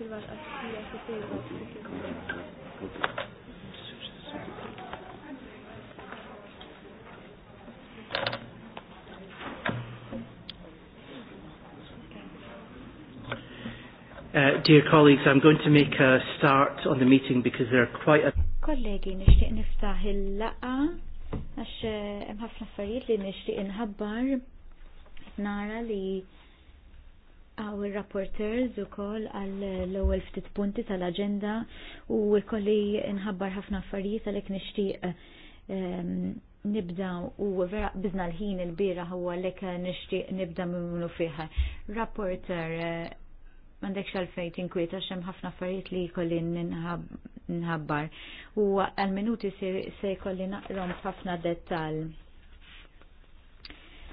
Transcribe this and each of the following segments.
Uh, dear colleagues, I'm going to make a start on the meeting because there are quite a... Kollegi, nishtiq niftaħ il-laqa, għax eh, hemm ħafna affarijiet li nixtieq inħabbar nara li Għaw il-rapporters u koll għal l-ewel ftit punti tal-agenda u kolli nħabbar ħafna affarijiet għalek nishtiq ehm, nibda u vera bizna l-ħin il-bira huwa għalek nishtiq nibda minnu fiħa. Rapporter, mandek eh, xal-fejt tinkwieta xem ħafna affarijiet li kolli nħabbar u għal-minuti se kolli naqrom ħafna dettal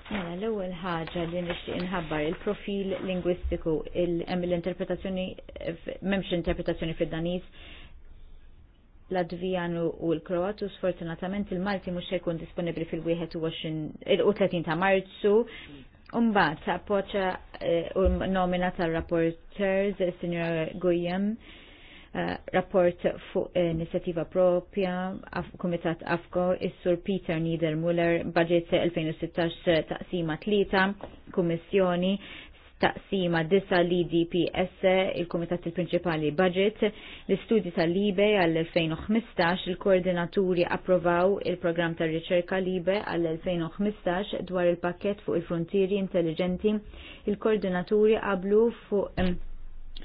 Mela, l-ewwel ħaġa li nixtieq inħabbar il-profil lingwistiku hemm l-interpretazzjoni m'hemmx interpretazzjoni fid-Daniż l-Advijanu u l-Kroatu sfortunatament il-Malti mhux se jkun disponibbli fil-21 eh, u 30 ta' Marzu. mbagħad appoġġa eh, u nomina tar-rapporters, Sinjor Gujem, Eh, rapport fuq eh, inizjattiva propja, Komitat Afko, is-Sur Peter Niedermuller, budget 2016 eh, taqsima Tlieta, Kummissjoni, taqsima disa li DPS, il-Komitat il-Prinċipali Budget, l-istudji tal-Libe għall-2015, il-koordinaturi approvaw il-programm tal riċerka Libe għall-2015 dwar il-pakket fuq il-frontieri intelligenti, il-koordinaturi qablu fuq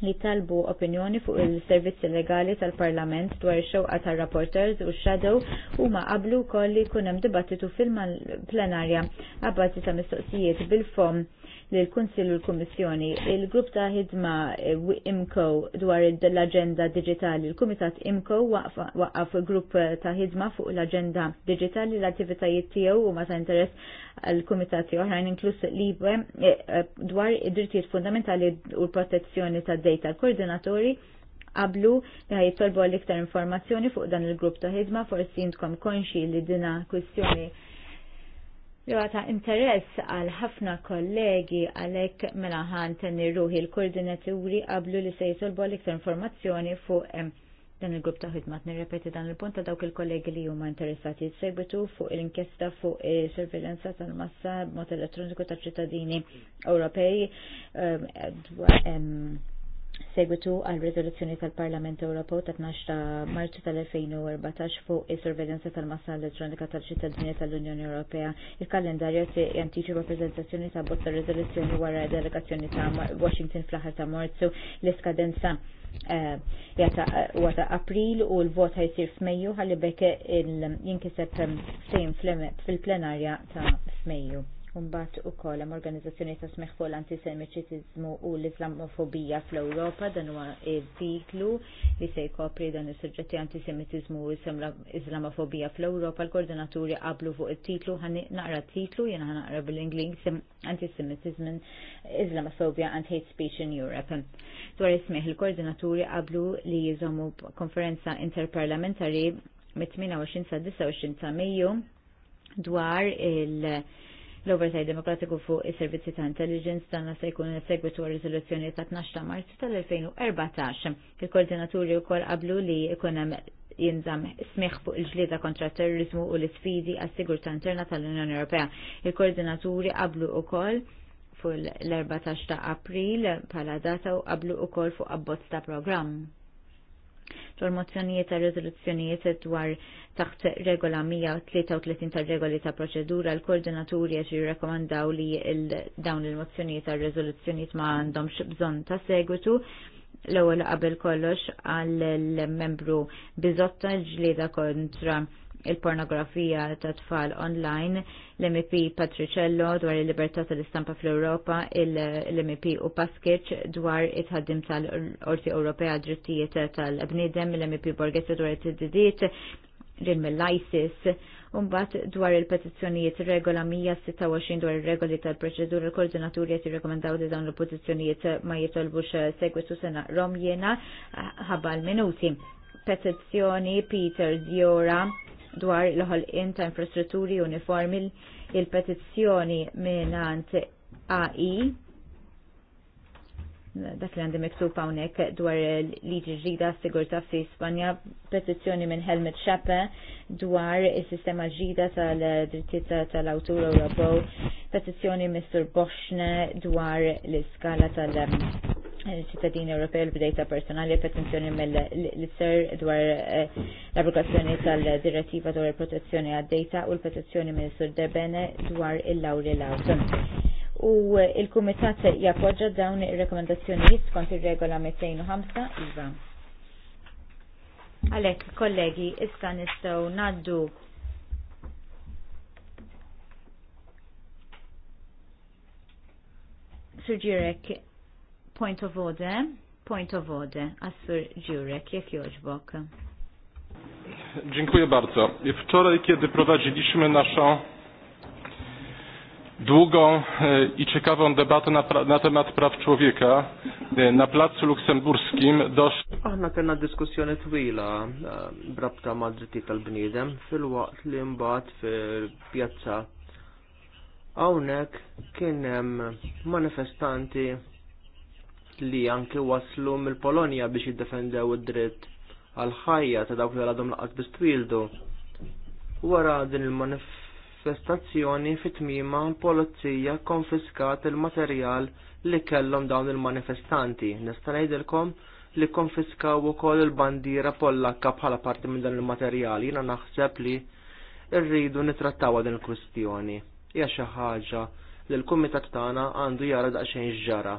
li talbu opinjoni fuq il-servizzi legali tal-Parlament dwar xewqa tal-rapporters u shadow u ma qablu koll li kunem dibattitu fil-plenarja għabbati ta' mistoqsijiet bil-fom l kunsill u l-Kummissjoni. Il-grupp ta' ħidma eh, IMCO dwar l-aġenda digitali, il-Kumitat IMCO waqaf grupp eh, ta' ħidma fuq l-aġenda digitali l-attivitajiet tiegħu u ma ta' interess għal-kumitati oħrajn inkluż libe eh, dwar id-drittijiet fundamentali u l-protezzjoni ta' data l-koordinatori qablu li jitolbu għal iktar informazzjoni fuq dan il-grupp ta' ħidma forsi intkom konxi li dina kwistjoni li interess għal ħafna kollegi għalek mela ħan tenni ruħi l-koordinaturi qablu li se jisolbu l-iktar informazzjoni fuq dan il-grupp ta' ħidmat nirrepeti dan il-punt ta' dawk il-kollegi li huma interessati segwitu fuq l-inkjesta fuq surveillanza tal-massa mod elettroniku ta' ċittadini Ewropej segwitu għal rezoluzzjoni tal-Parlament Ewropew ta' 12 ta' Marzu tal-2014 fuq is-sorveljanza tal-massa elettronika tal-ċittadini tal-Unjoni Ewropea. Il-kalendarju jantiċipa preżentazzjoni ta' bozza rezoluzzjoni wara delegazzjoni ta' Washington fl-aħħar ta' Marzu l-iskadenza eh, jata eh, april u l-vot ħajsir f'Mejju ħalli bekk jinkiseb eh, fil-plenarja ta' f'Mejju. Umbat u kol hemm organizzazzjoni ta' smeħ fuq l-antisemitiżmu u l-Islamofobija fl-Ewropa dan huwa titlu li se jkopri dan is-suġġetti antisemitiżmu u islamofobija fl-Ewropa l-koordinaturi qablu fuq it-titlu ħan naqra titlu jiena ħan naqra bil-Ingliż Antisemitizmu islamofobija and hate speech in Europe. Dwar ismeħ il-koordinaturi qablu li jżommu konferenza interparlamentari mit-28 sa 29 ta' Mejju dwar il- l-oversight demokratiku fuq is-servizzi ta' intelligence tagħna se jkun segwitu riżoluzzjoni ta' 12 ta' Marzu tal-2014. Il-koordinaturi wkoll qablu li jkun hemm jinżam smiħ fuq il-ġlieda kontra terrorizmu u l-sfidi għas ta' interna tal-Unjoni Ewropea. Il-koordinaturi qablu wkoll fuq l-14 ta' April bħala data u qablu wkoll fuq abbozz ta' programm. Tħol-mozzjonijiet ta' rezoluzzjonijiet dwar taħt regola 133 tal regoli ta' proċedura l-koordinaturi għax jirrekomandaw li dawn il-mozzjonijiet ta' rezoluzzjonijiet ma' għandhomx bżonn ta' segwitu l-ewwel qabel kollox għall membru biżotta l-ġlieda kontra il-pornografija ta' tfal online, l-MP Patricello dwar il-libertà tal-istampa fl-Europa, l-MP u Paskic dwar it-ħaddim tal-Orti Ewropea drittijiet tal abnidem l-MP Borghetti dwar it-tiddidiet, ġin mill-ISIS, Umbat dwar il-petizzjonijiet regola 126 dwar il-regoli tal-proċedura il koordinaturi jett rekomendaw li dawn il-petizzjonijiet ma jitolbux segwitu sena rom jena ħabba l-minuti. Petizzjoni Peter Diora dwar l-ħolqien ta' infrastrutturi uniformi il-petizzjoni minnant AI dak li għandi miktub hawnhekk dwar liġi ġdida sigurta fi Spanja, petizzjoni minn Helmut Schappe dwar is-sistema ġdida tal-drittijiet tal-awtur Ewropew, petizzjoni Mr. Boschne dwar l-iskala tal- ċittadini Ewropej l-bdejta personali petenzjoni mill-ser dwar eh, l-abrogazzjoni tal-direttiva dwar il-protezzjoni għad-dejta u l-petizzjoni mill sur Debene dwar il-lawri lawson. U eh, il-Kumitat jappoġġa dawn ir-rekomendazzjonijiet skont ir-regola 205 iva. Għalek, kollegi, issa nistgħu naddu Sir Point of order, point of order, Assur Jurek, jak joġbok. Dziękuję bardzo. Wczoraj, kiedy prowadziliśmy naszą długą e, i ciekawą debatę na, pra na temat praw człowieka e, na Placu Luksemburskim doszło... Aħna kena diskussjoni twila e, brabta Madrid drittijiet tal-bniedem fil-waqt li mbaħt fil-pjazza Awnek kienem manifestanti li anke waslu mill-Polonja biex jiddefendew id-dritt għal ħajja ta' dawk li għadhom laqat biex twildu. Wara din il-manifestazzjoni fit-tmima l-polizija konfiskat il-materjal li kellhom dawn il-manifestanti. Nista' ngħidilkom li konfiskaw ukoll il-bandiera Pollakka bħala parti minn dan il-materjal. Jiena naħseb li rridu nitrattawa din il-kwistjoni. Hija xi ħaġa li l-kumitat tagħna għandu jara daqsxejn ġara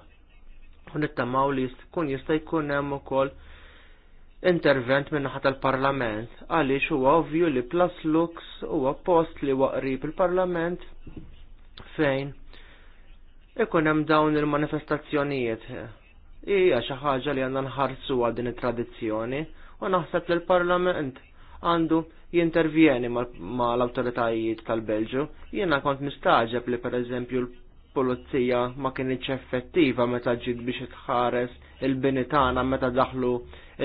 u nittamaw li kun jista' jkun hemm ukoll intervent min-naħa tal-Parlament għaliex huwa ovvju li Plus Lux huwa post li huwa qrib il-Parlament fejn ikun hemm dawn il-manifestazzjonijiet. Hija xi ħaġa li għandna nħarsu għal din it-tradizzjoni u naħseb li l-Parlament għandu jintervjeni mal-awtoritajiet tal-Belġu. Jiena kont mistaġeb li pereżempju l pulizija ma kienieċ effettiva meta ġiet biex tħares il-bini tagħna meta daħlu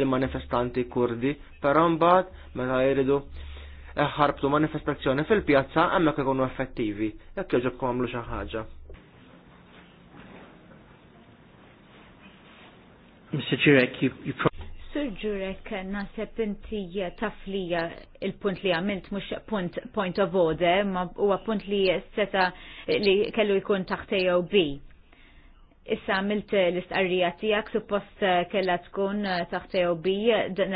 il-manifestanti kurdi, però mbagħad meta jridu ħarbtu manifestazzjoni fil-pjazza hemmhekk ikunu effettivi, jekk jogħġobkom għamlu xi ħaġa. Mr. Chirek, you, you Sur Ġurek, naseb inti taflija il-punt li għamilt mux punt point of order, ma huwa punt li seta li kellu jkun taħtejo B. Issa għamilt l-istqarrija tijak, suppost kella tkun taħt B dan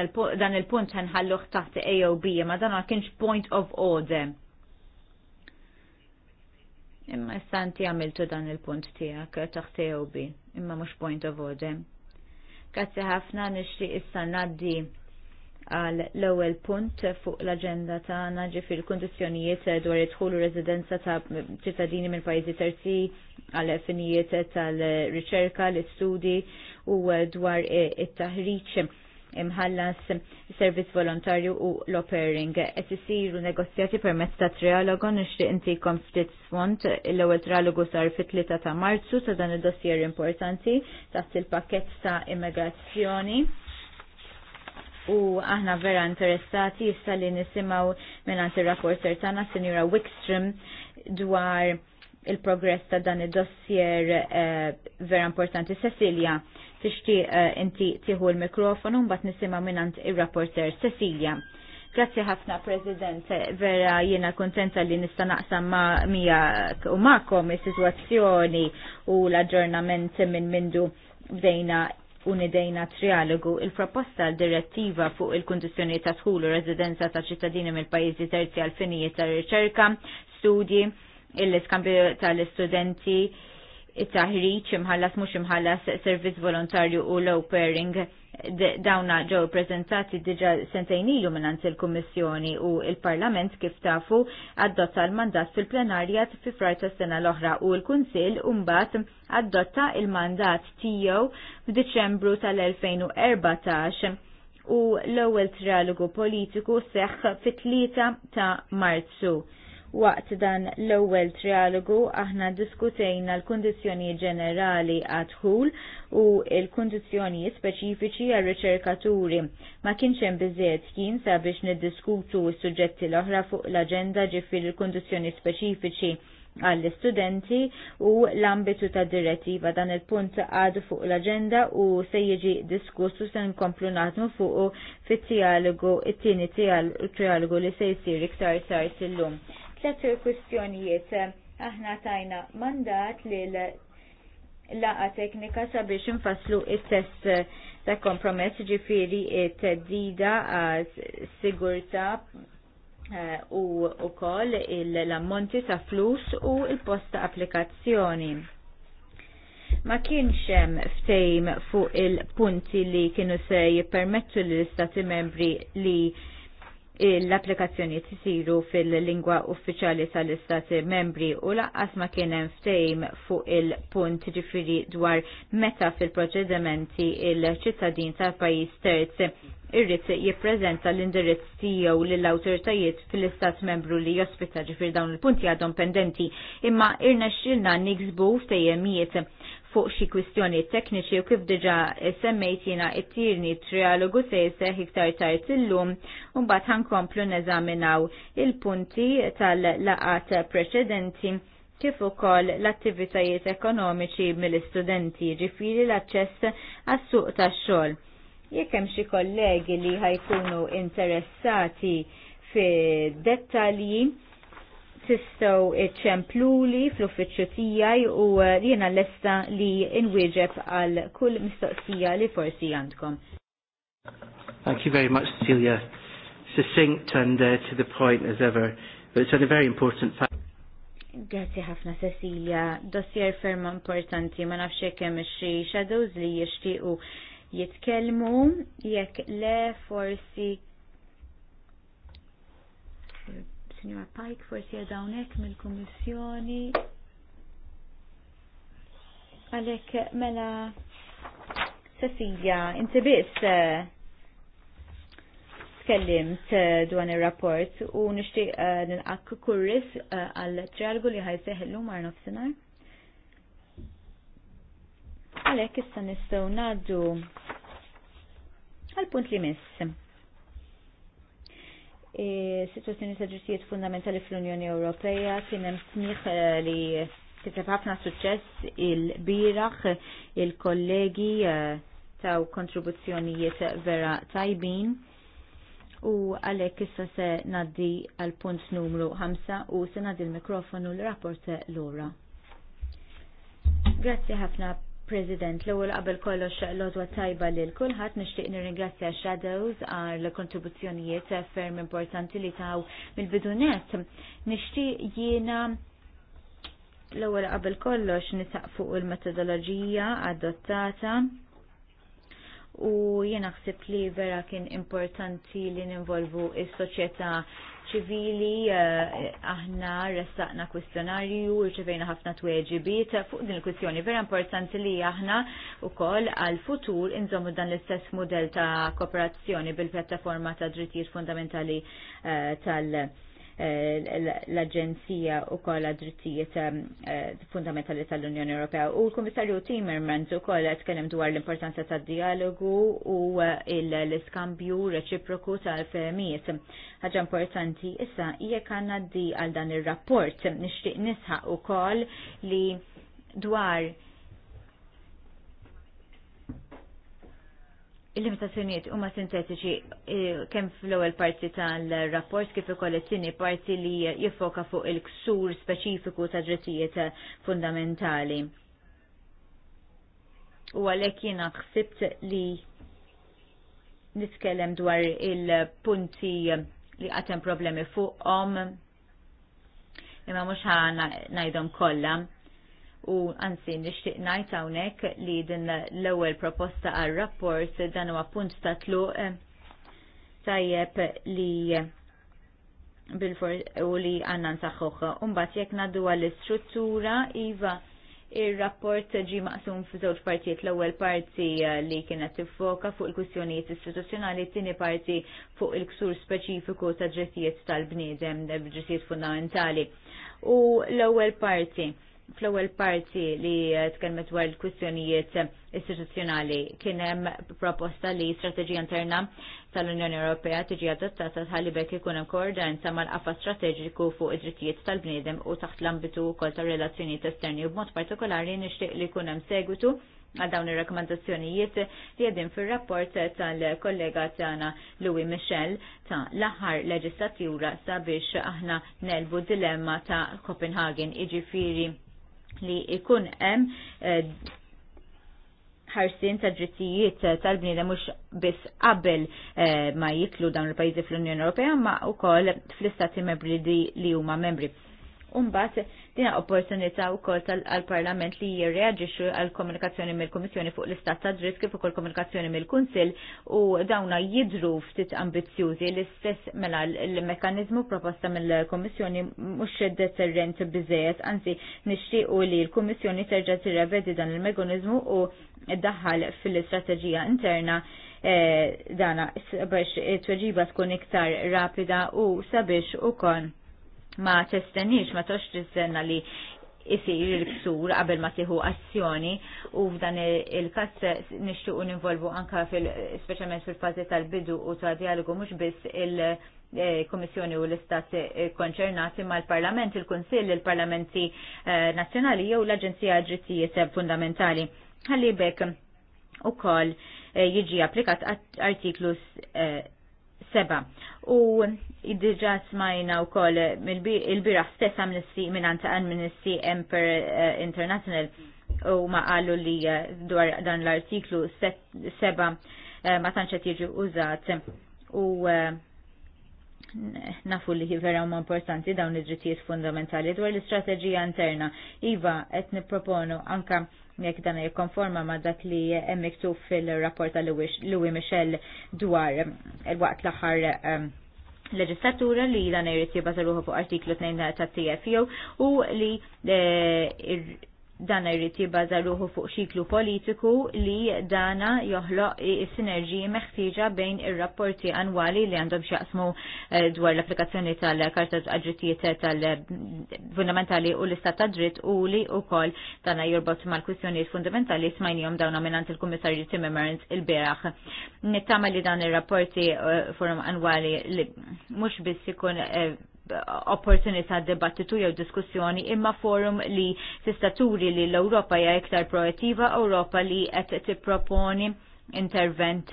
il-punt ħanħalluħ taħt AOB, ma dan ma kienx point of order. Imma issa għamiltu dan il-punt tijak taħt AOB, imma mux point of order. Grazzi ħafna nixtieq issa ngħaddi għal l-ewwel punt fuq l-aġenda tagħna ġifir kundizzjonijiet dwar idħulu residenza ta' ċittadini minn pajjiżi terzi għal finijiet tal-riċerka, l-istudji u dwar it-taħriġ imħallas servizz volontarju u l-opering. Et isiru negozjati permezz ta' trialogu nixtieq intikom ftit sfond l-ewwel trialogu sar fit-3 ta' Marzu ta' dan id-dossier importanti taħt il-pakkett ta' immigrazzjoni. U aħna vera interessati issa li nisimgħu mingħand ir-rapporter tagħna Sinjura Wickstrom dwar il-progress ta' dan id-dossier eh, vera importanti. Cecilia, tixtieq eh, inti tieħu l-mikrofonu mbagħad nisimgħu minant ir-rapporter Cecilia. Grazzi ħafna, President. Vera jiena kontenta li nista naqsam ma' mija u ma'kom is-sitwazzjoni u l-aġġornament minn mindu bdejna unidejna trialogu il-proposta direttiva fuq il-kondizjoni ta' tħulu residenza ta' ċittadini mill pajjiżi terzi għal finijiet ta' riċerka, studji, il-skambju tal-istudenti, it-taħriċ imħallas mux imħallas servizz volontarju u low pairing dawna ġew prezentati diġa sentejnilu minnant il-Kummissjoni u il-Parlament kif tafu adotta l-mandat fil-plenarja fi frajta ta' sena l-oħra u l-Kunsil umbat adotta il-mandat tiegħu f'Diċembru tal-2014 u l-ewwel trialogu politiku seħħ fit-3 ta' Marzu Waqt dan l-ewwel trialogu aħna diskutejna l-kundizzjoni ġenerali għadħul u l-kundizzjoni speċifiċi għal riċerkaturi. Ma kienx hemm biżejjed kien sabiex niddiskutu s-suġġetti l-oħra fuq l-aġenda ġifier il-kundizzjoni speċifiċi għall-istudenti u l-ambitu ta' direttiva dan il-punt għadu fuq l-agenda u se jiġi diskussu se nkomplu natmu fuq fit-tialogu, it-tieni trialogu li se jsir iktar tard illum. Tlet kwistjonijiet aħna tajna mandat li laqa teknika sabiex nfasslu il test ta' kompromess ġifiri it-teddida għaz sigurta eh, u u koll l-ammonti ta' flus u il-posta applikazzjoni. Ma kienx hemm ftejm fuq il-punti li kienu se jippermettu l istati membri li l-applikazzjoni tisiru fil-lingwa uffiċjali tal-istati membri u laqqas ma kien hemm fuq il-punt ġifiri dwar meta fil-proċedimenti il-ċittadin tal-pajjiż terz irrid jippreżenta l-indirizz tiegħu lill-awtoritajiet fl-istat membru li jospita ġifir dawn il-punti għadhom pendenti imma irna xilna niksbu ftejjemijiet fuq xi kwistjoni tekniċi u kif diġa semmejtina it-tirni trialogu se jseħ iktar tard illum mbagħad ħankomplu neżaminaw il-punti tal-laqat preċedenti kif ukoll l-attivitajiet ekonomiċi mill-istudenti ġifieri l-aċċess għas-suq tax-xogħol. Jekk hemm xi kollegi li ħajkunu interessati fi dettalji tistow iċempluli fl-uffiċċju tiegħi u eh, jiena lesta li inwieġeb għal kull mistoqsija li forsi għandkom. Thank you very much, Cecilia. Succinct and uh, to the point as ever, but it's a very important fact. Grazie ħafna Cecilia, dossier ferma importanti, ma nafx jekk hemm xi shadows li jixtiequ jitkellmu, jekk le forsi Signora Pike, forsi hawnhekk mill kummissjoni Għalhekk mela, Cecilia, inti biss eh, tkellimt eh, dwan ir-rapport u nixtieq eh, nilqak kurris għal trialgu li ħajseħ illum għar nofsinhar. Għalhekk issa nistgħu ngħaddu għal punt li miss situazzjoni ta' ġustijiet fundamentali fl-Unjoni Ewropea kien hemm smih eh, li kiteb ħafna suċċess il-biraħ il-kollegi eh, taw kontribuzzjonijiet vera tajbin u għalhekk issa se ngħaddi għal punt numru 5 u se ngħaddi l-mikrofonu l-rapport lura. Grazzi ħafna President, l-ewwel qabel kollox l-odwa tajba lil kulħadd nixtieq nirringrazzja Shadows għal kontribuzzjonijiet ferm importanti li taw mill-bidunet. Nixtieq jiena l-ewwel qabel kollox nisaq fuq il-metodoloġija adottata u jiena ħsib li vera kien importanti li ninvolvu is-soċjetà ċivili, eh, aħna ressaqna kwistjonarju, ċivejna ħafna tweġibiet fuq din il-kwistjoni. Vera importanti li aħna u koll għal-futur inżommu dan l-istess model ta' kooperazzjoni bil-pjattaforma ta' drittijiet fundamentali eh, tal- l-Aġenzija u koll għad-drittijiet ehm, eh, fundamentali tal-Unjoni Ewropea. U l-Komissarju Timmermans u koll tkellem dwar l-importanza tad dialogu u eh, l-iskambju reċiproku tal-femijiet. Ħaġa importanti issa hija għandna di għal dan ir rapport nixtieq nisħaq ukoll li dwar Il-limitazzjonijiet huma sintetiċi eh, kemm fl-ewwel parti tal-rapport kif ukoll it-tieni parti li jiffoka fuq il-ksur speċifiku ta' drittijiet fundamentali. U għalhekk jiena ħsibt li nitkellem dwar il-punti li għatem problemi fuqhom imma mhux ħa ngħidhom kollha u anzi nixtieq ngħid hawnhekk li din l-ewwel proposta għar rapport dan huwa punt ta' tluq eh, tajjeb li bil-for u li għanna nsaħħuħ. Umbat jekk naddu għal istruttura Iva, il-rapport ġi maqsum f'żewġ partijiet l-ewwel parti li kienet tiffoka fuq il-kwistjonijiet istituzzjonali, t-tieni parti fuq il-ksur speċifiku ta' ġrittijiet tal-bniedem, ġrittijiet fundamentali. U l-ewwel parti fl-ewwel parti li eh, tkellmet dwar il-kwistjonijiet istituzzjonali kien hemm proposta li strateġija interna tal-Unjoni Ewropea tiġi adottata tħalli bekk ikun hemm koordanza mal-qafa strateġiku fuq id-drittijiet tal-bniedem u taħt l-ambitu wkoll tar-relazzjonijiet esterni u b'mod partikolari nixtieq li jkun hemm segwitu għal dawn ir-rakkomandazzjonijiet li għedin fil-rapport tal-kollega tagħna Louis Michel ta' l-aħħar leġislatura sabiex aħna nelbu dilemma ta' Copenhagen iġifieri li ikun hemm eh, ħarsin ta' drittijiet tal-bniedem mhux biss qabel eh, ma jitlu dawn il-pajjiżi fl-Unjoni Ewropea ma wkoll fl-istati membri li huma membri. Umbat, dina opportunità u kol tal-Parlament li jirreagġiċu għal-komunikazzjoni mill-Komissjoni fuq l-Istat ta' dritt kif ukoll komunikazzjoni mill-Kunsil u dawna jidru ftit ambizjużi l-istess mela l-mekanizmu proposta mill-Komissjoni mhux deterrent biżejjed, anzi nixtiequ li l-Komissjoni terġa' tirrevedi dan il-mekanizmu u daħal fil-istrateġija interna eh, dana sabiex tweġiba tkun iktar rapida u sabiex ukoll ma testenix, ma tox tizzenna li isir il-ksur qabel ma tiħu azzjoni u f'dan il-każ nixtiequ ninvolvu anka fil fil-fażi tal-bidu u ta' dialogu mhux biss il- Komissjoni u l-Istat konċernati ma l-Parlament, il konsil il-Parlamenti eh, Nazzjonali jew l-Aġenzija Ġrittijiet Fundamentali. Għalli bekk ukoll eh, jiġi applikat artiklu eh, seba. U id dġa smajna u koll il-biraħ stess amnesty minn anta amnesty eh, International u ma qalu li eh, dwar dan l-artiklu seba eh, ma tanċet jiġi użat u nafu li vera huma importanti dawn id-drittijiet fundamentali dwar l-istrateġija interna. Iva, qed nipproponu anka jekk dan jikkonforma ma dak li hemm fil-rapport ta' Louis Michel dwar il-waqt eh, l-aħħar ehm, leġislatura li dan irrid jibbażaruha fuq artiklu 2 ta' TFU u li eh, dan irrid jibbaża ruħu fuq xiklu politiku li dana joħloq is-sinerġiji meħtieġa bejn ir-rapporti annwali li għandhom x'jaqsmu eh, dwar l-applikazzjoni tal-Karta Aġrittijiet tal-Fundamentali u l-Istat ta' Dritt u li wkoll dana jorbot mal-kwistjonijiet fundamentali smajnihom dawna minant il-Kummissarju Timmermans il-beraħ. Nittama li dan ir-rapporti eh, forum annwali mhux biss ikun eh, opportunità dibattitu jew diskussjoni imma forum li tista' turi li l-Ewropa hija iktar proattiva, Ewropa li qed tipproponi intervent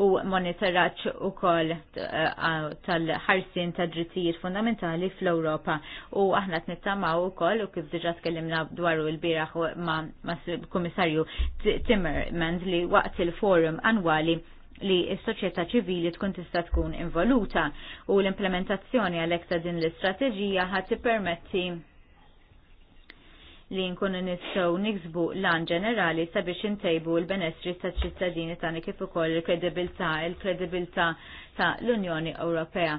u monitoraċ u koll tal-ħarsin ta' drittijiet fundamentali fl-Europa. U aħna t-nittamaw u koll u kif diġa tkellimna dwaru il-biraħ ma' komissarju Timmermans li waqt il-forum annwali li s-soċjetà ċivili tkun tista' tkun involuta u l-implementazzjoni għalhekk ta' din l-istrateġija ħadd tippermetti li nkunu nistgħu niksbu lan ġenerali sabiex intejbu l-benessri ta' ċittadini tagħna kif ukoll il-kredibilità, il-kredibilità ta' l-Unjoni Ewropea.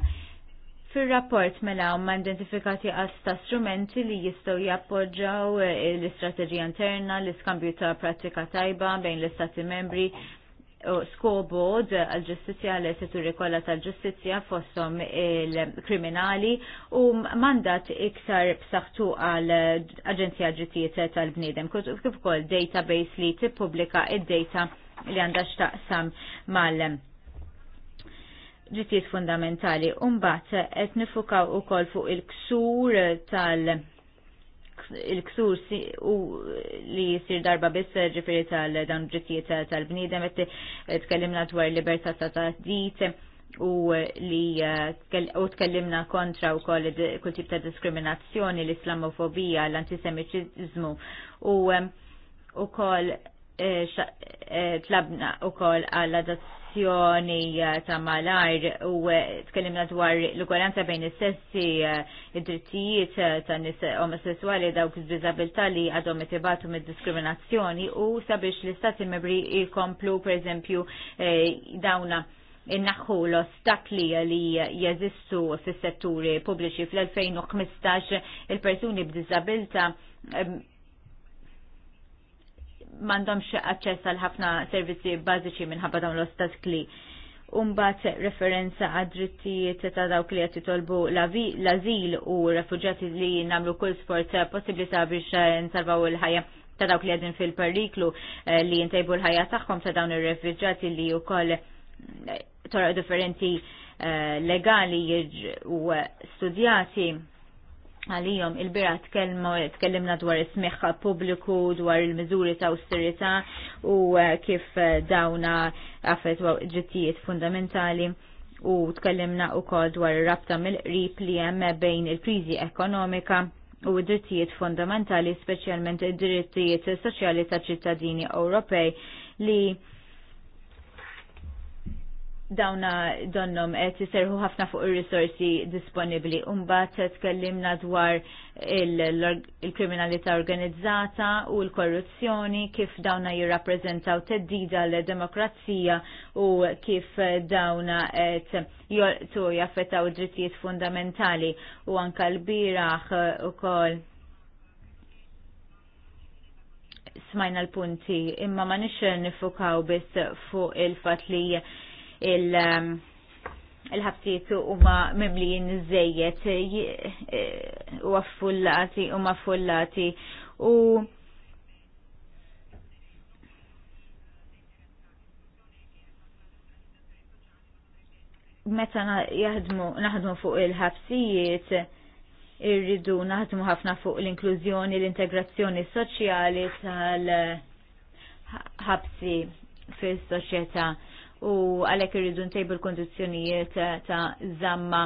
Fil-rapport mela huma identifikati għas ta' strumenti li jistgħu jappoġġaw l-istrateġija interna, l-iskambju ta' prattika tajba bejn l-istati membri, skobod għal-ġustizja għal sitturi kollha tal-ġustizja fossom il-kriminali u mandat iktar b'saħħtu għal Aġenzija Ġitijiet tal-Bniedem kif ukoll database li tippubblika id-data li għandha x'taqsam mal ġitijiet fundamentali. Umbat qed nifukaw ukoll fuq il-ksur tal- il-ksur u li jisir darba biss ġifiri tal-dan ġittijiet tal-bnidem, tkellimna dwar libertà ta' taħdit u li eh, u tkellimna kontra u koll kull tip ta' diskriminazzjoni, l-islamofobija, l-antisemitizmu u eh, u koll Eh, eh, tlabna u kol għall-adozzjoni eh, ta' malajr u tkellimna dwar l-ukolanza bejn is-sessi id-drittijiet ta' nisa omosessuali dawk id-dizabilta li għadhom itibatu mid-diskriminazzjoni u sabiex l-istati membri jkomplu per eżempju dawna innaħħu l-ostakli li jeżistu fis-setturi pubbliċi fl-2015 il-persuni b'diżabilità m'għandhomx aċċess għal ħafna servizzi bażiċi minħabba dawn l kli. Umbat referenza għad drittijiet ta' dawk li qed jitolbu l-azil u refugġati li nagħmlu kull sport possibli sa' biex eh, nsalvaw il-ħajja ta' dawk li għadin fil-periklu eh, li jintajbu l-ħajja tagħhom ta' dawn ir refugġati li wkoll eh, toroq differenti legali u studjati għalijom il-bira tkellimna dwar ismiħħa publiku dwar il-mizuri ta' austerita u eh, kif eh, dawna għafet ġittijiet fundamentali u tkellimna u kol dwar rabta mill-qrib li hemm bejn il-krizi ekonomika u id-drittijiet fundamentali, speċjalment id-drittijiet soċjali ta' ċittadini Ewropej li dawna donnom qed iserħu ħafna fuq ir-risorsi disponibbli. Umbagħad tkellimna dwar il-kriminalità organizzata u l-korruzzjoni kif dawna jirrappreżentaw teddida l-demokrazija u kif dawna qed jorqtu jaffettaw drittijiet fundamentali u anka l-biraħ ukoll smajna l-punti imma ma nix nifukaw biss fuq il-fat li il- um, il-ħabtiet huma mimlijin zzejiet u affullati u affullati u meta jaħdmu naħdmu fuq il-ħabsijiet irridu naħdmu ħafna fuq l-inklużjoni, l-integrazzjoni soċjali tal-ħabsi fis-soċjetà u għalhekk irridu ntejbu l kondizjonijiet ta' zamma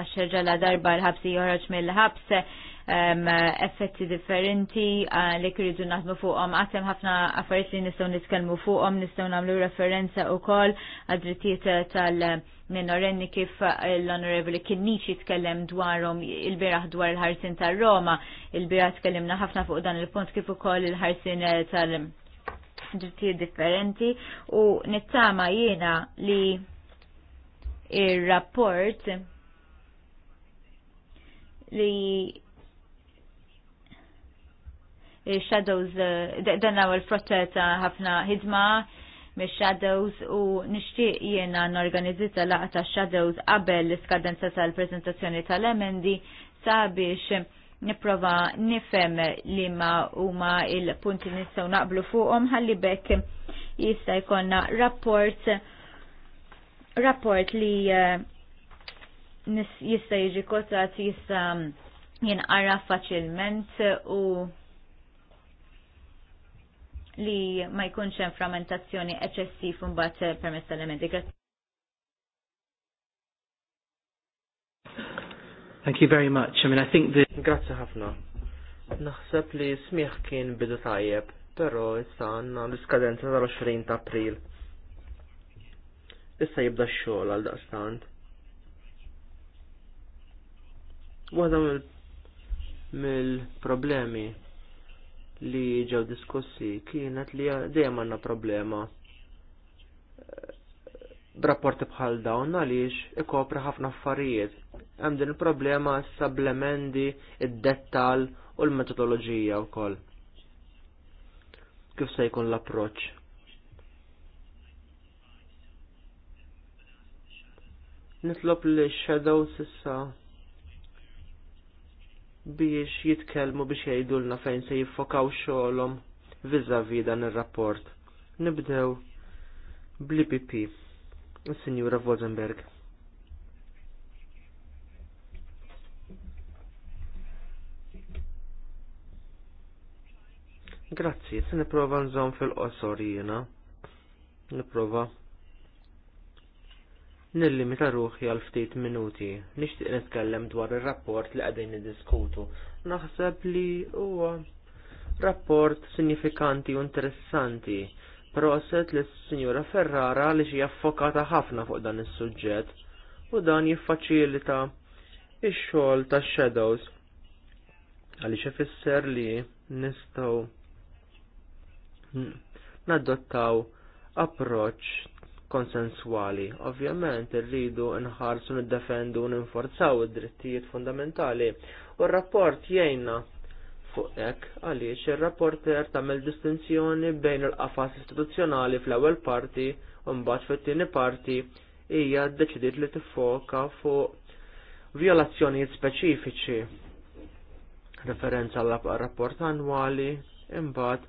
għax ġala darba l-ħabsi joħroġ mill-ħabs effetti differenti għalek irridu naħdmu fuqhom. Għatem ħafna affarijiet li nistgħu nitkellmu fuqhom, nistgħu nagħmlu referenza wkoll għad-drittijiet tal-minorenni kif l-Onorevoli Kinnici tkellem dwarhom il-biraħ dwar il-ħarsin tar-Roma, il-biraħ tkellimna ħafna fuq dan il-punt kif ukoll il-ħarsin tal- ġifti differenti u nittama jiena li il rapport li shadows eh, dan għaw il-frotta ħafna hidma mis shadows u nishtiq jena n-organizita laqta shadows qabel l-iskadenza tal-prezentazzjoni tal-emendi sabiex niprofa nifem li ma huma il-punti nistgħu naqblu fuqhom ħalli bekk jista' jkollna rapport rapport li eh, jista' jiġi kotat jista' jinqara faċilment u li ma jkunx hemm frammentazzjoni eċessiv imbagħad permezz tal-elementi. Thank you very much. I mean, I think the... Grazie ħafna. Naħseb li smieħ kien bidu tajjeb, pero issa għanna l-iskadenza tal-20 ta' april. Issa jibda x-xogħol għal daqstant. Waħda mill-problemi li ġew diskussi kienet li dejjem għandna problema b'rapporti bħal dawn għaliex ikopra ħafna affarijiet. Hemm din il-problema sablemendi, id-dettal u l-metodoloġija wkoll. Kif se jkun l-approċċ? Nitlob li shadow sissa biex jitkellmu biex jgħidulna fejn se jiffokaw xogħolhom vi dan ir-rapport. Nibdew bl-IPP il-Sinjura Vozenberg. Grazzi, se niprofa nżom fil-qosor jiena. Niprofa. Nillimita ruħi għal ftit minuti, nixtieq nitkellem dwar ir-rapport li qegħdin niddiskutu. Naħseb li huwa rapport sinifikanti u interessanti Proset li s-Sinjura Ferrara li xie affokata ħafna fuq dan is-suġġett u dan jiffaċilita ix-xogħol tax-shadows għaliex ifisser li nistgħu nadottaw approċċ konsensuali. Ovvjament irridu nħarsu niddefendu u ninforzaw id-drittijiet fundamentali u r-rapport jgħinna fuq hekk għaliex ir-rapporter tagħmel distinzjoni bejn il-qafas istituzzjonali fl-ewwel parti u mbagħad fit-tieni parti hija ddeċidiet li tiffoka fuq vjolazzjonijiet speċifiċi referenza għal rapport annwali imbagħad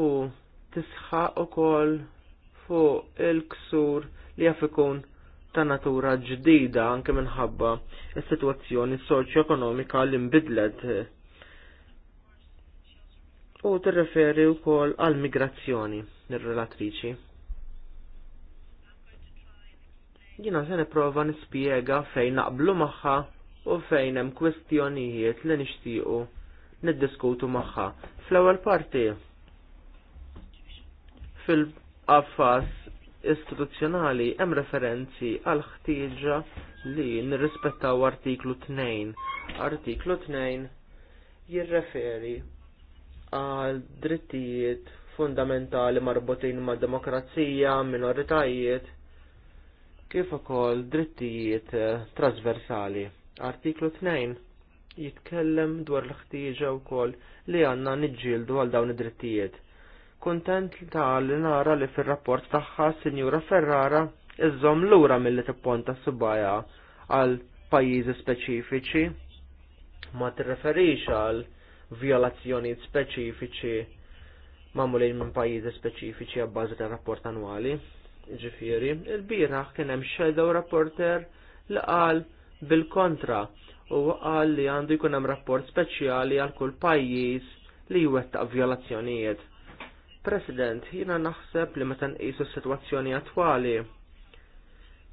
u tisħaq ukoll fuq il-ksur li jaf ikun ta' natura ġdida anke minħabba is-sitwazzjoni soċjo-ekonomika li nbidlet u tirreferi wkoll għal migrazzjoni nir-relatriċi. Jina se nipprova nispjega fejn naqblu magħha u fejn hemm kwestjonijiet li nixtiequ niddiskutu magħha. Fl-ewwel parti fil qafas istituzzjonali hemm referenzi għal ħtieġa li nirrispettaw artiklu 2. Artiklu 2 jirreferi għal drittijiet fundamentali marbutin ma' demokrazija, minoritajiet, kif ukoll drittijiet eh, trasversali. Artiklu 2 jitkellem dwar l-ħtieġa wkoll li għandna niġġieldu għal dawn id-drittijiet. Kuntent tal li nara li fir-rapport tagħha Sinjura Ferrara iżżomm lura milli tipponta subbaja għal pajjiżi speċifiċi ma tirreferix għal violazzjoni speċifiċi mamuli minn pajjiżi speċifiċi għabbażi ta' rapport annwali. ġifiri, il-biraħ kien hemm shadow rapporter li qal bil-kontra u qal li għandu jkun hemm rapport speċjali għal kull pajjiż li jwettaq violazzjonijiet. President, jiena naħseb li meta nqisu s-sitwazzjoni attwali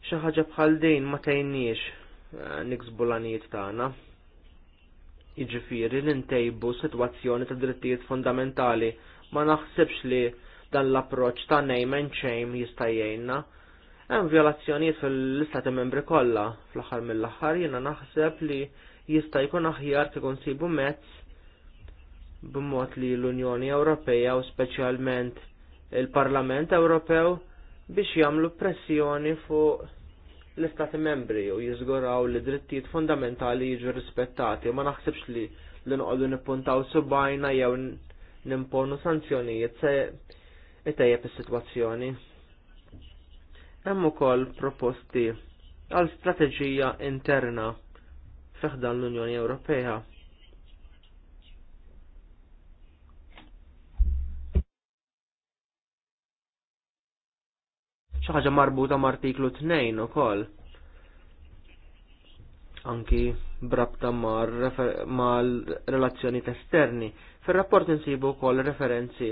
xi ħaġa bħal din ma tgħinniex eh, niksbu l-għanijiet tagħna jiġifieri li ntejbu sitwazzjoni ta' drittijiet fundamentali ma naħsibx li dan l-approċ ta' name and shame jista' jgħinna. Hemm violazzjonijiet fil-istati membri kollha fl-aħħar mill-aħħar jiena naħseb li jista' jkun aħjar kif insibu mezz b'mod li l-Unjoni Ewropea u speċjalment il-Parlament Ewropew biex jagħmlu pressjoni fuq l-istati membri u jizguraw li drittijiet fundamentali jiġu rispettati ma naħsibx li l-nqodu nippuntaw subajna jew nimponu sanzjonijiet se itejjeb is-sitwazzjoni. Hemm ukoll proposti għal strateġija interna fiħdan l-Unjoni Ewropea. xi ħaġa marbuta mal-artiklu tnejn ukoll. Anki brabta mal-relazzjoni esterni. Fir-rapport insibu wkoll referenzi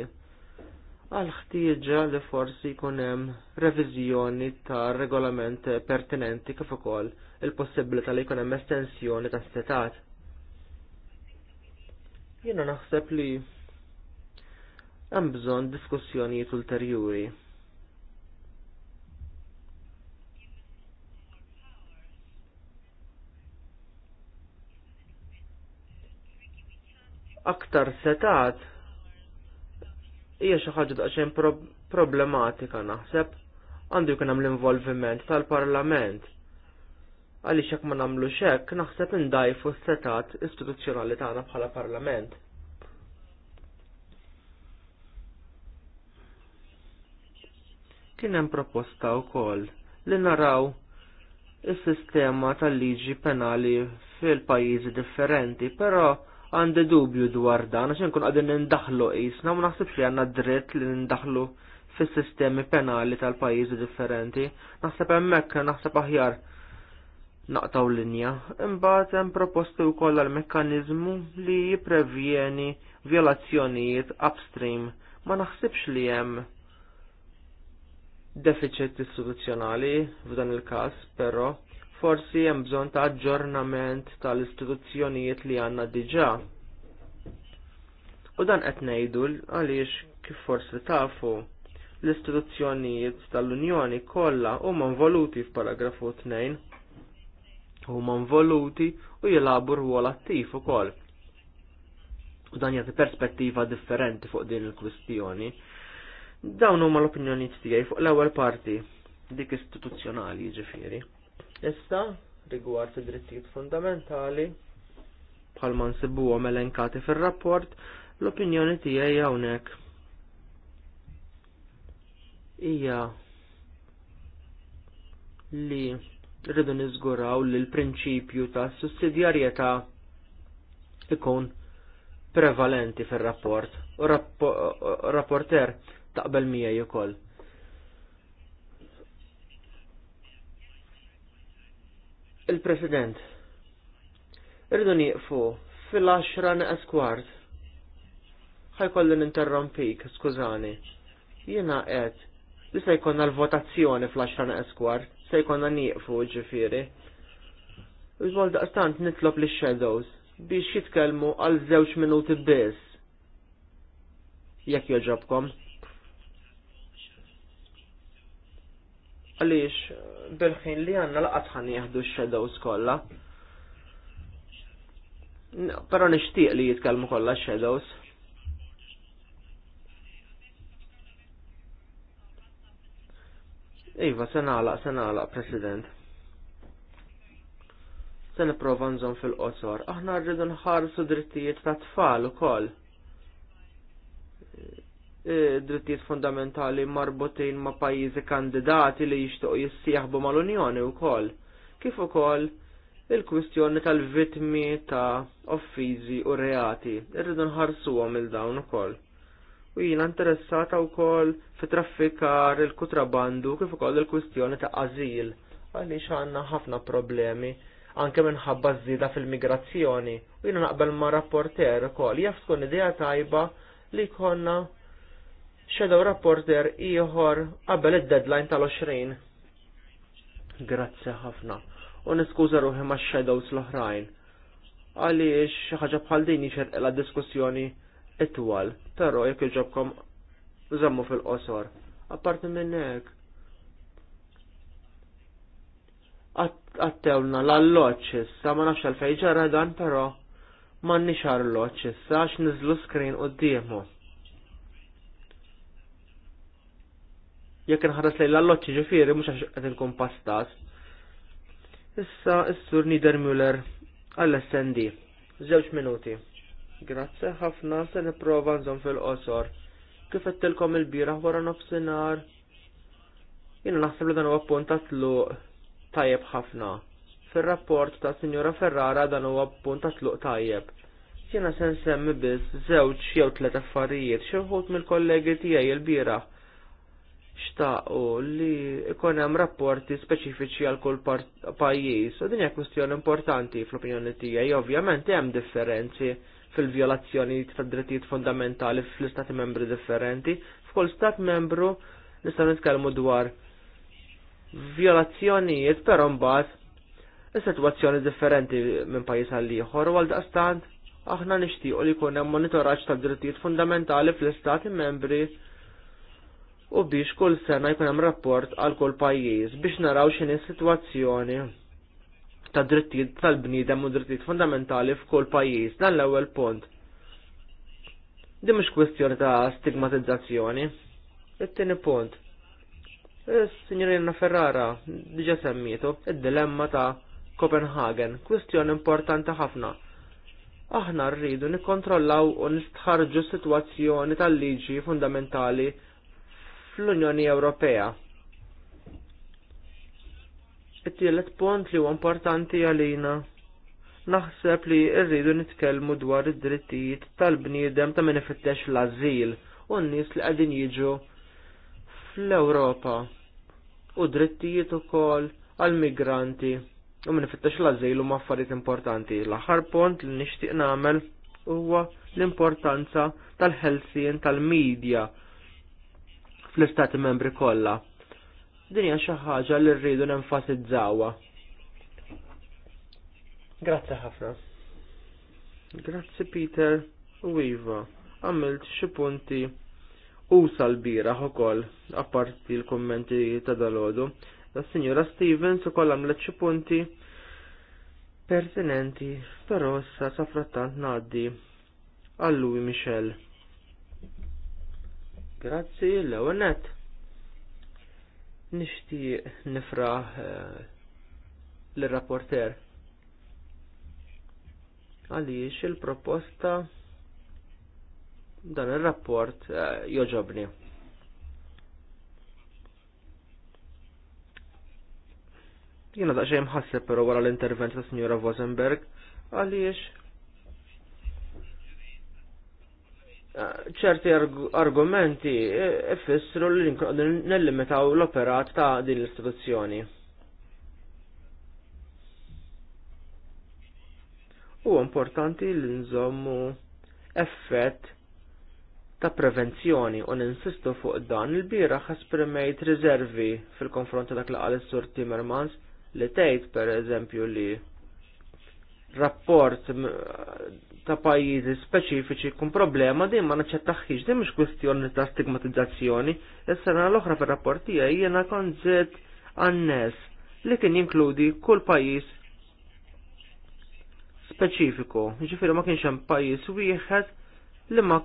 għal ħtieġa li forsi jkun hemm reviżjoni tar regolament pertinenti kif ukoll il-possibilità li jkun hemm estensjoni ta' setat. Jiena naħseb li hemm bżonn diskussjonijiet ulterjuri. aktar setat hija xi ħaġa daqsxejn problematika naħseb għandu jkun hemm l-involviment tal-Parlament għaliex jekk ma nagħmlu hekk naħseb indajfu s-setat istituzzjonali tagħna bħala Parlament. Kien hemm proposta wkoll li naraw is-sistema tal-liġi penali fil-pajjiżi differenti, però għandi dubju dwar dan, għax kun għadin nindaħlu jisna, ma naħsibx li għanna dritt li nindaħlu fis sistemi penali tal-pajizi differenti, naħseb hemmhekk naħseb aħjar naqtaw linja, imbagħad hemm proposti wkoll għal mekkaniżmu li jiprevjeni violazzjonijiet upstream, ma naħsibx li hemm deficit istituzzjonali f'dan il-każ, però forsi hemm bżonn ta' aġġornament tal-istituzzjonijiet li għandna diġà. U dan qed ngħidu għaliex kif forsi tafu l-istituzzjonijiet tal-Unjoni kollha huma involuti f'paragrafu 2 huma involuti u jilagħbu rwol attiv ukoll. U dan jagħti perspettiva differenti fuq din il-kwistjoni. Dawn huma l-opinjonijiet tiegħi fuq l-ewwel parti dik istituzzjonali ġifieri. Issa, rigward id-drittijiet fundamentali, bħalma nsibuhom elenkati fir-rapport, l-opinjoni tiegħi hawnhekk. Hija li rridu niżguraw li l-prinċipju ta' sussidjarjetà ikun prevalenti fir-rapport u rapporter taqbel mija ukoll. Il-President, irridu nieqfu fil-10 naqas kwart. Ħajkolli ninterrompik, skużani. Jiena qed li se jkollna l-votazzjoni fl-10 naqas kwart, se jkollna nieqfu ġifieri. Iżwol daqstant nitlob li shadows biex jitkellmu għal żewġ minuti biss. Jekk joġobkom. għaliex bil-ħin li għanna laqas jahdu x-shadows kollha. Però nixtieq li jitkellmu kollha x-shadows. Iva, se nagħlaq, se nagħlaq, President. Se nipprova nżomm fil-qosor, aħna rridu nħarsu drittijiet ta' tfal ukoll. Eh, drittijiet fundamentali marbutin ma' pajjiżi kandidati li jixtiequ jissieħbu mal-Unjoni wkoll. Kif ukoll il-kwistjoni tal-vitmi ta' offiżi u reati, irridu nħarsuhom il dawn ukoll. U jiena interessata wkoll fi traffikar il-kutrabandu kif ukoll il-kwistjoni ta' azil għaliex għandna ħafna problemi anke minħabba żieda fil-migrazzjoni u jiena naqbel ma' rapporter ukoll jaf tkun idea tajba li konna Shadow Rapporter ieħor qabel id-deadline tal-20. Grazzi ħafna. U niskuża ruħi ma' shadows l-oħrajn. Għaliex xi ħaġa bħal din la diskussjoni itwal, però jekk iġobkom żammu fil-qosor. Apparti minn hekk. Attewna l-alloċ issa, ma nafx għalfejn ġara dan, però m'għandniex alloċ issa għax niżlu screen qudiemhom jekk inħares lejn l-alloċċi ġifieri mhux għax qed inkun pastas. Issa s-sur Müller għall-SND. Żewġ minuti. Grazzi ħafna se nipprova nżomm fil-qosor. Kif qedtilkom il bieraħ wara nofsinhar? Jiena naħseb li dan huwa punt ta' tluq tajjeb ħafna. Fir-rapport ta' Sinjora Ferrara dan huwa punt ta' tluq tajjeb Jiena se nsemmi biss żewġ jew tlet affarijiet xi wħud mill-kollegi tiegħi l-bieraħ xtaqu li ikon hemm rapporti speċifiċi għal kull pajjiż u din hija kwistjoni importanti fl-opinjoni tiegħi. Ovvjament hemm differenzi fil-vjolazzjoni tad drittijiet fundamentali fl-istati membri differenti. F'kull stat membru nistgħu nitkellmu dwar vjolazzjonijiet però mbagħad is-sitwazzjoni differenti minn pajjiż għal ieħor u għal daqstant aħna nixtiequ li jkun hemm monitoraġġ tad drittijiet fundamentali fl-istati membri u biex kull sena jkun hemm rapport għal kull pajjiż biex naraw x'inhi s-sitwazzjoni ta' drittijiet tal-bniedem u drittijiet fundamentali f'kull pajjiż dan l-ewwel punt. Di mhux kwestjoni ta' stigmatizzazzjoni. It-tieni punt. Eh, Signorina Ferrara diġa semmietu id-dilemma ta' Copenhagen, kwestjoni importanti ħafna aħna rridu nikkontrollaw u nistħarġu situazzjoni tal-liġi fundamentali fl-Unjoni Ewropea. It-tielet punt li huwa importanti għalina. Naħseb li rridu nitkellmu dwar id-drittijiet tal-bniedem ta' min ifittex l-azil u n-nies li qegħdin jiġu fl-Ewropa u drittijiet ukoll għal-migranti u min ifittex l-azil huma affarijiet importanti. L-aħħar punt li nixtieq nagħmel huwa l-importanza tal-ħelsien tal-medja fl-istati membri kollha. Din hija xi ħaġa li rridu nenfasizzawha. Grazzi ħafna. Grazzi Peter u Iva. Għamilt xi punti u salbira bira ukoll apparti l-kommenti ta' dalodu. Signora Stevens u kollam xi punti pertinenti, però issa sa frattant ngħaddi għal lui Michel. Grazzi, l-ewwel net. Nixtieq nifraħ eh, l-rapporter. Għaliex il-proposta dan ir-rapport eh, joġobni. Jiena daqsxejn mħasseb però wara l-intervent ta' Sinjora Vosenberg għaliex ċerti argumenti ifissru e, li nellimitaw l-operat ta' din l-istituzzjoni. U importanti li nżommu effett ta' prevenzjoni u ninsistu fuq dan il-biraħ esprimejt riservi fil-konfront dak li qal sur Timmermans li tgħid per eżempju li rapport ta' pajjiżi speċifiċi kun problema din ma naċċettaħħiġ din mhux kwestjoni ta' stigmatizzazzjoni, is-sena l-oħra fir-rapport tiegħi jiena kont għan-nies li kien jinkludi kull pajjiż speċifiku, jiġifieri ma kienx hemm pajjiż wieħed li ma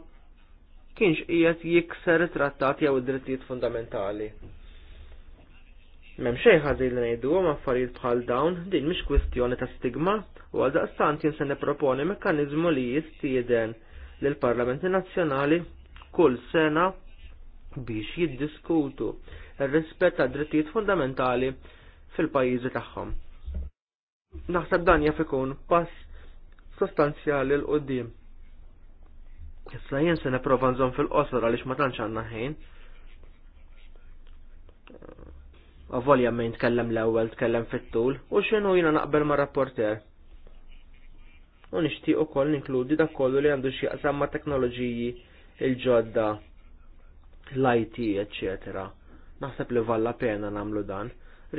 kienx qiegħed jikser it-trattati jew id-drittijiet fundamentali. Mem xejn ħażin li ngħidu affarijiet bħal dawn din mhix kwistjoni ta' stigma u għal daqstant jien se nipproponi mekkaniżmu li jistieden lil parlamenti nazzjonali kull sena biex jiddiskutu ir-rispett ta' drittijiet fundamentali fil-pajjiżi tagħhom. Naħseb dan jaf ikun pass sostanzjali l qudiem Issa jien se nipprova nżomm fil-qosor għaliex ma tantx għandna ħin. Avolja minn tkellem l-ewwel tkellem fit-tul u x'inhu jiena naqbel ma' rapporter. U nixtieq ukoll ninkludi dak kollu li għandu jaqsam ma' teknoloġiji il-ġodda l-IT, etc. Naħseb li valla pena namlu dan.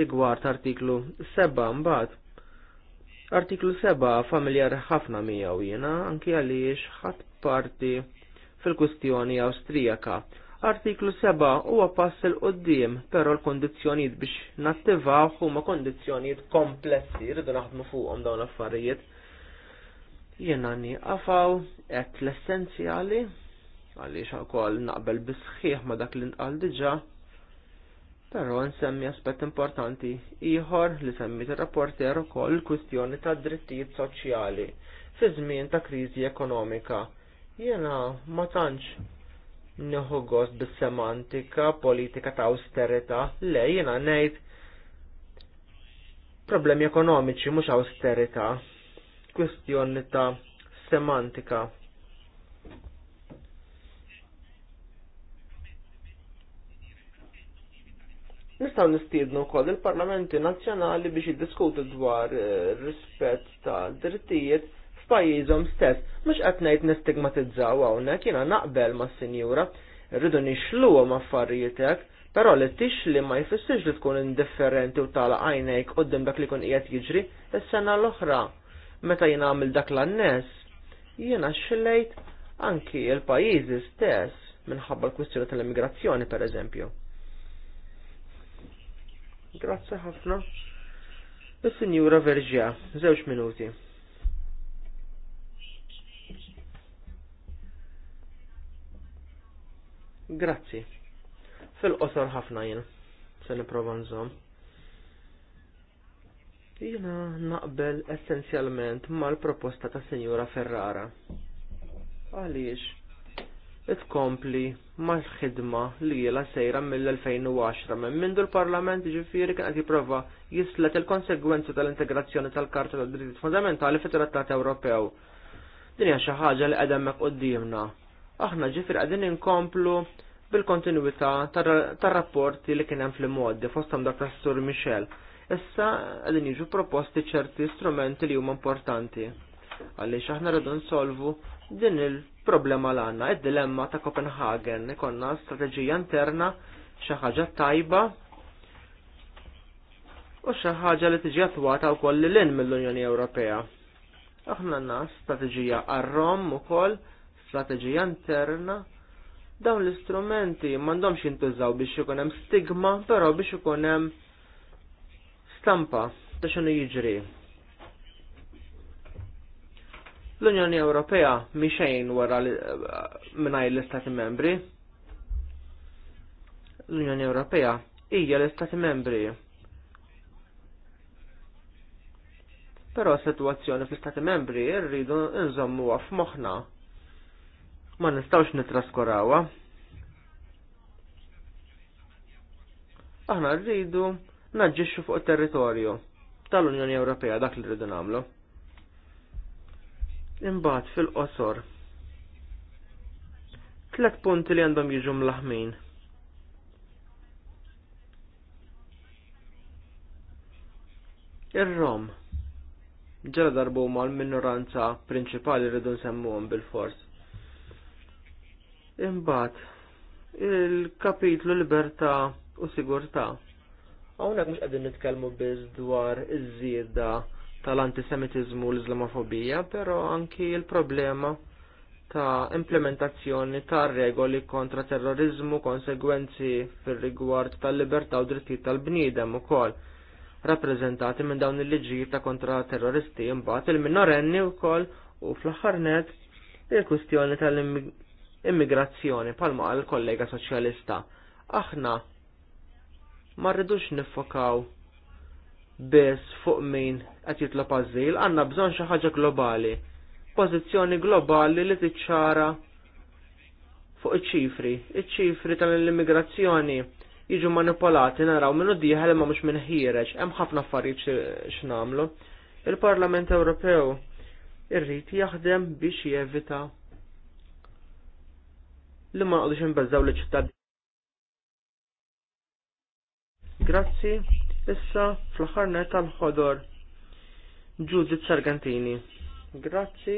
Rigward artiklu 7 mbagħad. Artiklu 7 familjar ħafna miegħu jiena anki għaliex ħadd parti fil-kustjoni Awstrijaka Artiklu 7 huwa pass il qoddim però l kondizjonijiet biex nattivaw huma kondizjonijiet komplessi rridu naħdmu fuqhom dawn l-affarijiet. Jiena nieqafaw qed l-essenzjali għaliex ukoll naqbel bisħiħ ma dak li nqal diġà Però nsemmi aspett importanti ieħor li semmi ir-rapporter ukoll il-kwistjoni tad drittijiet soċjali fi żmien ta' kriżi ekonomika. Jena ma tantx nħu gost bis-semantika, politika ta' austerita, le jena nejt problemi ekonomiċi mux austerita, kwestjoni ta' semantika. Nistaw nistiednu kol il-parlamenti nazjonali biex jiddiskutu dwar eh, rispett ta' drittijiet f'pajjiżhom stess. Mhux qed ngħid nistigmatizzaw hawnhekk jiena naqbel mas-sinjura, rridu nixluhom affarijiet hekk, però li tixli ma jfissirx li tkun indifferenti u tala għajnejk qudiem dak li kun qiegħed jiġri is-sena l-oħra. Meta jiena għamil dak l-annes, jiena xlejt anki l-pajjiżi stess minħabba l-kwistjoni tal-immigrazzjoni pereżempju. Grazzi ħafna. Is-Sinjura Verġja, żewġ minuti. Grazzi. Fil-qosor ħafna jien, se niprofa nżomm. Jiena naqbel essenzjalment mal-proposta ta' Senjura Ferrara. Għaliex, itkompli mal-ħidma li jela sejra mill-2010 minn mindu l-Parlament ġifiri kien qed jipprova jislet il-konsegwenzi tal-integrazzjoni tal-Karta tad drittijiet Fundamentali fit-Trattat Ewropew. Din hija xi ħaġa li qegħda hemmhekk aħna ġifir għadin inkomplu bil-kontinuità tar-rapporti li kien hemm fil-modi fostam da professor Michel. Issa għadin jiġu proposti ċerti strumenti li huma importanti. Għaliex aħna rridu nsolvu din il-problema l-għanna, il dilemma ta' Copenhagen, ikonna strategija interna xaħġa ħaġa tajba u xi ħaġa li tiġi attwata wkoll in mill-Unjoni Ewropea. Aħna għandna strateġija għar-Rom ukoll strateġija interna, dawn l-istrumenti m'għandhomx jintużaw biex ikun hemm stigma, però biex ikun hemm stampa ta' xinu jiġri. L-Unjoni Ewropea xejn wara minnaj l-Istati Membri. L-Unjoni Ewropea hija l-Istati Membri. Però situazzjoni fl-Istati Membri rridu nżommuha f'moħħna ma nistawx nitraskorawa. Aħna rridu naġġixxu fuq it-territorju tal-Unjoni Ewropea dak li rridu nagħmlu. Imbagħad fil-qosor. Tlet punti li għandhom jiġu mlaħmin. Ir-Rom ġara darbu ma l-minoranza prinċipali rridu nsemmuhom bil-fors. Imbagħad il-kapitlu libertà u sigurtà. Hawnhekk mhux qegħdin nitkellmu biss dwar iż-żieda tal-antisemitiżmu u l-Islamofobija, però anki il-problema ta' implementazzjoni ta' regoli kontra terrorizmu, konsegwenzi fir rigward tal-libertà u drittijiet tal-bniedem ukoll rappreżentati minn dawn il-liġijiet ta' kontra terroristi imbagħad il-minorenni wkoll u fl-aħħar net il-kwistjoni immigrazzjoni palma għal kollega soċjalista. Aħna ma rridux nifokaw biss fuq min qed jitlob għażil, għandna bżonn xi ħaġa globali, pożizzjoni globali li tiċċara fuq iċ-ċifri, iċ-ċifri tal-immigrazzjoni jiġu manipolati naraw minnu diħel ma mhux minn ħireġ, hemm ħafna affarijiet x'namlu. Il-Parlament Ewropew irrid jaħdem biex jevita li ma għodux nbezzaw li ċittad. Grazzi, issa fl-ħarnet tal-ħodor Giudice Sargantini. Grazzi,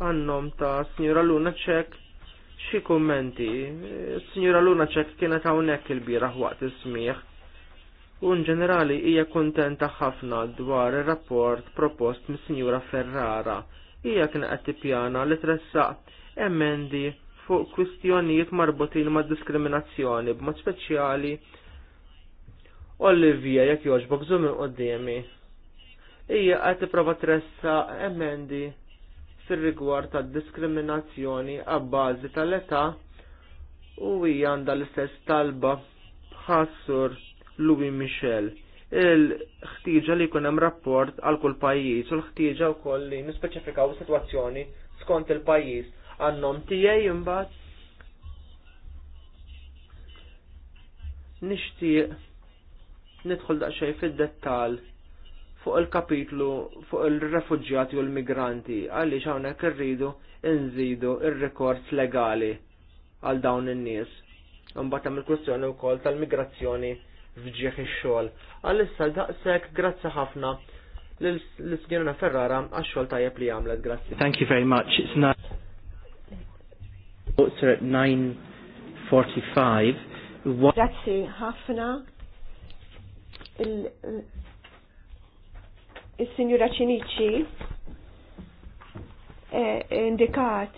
għannom ta' signora Luna ċek xi kummenti. Signora Luna ċek kienet hawnhekk il-bieraħ waqt is smiħ U ġenerali hija kontenta ħafna dwar ir-rapport propost mis-Sinjura Ferrara. Hija kien qed tippjana li tressaq emendi fuq kwistjonijiet marbutin ma' diskriminazzjoni b'mod speċjali. Olivia, jekk joġbok żum qudiemi Ija qed tipprova tressa emendi fir-rigward tad-diskriminazzjoni għabbażi tal-età u hija għandha l-istess talba bħassur Louis Michel il-ħtieġa li jkun hemm rapport għal kull pajjiż u l-ħtieġa wkoll li nispeċifikaw is-sitwazzjoni skont il-pajjiż għannom tijaj imbat. Nishtiq nidħol daqxej fil-dettal fuq il-kapitlu fuq il-refugġjati u l-migranti għalli hawnhekk irridu nżidu il rekors legali għal dawn in-nies. Imbagħad hemm il-kwestjoni wkoll tal-migrazzjoni fġieħ ix-xogħol. Għalissa daqshekk grazzi ħafna l-Sinjora Ferrara għax-xogħol tajjeb li għamlet, grazzi. Thank you very much. It's not... Votes are at 9.45. Grazzi ħafna. il Cinici Ċinici eh, eh, indikat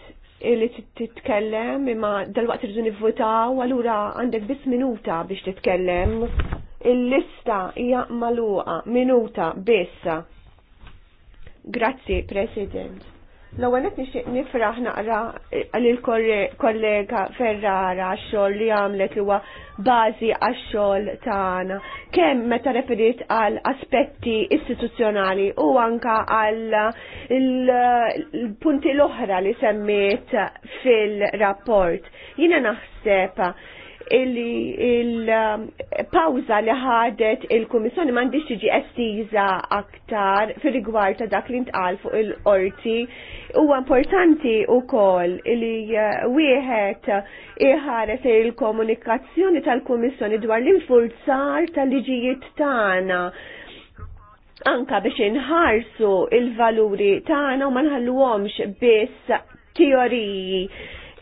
li titkellem imma dal-waqt irridu nivvotaw, allura għandek biss minuta biex titkellem. Il-lista hija maluqa, minuta biss. Grazzi, President. L-ewwel qed nixtieq nifraħ naqra lil kollega Ferrara għax-xogħol li għamlet li huwa bażi għax-xogħol tagħna. Kemm meta referit għal aspetti istituzzjonali u anka għal l-punti l-oħra li semmiet fil-rapport. Jiena naħseb illi il-pawza li ħadet il-Kummissjoni m'għandix tiġi estiża aktar fir-rigward ta' dak li ntqal fuq il-qorti. Huwa importanti wkoll li eh, wieħed iħares il-komunikazzjoni tal-Kummissjoni dwar l-infurzar tal-liġijiet tagħna anka biex inħarsu il-valuri tagħna u ma nħalluhomx biss teoriji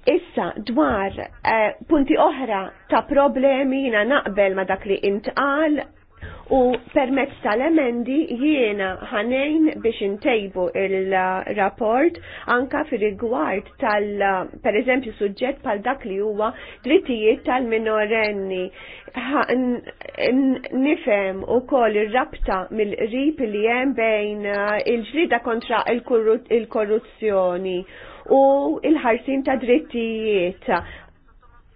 Issa dwar eh, punti oħra ta' problemi jiena naqbel ma dak li intqal u permezz tal-emendi jiena ħanejn biex intejbu il-rapport anka fi rigward tal per eżempju suġġett pal dak li huwa drittijiet tal-minorenni nifem u koll il-rabta mill-rip li jem bejn eh, il-ġlida kontra il-korruzzjoni il u il-ħarsin ta' drittijiet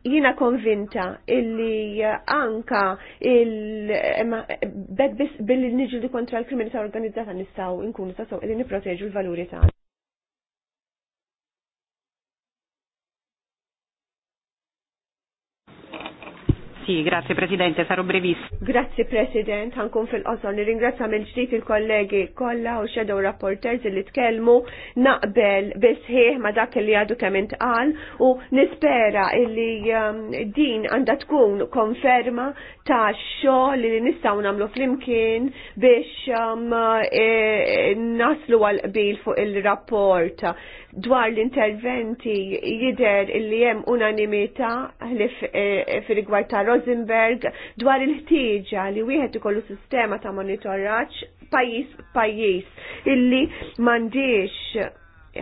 jina konvinta illi anka il bed bil billi kontra l-kriminalità organizzata nistaw inkunu ta' illi nipproteġu l-valuri ta' Sì, grazie Presidente, sarò brevissimo. Grazie President, għankun fil-qosor nirringrazzja mill ġdid il-kollegi kollha u shadow rapporters li tkellmu naqbel bisħieħ ma dak li għadu kemm intqal u nispera illi um, din għandha tkun konferma ta' xogħol li nistgħu nagħmlu flimkien biex um, e, naslu għal qbil fuq il-rapport dwar l-interventi jider illi jem unanimita eh, fil-rigward ta' Rosenberg dwar il-ħtieġa li wieħed ikollu sistema ta' monitoraġġ pajis pajis illi mandiex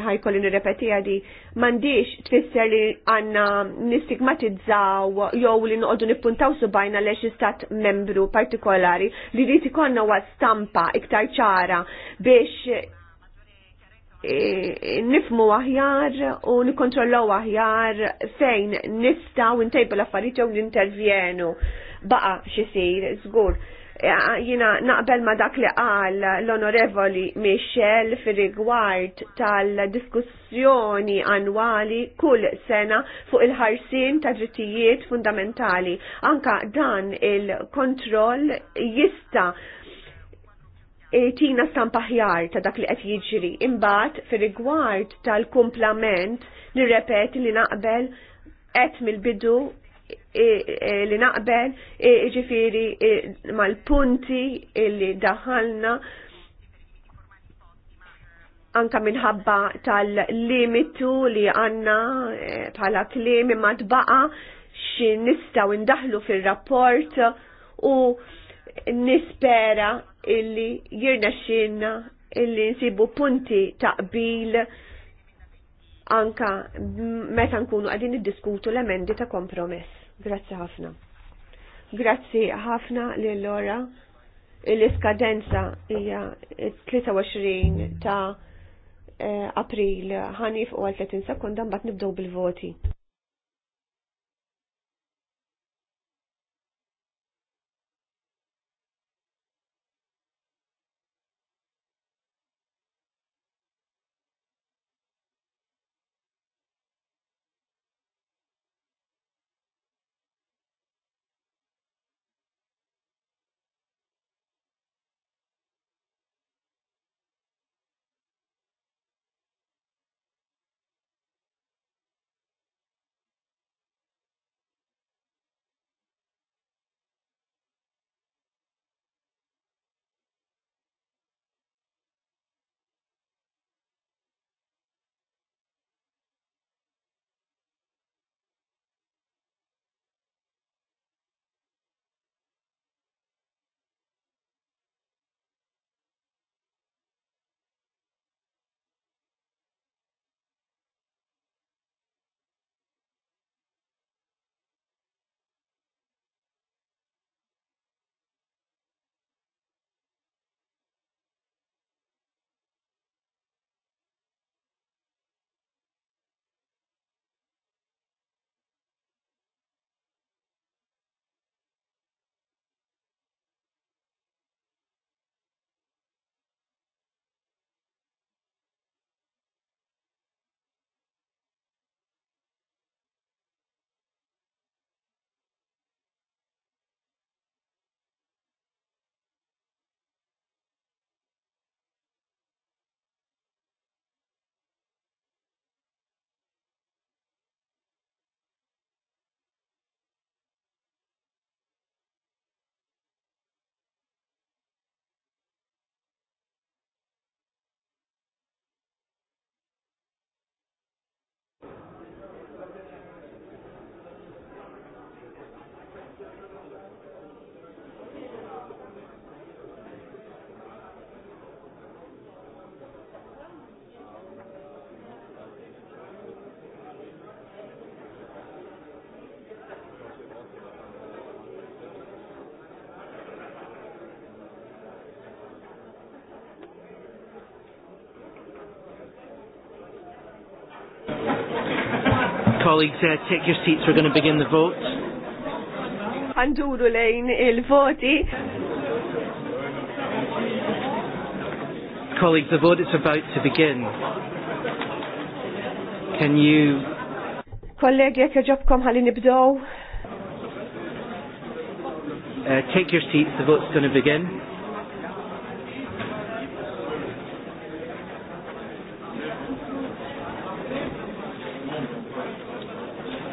ħajkolli nirrepetija di mandiex tfisser li għanna nistigmatizzaw jew li nqogħdu nippuntaw subajna lex istat membru partikolari li li tikonna wa stampa iktar ċara biex E, nifmu aħjar u nikontrollaw aħjar fejn nistaw intejbu l-affarijiet jew nintervjenu. Baqa xisir, żgur. E, jina naqbel ma dak li qal l-onorevoli Michel fir rigward tal-diskussjoni annwali kull sena fuq il-ħarsin ta' drittijiet fundamentali. Anka dan il-kontroll jista' tina stampa ħjar ta' dak li qed jiġri. Imbagħad fir-rigward tal-kumplament nirrepeti li naqbel qed mill-bidu li naqbel ġifiri mal-punti li daħalna anka minħabba tal-limitu li għanna eh, bħala klim imma tbaqa xi nistgħu indaħlu fir-rapport u nispera illi jirna xinna illi nsibu punti taqbil anka meta nkunu għadin id-diskutu l-emendi ta' kompromess. Grazzi ħafna. Grazzi ħafna lil ora Il-iskadenza hija 23 ta' eh, April ħanif u għal 30 sekunda mbagħad nibdew bil-voti. colleagues uh, take your seats, we're going to begin the vote. Colleagues, the vote is about to begin. Can you... Uh, take your seats, the vote's going to begin.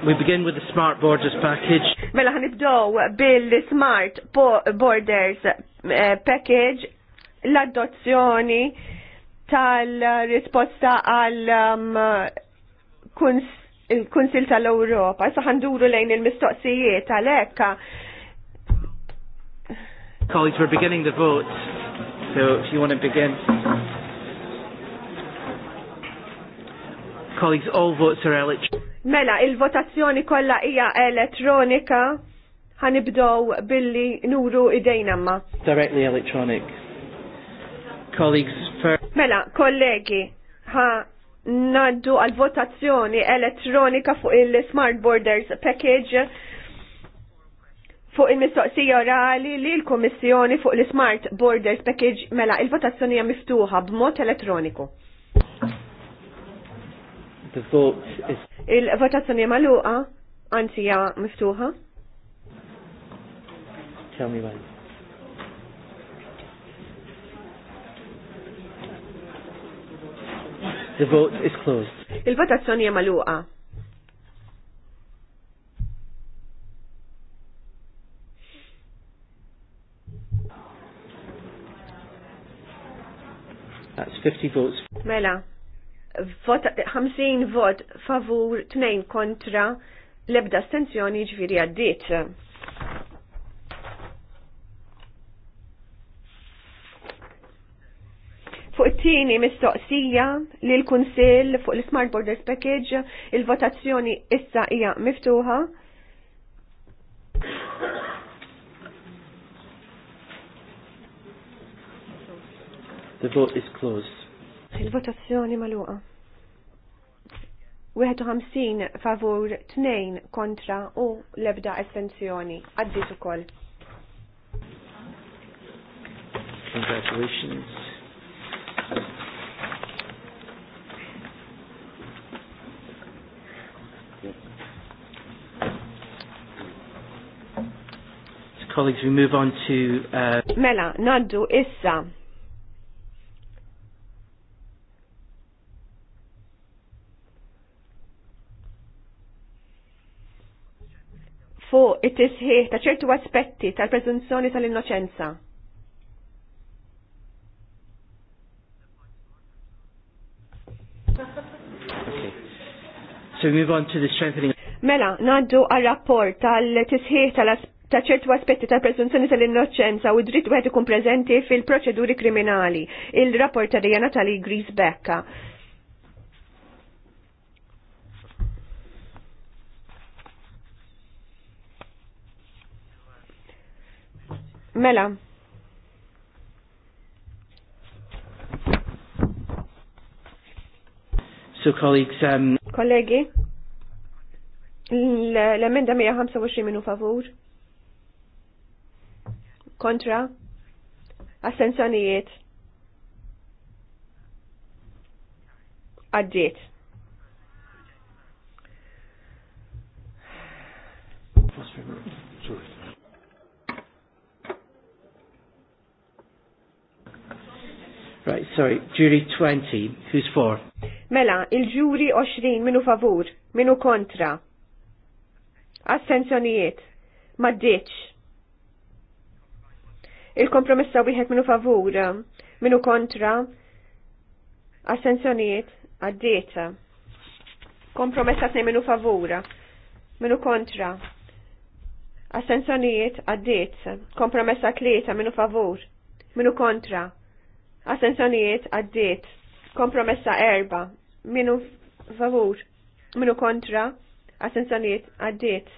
We begin with the Smart Borders Package. Mela ħanibdow bil-Smart Borders eh, Package l-adozzjoni tal-risposta għal um, il-Kunsil tal-Europa. Sa ħanduru lejn il-mistoqsijiet tal ekka Colleagues, we're beginning the vote, so if you want to begin. Colleagues, all votes are eligible. Mela, il-votazzjoni kollha hija elettronika ħanibdow billi nuru idejna ma. Directly electronic. Colleagues first. Mela, kollegi, ha naddu għal votazzjoni elettronika fuq il-Smart Borders Package fuq il-mistoqsija orali li l-Komissjoni fuq l-Smart Borders Package mela il-votazzjoni hija miftuħa b'mod elettroniku. The Il-votazzjoni maluqa, anzi hija miftuħa. Tell me when. The vote is closed. Il-votazzjoni hija maluqa. That's 50 votes. Mela, 50 vot favur, 2 kontra, lebda stenzjoni ġviri għaddit. Fuq it-tieni mistoqsija li l-Kunsill fuq l-Smart Borders Package il-votazzjoni issa hija miftuħa. The vote is closed. Il-votazzjoni maluqa. 51 favur 2 kontra u lebda estensjoni. Għaddit ukoll. Congratulations. colleagues, we move on to... Uh... Mela, naddu issa fuq it-tisħiħ ta' ċertu aspetti tal-prezunzjoni tal-innoċenza. Mela, naddu għal rapport tal-tisħiħ ta' ċertu aspetti tal-prezunzjoni tal-innoċenza u dritt wieħed ikun preżenti fil-proċeduri kriminali. Il-rapport ta' Dijana Tali Grisbecka. Mela. So colleagues, um... Kollegi, l-emenda 125 minu favur. Kontra. Assenzjonijiet. Għaddiet. Right, sorry, jury 20, who's for? Mela, il-ġuri 20 minu favur, minu kontra. Assenzjonijiet, maddiċ. Il-kompromessa wieħed minu favur, minu kontra. Assenzjonijiet, għaddieta. Kompromessa tnej minu favur, minu kontra. Assenzjonijiet, għaddiet. Kompromessa tlieta minu favur, minu kontra Assenzjonijiet għaddiet. Kompromessa erba. Minu favur. Minu kontra. Assenzjonijiet għaddiet.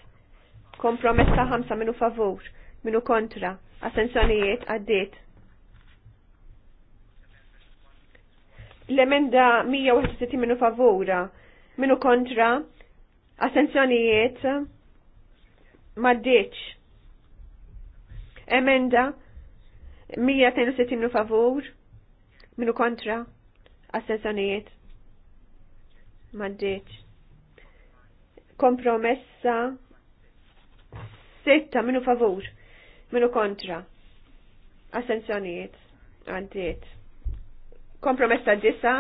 Kompromessa ħamsa minu favur. Minu kontra. Assenzjonijiet għaddiet. L-emenda 161 minu favura. Minu kontra. Assenzjonijiet maddiċ. Emenda 162 minu favur Minu kontra? Assessjonijiet? maddeċ Kompromessa? setta minu favur? Minu kontra? Assenzjonijiet? Għaddiet. Kompromessa disa?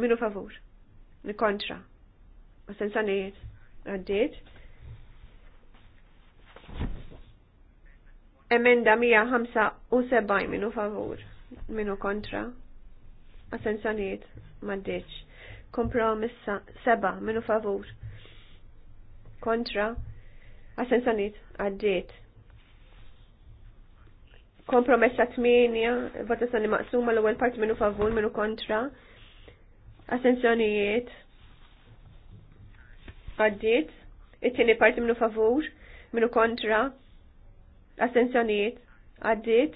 Minu favur? Minu kontra? Assenzjonijiet? Għaddiet. Emenda 175 minu favur, minu kontra. Assenzjoniet maddeċ. Kompromissa seba' minu favur. Kontra. Assenzjoniet Kompromissa Kompromessa 8, votazzjoni maqsuma l-ewwel part minu favur, minu kontra. Assenzjonijiet għaddiet. It-tieni part minu favur, minu kontra Astenzjonijiet għaddit.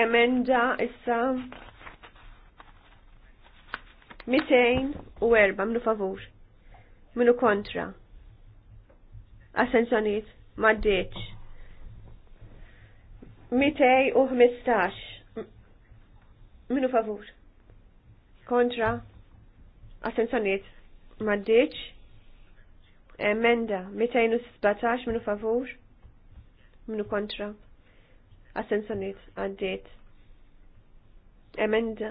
Emenda issa u erba minu favur. Minu kontra. Astenzjonijiet maddiċ. 215 minu favur. Kontra. Astenzjonijiet maddiċ. Emenda 217 minu favur, minu kontra. asensonit, għaddit. Emenda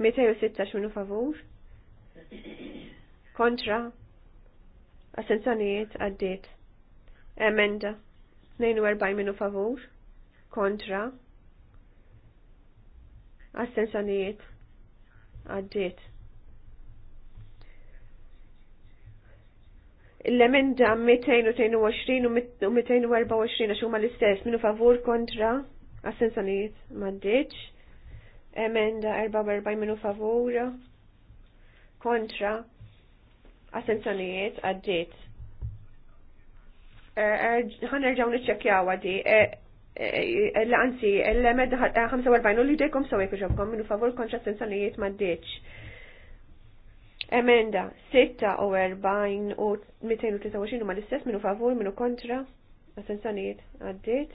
216 minu favur, kontra. asensonit, għaddit. Emenda 42 minu favur, kontra. asensonit, għaddit. l-emenda 222 u 224 għax huma l-istess minu favur kontra assenzjonijiet maddiċ. Emenda 44 minu favur kontra assenzjonijiet għaddiet. Eh, ħanerġaw niċċekjaw għadi. Eh, eh, Anzi, l-emenda 45 u li dejkom sawek ġobkom minnu favur kontra assenzjonijiet maddiċ. Emenda 46 u 223 ma l-istess minu favur minu kontra assenzjonijiet għaddit.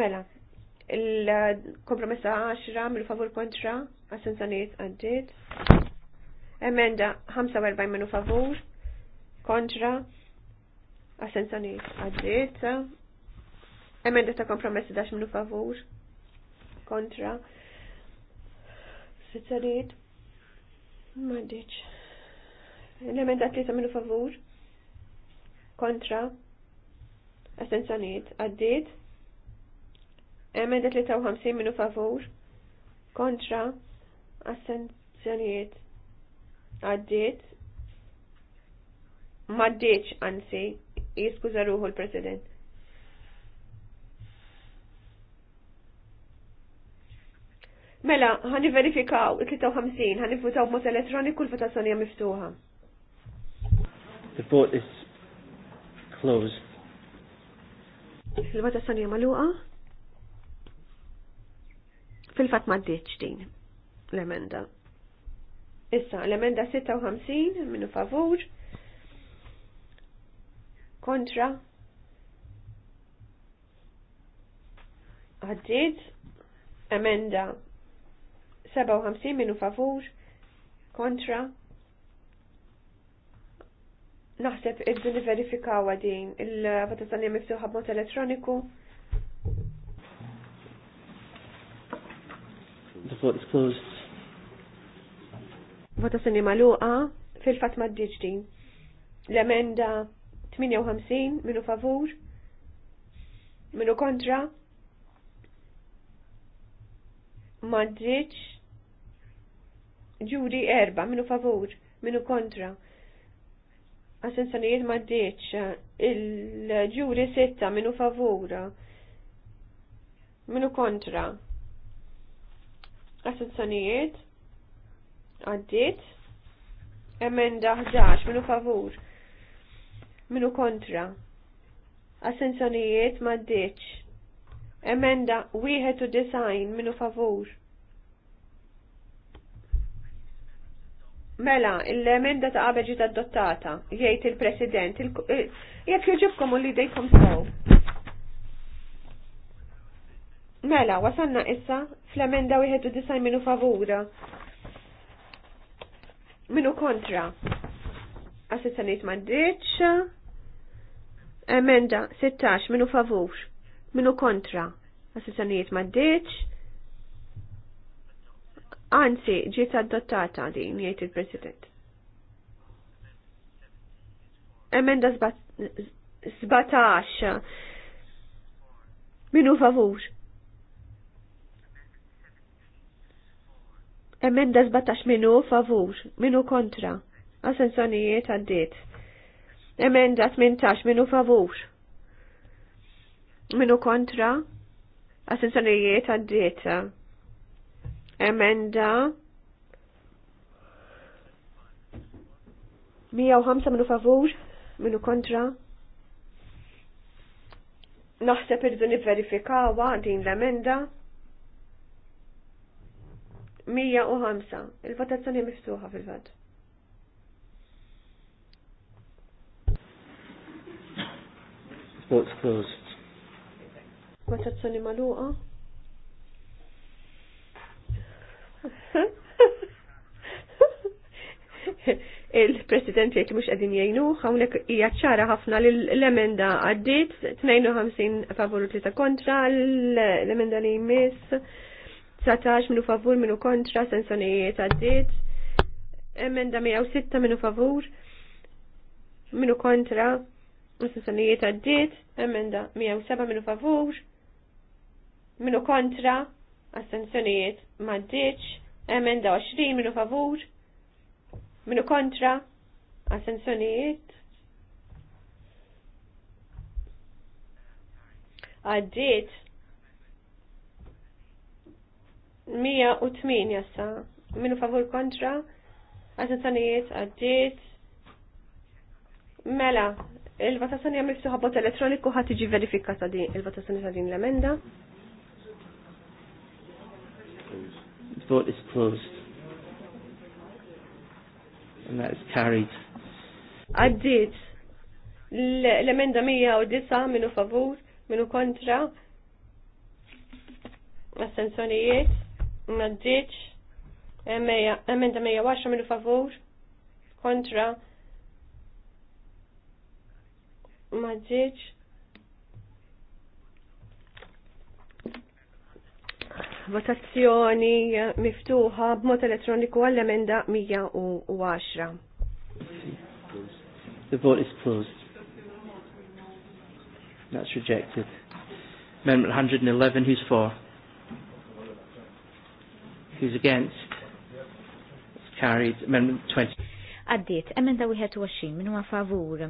Mela, il-kompromessa 10 minu favur kontra assenzjonijiet għaddit. Emenda 45 minu favur kontra assenzjonijiet għaddit. Emenda ta' kompromessa 10 minu favur kontra assenzjonijiet Maddiċ. L-emenda li minnu favur. Kontra. Astenzjoniet. li Emenda 53 minu favur. Kontra. Astenzjoniet. Għaddiet. Maddiċ, anzi. Jiskuza ruħu l-President. Mela, ħani verifikaw 53 ħani votaw mot elettroniku l-votazzjoni hija miftuħa. The vote is closed. Il-votazzjoni hija magħluqa. Fil-fatt ma ddiċ din l-emenda. Issa, l-emenda 56 minu favur. Kontra. Għaddit. Emenda 57 minu favur kontra naħseb iddu niverifikaw għadin il-votazzjoni miftuħa b'mod elettroniku. The vote is closed. Votazzjoni maluqa fil-fatt ma' diġdin. L-emenda 58 minu favur, minu kontra, ma' ġuri erba, minu favur, minu kontra. Assenzjonijiet d-deċ, il-ġuri sitta, minu favur, minu kontra. Assenzjonijiet għaddit, emenda 11, minu favur, minu kontra. Assenzjonijiet ma d-deċ, emenda design, minu favur Mela, l-emenda ta' qabel ġiet adottata, jgħid il-President, eh, jekk juġibkom u li dejkom sew. Mela, wasanna issa fl-emenda wieħed u disajn minu favura. Minu kontra. Assissanit ma' ditx. Emenda 16 minu favur. Minu kontra. Assissanit ma' ditx. Anzi, ġiet adottata din, jgħid il-President. Emenda 17. Minu favur. Emenda 17 minu favur, minu kontra. Asensonijiet għaddit. Emenda 18 minu favur. Minu kontra. Asensonijiet għaddit. Emenda 105 minu favur, minu kontra. Naħseb irdu niverifikawa din l-emenda. 105. Il-votazzjoni miftuħa fil-vad. Votes closed. Votazzjoni maluqa. il-President jgħid li mhux qegħdin jgħinu, hawnhekk hija ċara ħafna li l-emenda għaddiet 52 favur u 3 kontra, l-emenda li jmiss 19 minu favur minu kontra, sensonijiet għaddiet, emenda 106 minu favur minu kontra, sensonijiet għaddiet, emenda 107 minu favur minu kontra, Astenzjonijiet maddiċ. Emenda 20 minu favur. Minu kontra. Astenzjonijiet. Għaddiet. 108 jassa. Minu favur kontra. Astenzjonijiet għaddiet. Mela, il-votazzjoni għam miftuħa bot elettroniku ħat iġi verifikata din il-votazzjoni ta' din l-emenda. Vote is closed. And that is carried. Għaddit. L-emenda 109 minu favur, minu kontra. Assenzjonijiet. Għaddit. Emenda 110 minu favur, kontra. Maġġieċ votazzjoni miftuħa b'mod elettroniku għall-emenda 110. The vote is closed. That's rejected. Amendment 111, who's for? Who's against? It's carried. Amendment 20. Għaddiet, emenda 21, Minu huwa favur.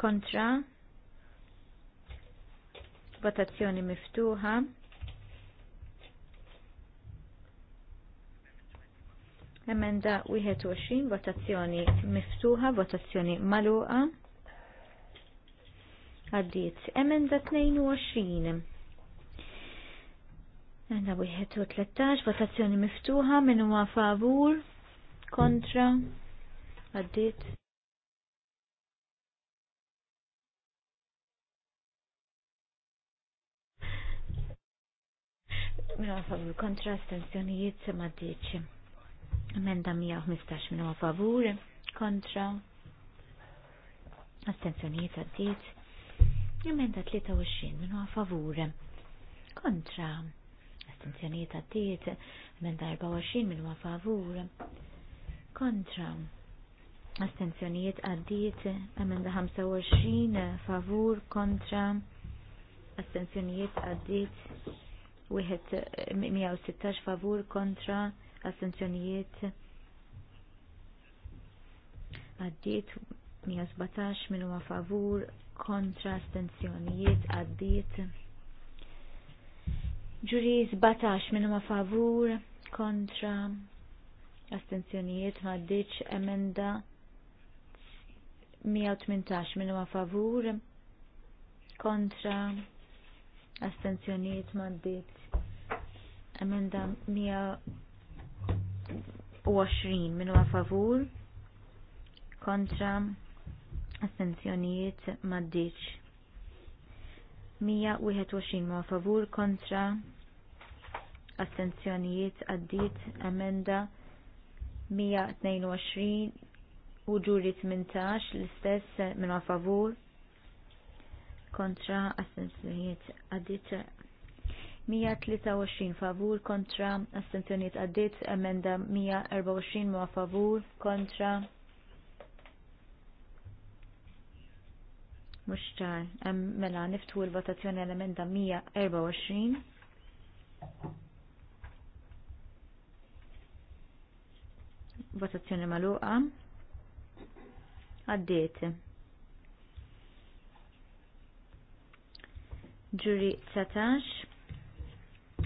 Kontra, Votazzjoni miftuħa. Emenda 21, votazzjoni miftuħa, votazzjoni maluqa. Għaddit, Emenda 22. Emenda 13, votazzjoni miftuħa, minn ma favur, kontra, għaddit. Mela, minu favur kontra astensjonijiet ma Menda mija uħmistax minu favur kontra astensjonijiet għaddiet. Emenda 23 minu favur kontra astensjonijiet għaddiet. Emenda 24 minu favur kontra astensjonijiet għaddiet. Emenda 25 favur kontra astensjonijiet għaddiet wieħed 116 eh, favur kontra astenzjonijiet għaddiet 117 minn huma favur kontra astenzjonijiet għaddiet ġuri 17 minn huma favur kontra astenzjonijiet m'għaddiċ emenda 118 minn huma favur kontra astenzjonijiet m'għaddiet Emenda 120 minu a favur kontra astenzjonijiet maddiċ. 121 ma favur kontra astenzjonijiet għaddit emenda 122 u 18 l-istess minn favur kontra astenzjonijiet għaddit 123 favur kontra astenzjoniet għaddit, emenda 124 ma favur kontra mux ċar, mela niftu l-votazzjoni għal-emenda 124. Votazzjoni maluqa. Għaddiet. Ġuri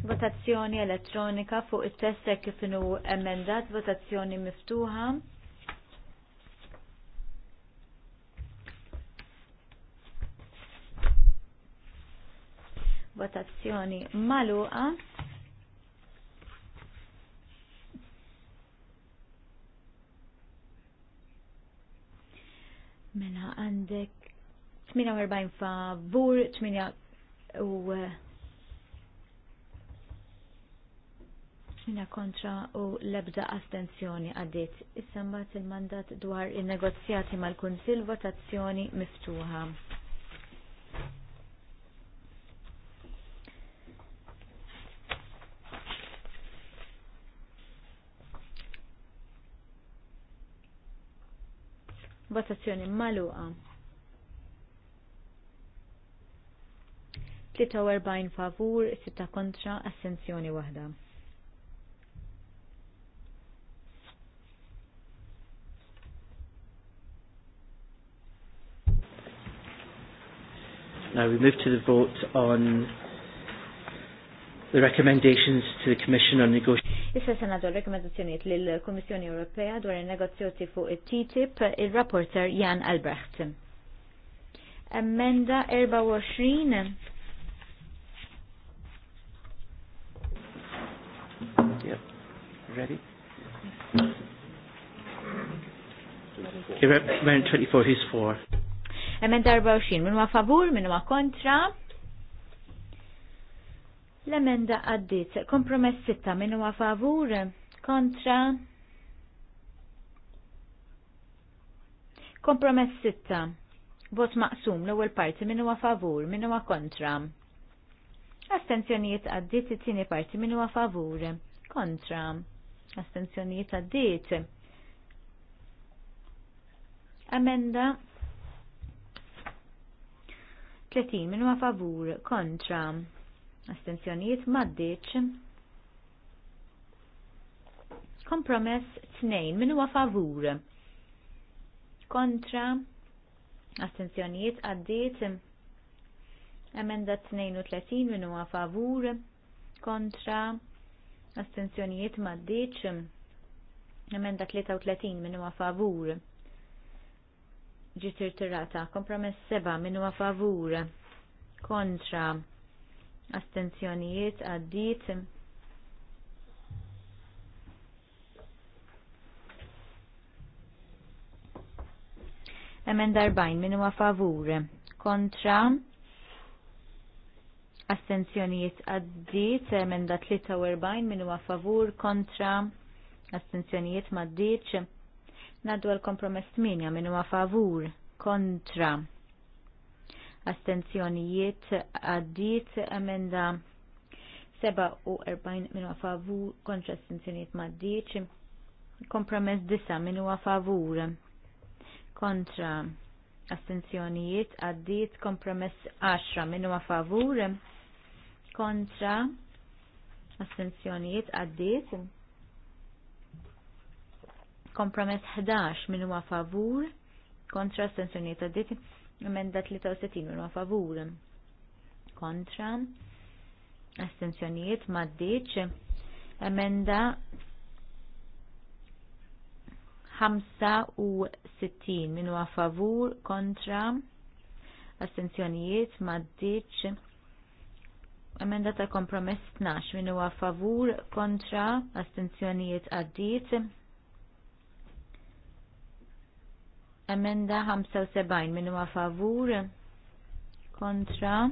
Votazzjoni elettronika fuq it-test kif inhu emendat, votazzjoni miftuħa. Votazzjoni maluqa. Mela għandek 48 favur, 8 u 8 kontra u lebda astenzjoni għaddit. Issa mbagħad il-mandat dwar in-negozjati il mandat dwar in negozjati mal kunsill votazzjoni miftuħa. Votazzjoni maluqa. 43 favur, 6 kontra, assenzjoni waħda. Now we move to the vote on the recommendations to the Commission on negotiations. Issa senadu rekomendazzjoniet lill-Kummissjoni Ewropea dwar il-negozjoti fuq it-TTIP, il-rapporter Jan Albrecht. Emenda 24. Yeah. Ready? Okay, Amendment 24, who's for? Emenda 24, minn ma favur, minu ma kontra. L-emenda għaddit, kompromess sitta minu ma favur, kontra. Kompromess sitta. vot maqsum l ewwel parti, minu ma favur, minu ma kontra. Astenzjonijiet għaddit it-tieni parti minu huwa favur. Kontra. Astenzjonijiet għaddit. Amenda 30 minn ma favur kontra astenzjoniet maddiċ. Kompromess 2 minn ma favur kontra astenzjoniet għaddiet. Emenda 32 minn ma favur kontra astenzjoniet maddiċ. Emenda 33 minn ma favur ġitir tirata. Kompromess seba minu a favur kontra astenzjonijiet għaddit. Emen darbajn minu a favur kontra astenzjonijiet għaddit. Emen da 43 minu a favur kontra astenzjonijiet maddiċ. Naddu għal-kompromess minja minn huwa favur kontra astenzjonijiet għaddit emenda 47 minn huwa favur kontra astenzjonijiet maddiċ. Kompromess disa minn huwa favur kontra astenzjonijiet għaddit kompromess 10 minn huwa favur kontra astenzjonijiet għaddiet Kompromess 11 minn huwa favur kontra ta' dit Emenda 63 minn huwa favur kontra astensjonijiet maddiċ. Emenda 65 minn huwa favur kontra astenzjonijiet maddiċ emenda ta' kompromess 12 minn huwa favur kontra astenzjonijiet għaddiet Emenda 75 minnu huwa favur kontra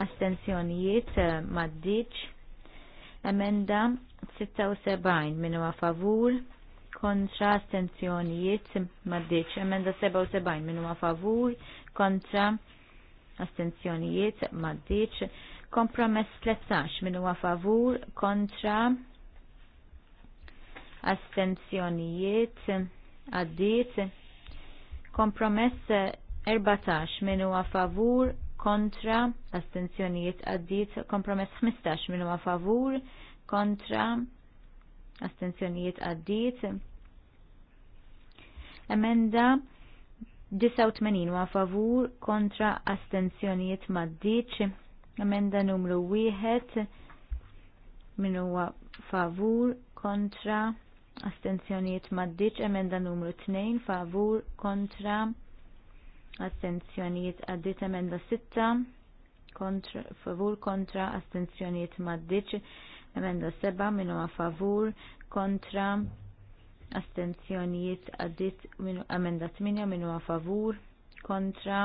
astensjonijiet eh, maddiċ. Emenda 76 minnu huwa favur kontra astensjonijiet maddiċ. Emenda 77 minnu huwa favur kontra astensjonijiet maddiċ. Kompromess 13 minnu huwa favur kontra astensjonijiet maddiċ Kompromess 14 minu a favur kontra astenzjonijiet għaddit. Kompromess 15 minu a favur kontra astenzjonijiet għaddit. Emenda 89 u favur kontra astenzjonijiet maddiċ. Emenda numru 1 minu favur kontra Astenzjoniet maddiċ emenda numru 2 favur kontra Astenzjoniet għaddit emenda 6 kontra, favur kontra astenzjoniet maddiċ emenda 7 minu favur kontra astenzjoniet għaddit emenda 8 minu favur kontra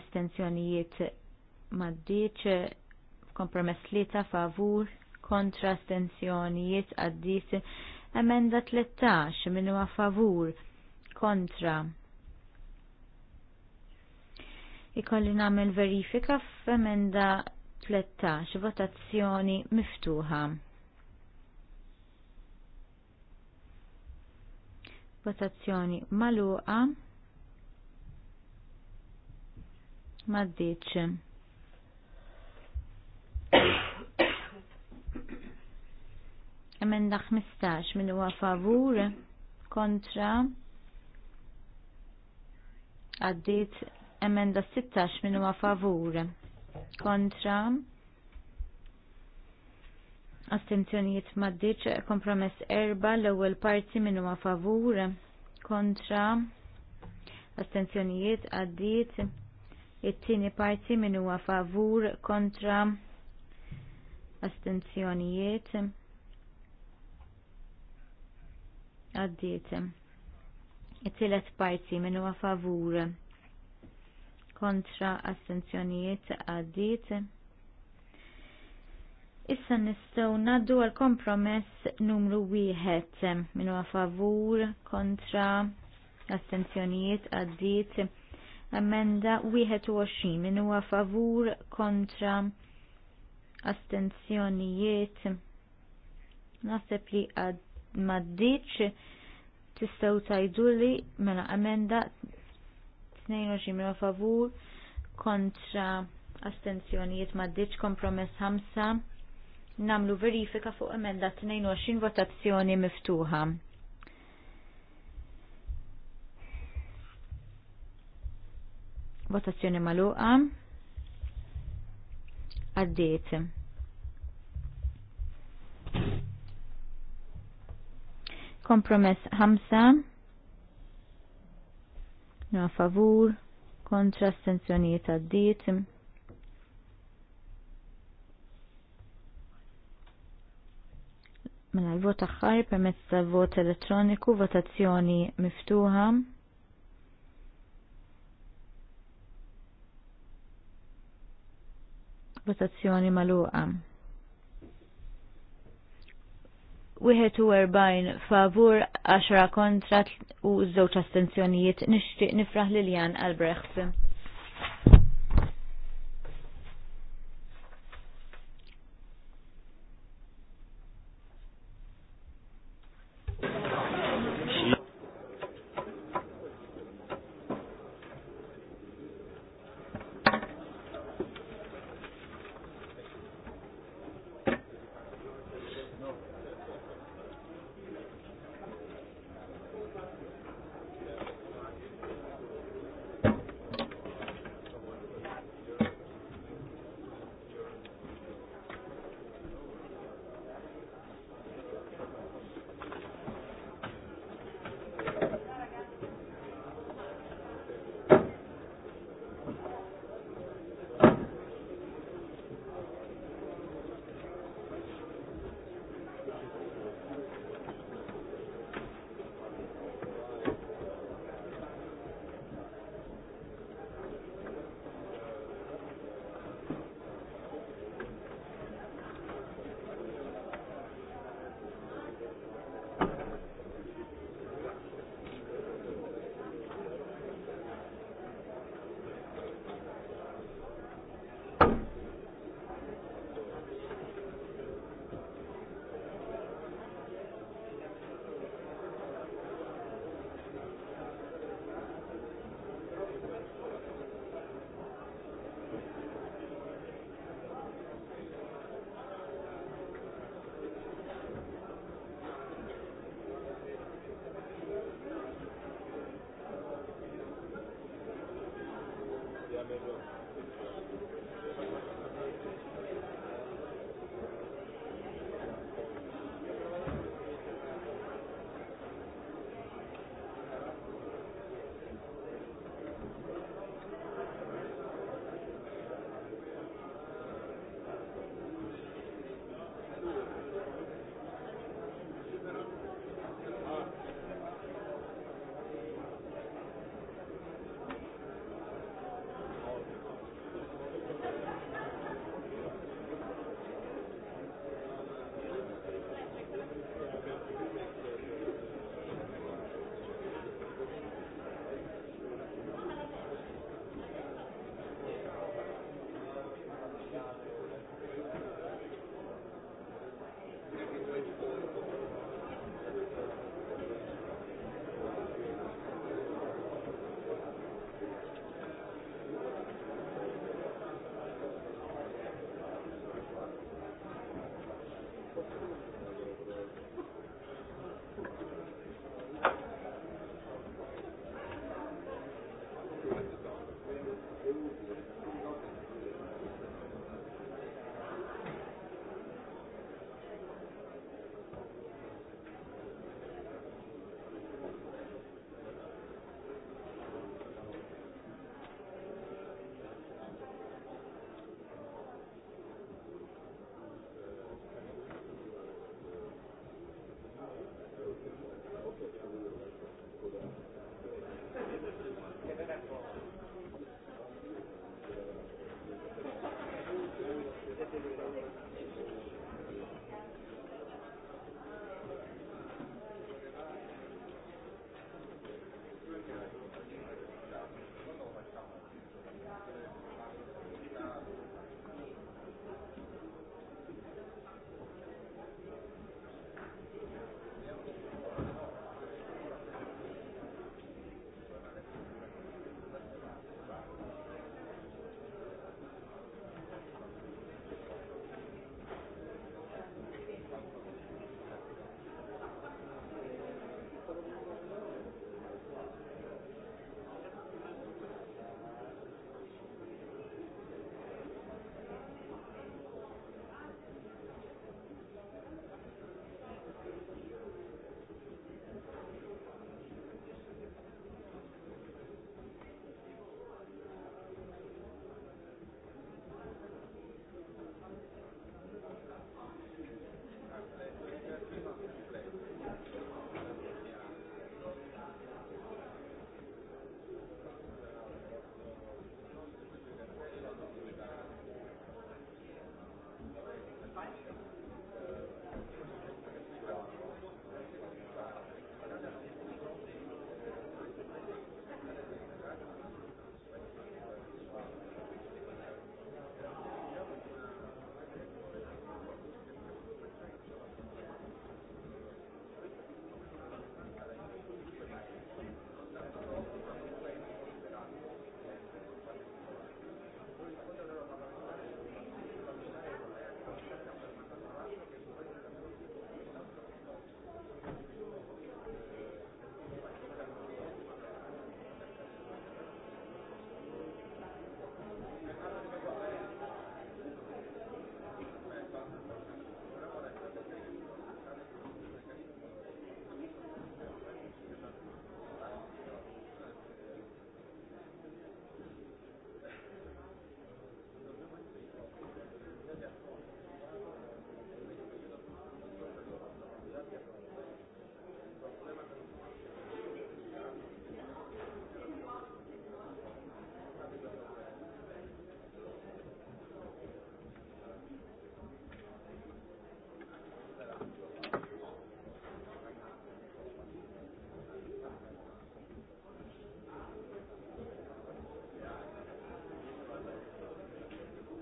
astenzjoniet maddiċ kompromess li ta' favur kontra astensjonijiet għaddit emenda 13 minn huwa favur kontra. Ikolli nagħmel verifika f'emenda 13 votazzjoni miftuħa. Votazzjoni maluqa. Maddiċ. Emenda 15 min huwa favur kontra għaddit emenda 16 min huwa favur kontra astenzjonijiet maddiċ kompromess erba l-ewwel parti min huwa favur kontra astenzjonijiet għaddit it-tieni parti min huwa favur kontra astenzjonijiet għaddiet. it tillet parti minnu huwa favur kontra astenzjonijiet għaddiet. Issa nistgħu naddu għal kompromess numru wieħed minnu huwa favur kontra astenzjonijiet għaddiet. Amenda 21 minnu huwa favur kontra astenzjonijiet nasib li għad maddiċ tistaw tajdulli mela amenda 22 mila favur kontra astenzjonijiet maddiċ kompromess ħamsa namlu verifika fuq emenda 22 votazzjoni miftuħa. Votazzjoni maluqa. għaddiet. Kompromess 5. No favur kontra astenzjonijiet għaddiet. Mela l-vot aħħar permezz tal vot elettroniku, votazzjoni miftuħa. Votazzjoni maluqa. 41 favur, 10 kontra u żewġ astenzjonijiet nixtieq nifraħ Liljan Albrecht.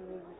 uh,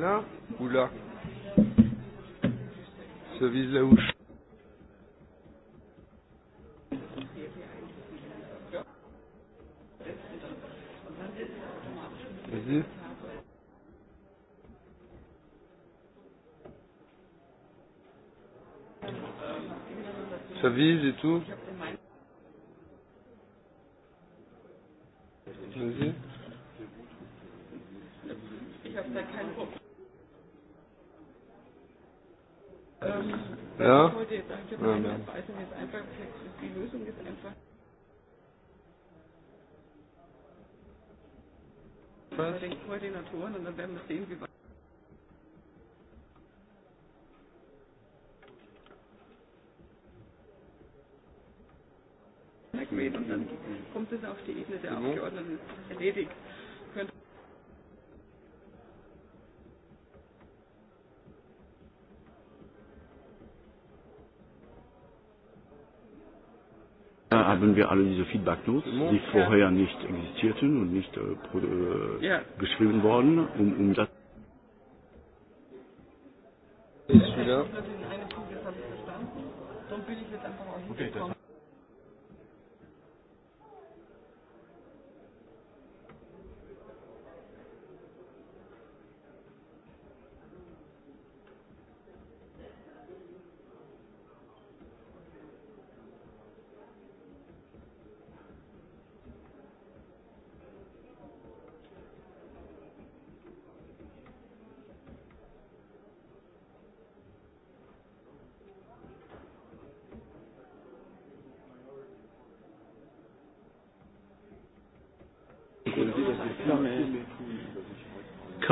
là ou là Ça vise là où je... Vas-y. Ça vise et tout Agenturen und dann werden wir sehen, wie weit. Und dann kommt es auf die Ebene der mhm. Abgeordneten erledigt. haben wir alle diese Feedback-Notes, die vorher nicht existierten und nicht äh, yeah. Äh, geschrieben worden, um, um das. Ist wieder. Okay, das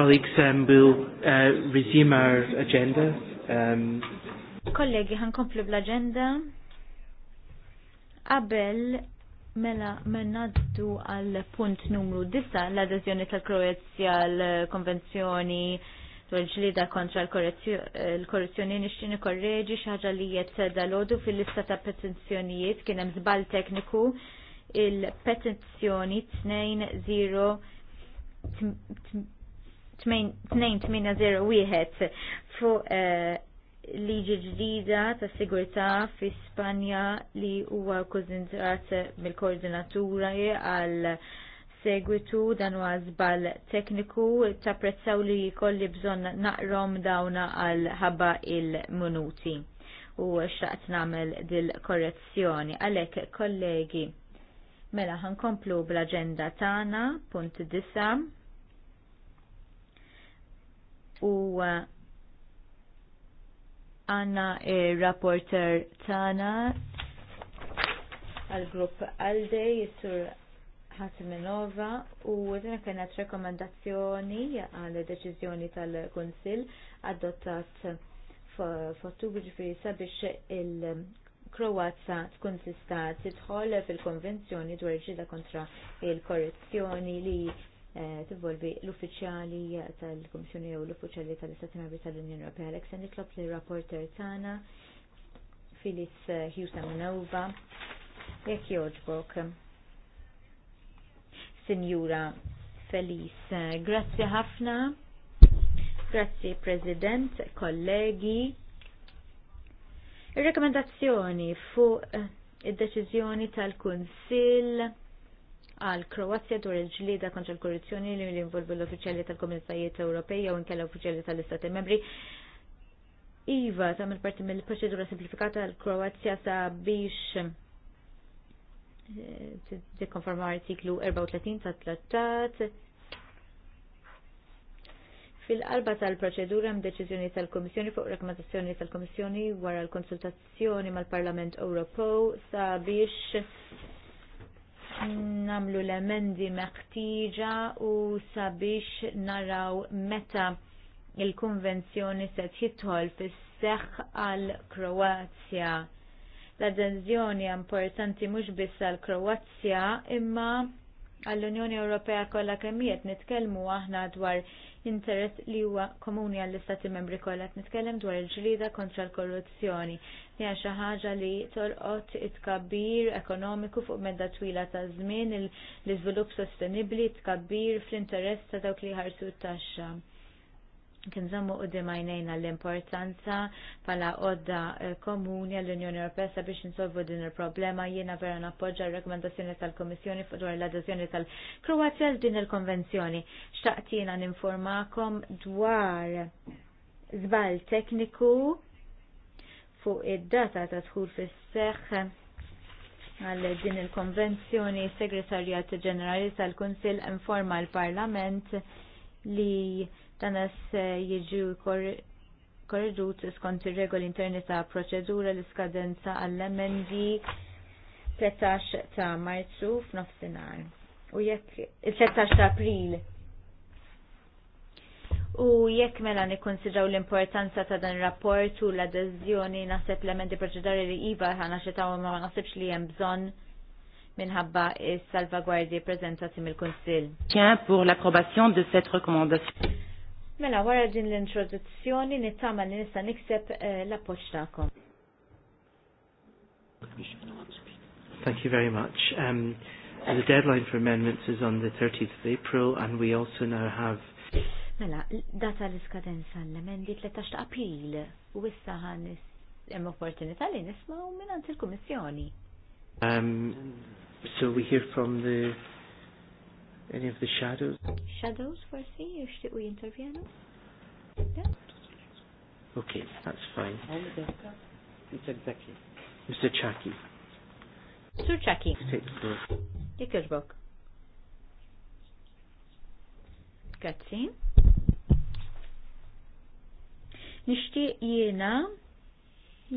Colleagues, um, we'll uh, resume our agenda. Um, Kollegi, ħankomplu bl-agenda. Qabel mela mennaddu għal punt numru 9 l-adeżjoni tal-Kroazja l-Konvenzjoni tal ġlida kontra l-korruzzjoni nixtieq nikorreġi xi ħaġa li l dalodu fil-lista ta' petizzjonijiet kien hemm żball tekniku il-petizzjoni 20 2801 fuq eh, liġi ġdida ta' sigurtà fi Spanja li huwa kkużintrat mill-koordinatura għal segwitu dan huwa żball tekniku prezzaw li jkolli bżonn naqrom dawna għal ħabba il-minuti u xtaqt nagħmel dil-korrezzjoni. Għalhekk kollegi, mela ħankomplu bl-aġenda tagħna punt disam u għanna uh, il-rapporter eh, tana għal-grupp għalde jissur Ħatminova, u għedina kienet rekomendazzjoni għal-deċizjoni tal-Konsil adottat f'Ottubru ġifiri sabiex il-Kroazza tkun sista tidħol fil-Konvenzjoni dwar ġida kontra il-korruzzjoni li Eh, tivolvi l-uffiċjali tal-Komissjoni jew l-uffiċjali tal-Istati Membri tal-Unjoni Ewropea Alex se li rapporter tagħna Filis eh, Hughes Minova jekk jogħġbok. Sinjura Felis, eh, grazzi ħafna. Grazzi President, kollegi. Il-rekomendazzjoni fuq id-deċiżjoni tal-Kunsill għal Kroazja dwar il-ġlida kontra l-korruzzjoni li jinvolvu l-uffiċjali tal-Komunitajiet Ewropej jew inkella uffiċjali tal-Istati Membri. Iva tagħmel parti mill-proċedura simplifikata għal Kroazja sabiex eh, tikkonforma artiklu 34 tat-trattat Fil-qalba tal-proċedura hemm deċiżjoni tal-Komissjoni fuq rakkomandazzjoni tal-Komissjoni wara l-konsultazzjoni mal-Parlament Ewropew sabiex namlu l-emendi meħtieġa u sabiex naraw meta il-konvenzjoni se jitħol fis-seħħ għal Kroazja. L-adenzjoni importanti mhux biss għal Kroazja imma għall-Unjoni Ewropea kollha kemmiet nitkelmu nitkellmu aħna dwar interess li huwa komuni għall-Istati Membri kollha nitkellem dwar il-ġrida kontra l-korruzzjoni hija xi ħaġa li torqod it-tkabbir ekonomiku fuq medda twila ta' żmien l-iżvilupp sostenibbli tkabbir fl-interess ta' dawk li ħarsu t-taxxa. Kien zammu u dimajnejna l-importanza pala odda eh, komuni għall-Unjoni Ewropea sabiex insolvu din il-problema jiena vera nappoġġa r-rekomendazzjoni tal-Komissjoni fuq dwar l-adeżjoni tal-Kroazja din il-konvenzjoni. Xtaqt jiena ninformakom dwar żball tekniku fuq id-data ta' dħul fis-seħħ għal din il-konvenzjoni segretarjat ġenerali tal-Kunsill informa l-Parlament li tanas jiġu korridut skont ir-regoli interni ta' proċedura l-iskadenza għall-emendi 13 ta' Marzu f'nofsinhar. U jekk il-13 ta' April U jekk mela nikkonsidraw l-importanza ta' dan rapport u l-adeżjoni naħseb l-emendi proċedari li iva ħana xetaw ma ma' nasibx li jem bżon minħabba is-salvagwardji preżentati mill Tien pur l-approbazzjon de set recommandation. Mela wara din l-introduzzjoni nittama li nista' nikseb eh, l-appoġġ tagħkom. Thank you very much. Um, the deadline for amendments is on the 30th of April and we also now have Mela, data l-iskadenza l-emendi 13 ta' april u issa ħan hemm opportunità li nisma'w minn il-Kummissjoni. Um, so we hear from the any of the shadows. Shadows forsi jixtiequ jintervjenu? Yeah. Okay, that's fine. Mr. Zaki. Mr. Chaki. Sir Chaki. Jekk Grazzi. Nixtieq jiena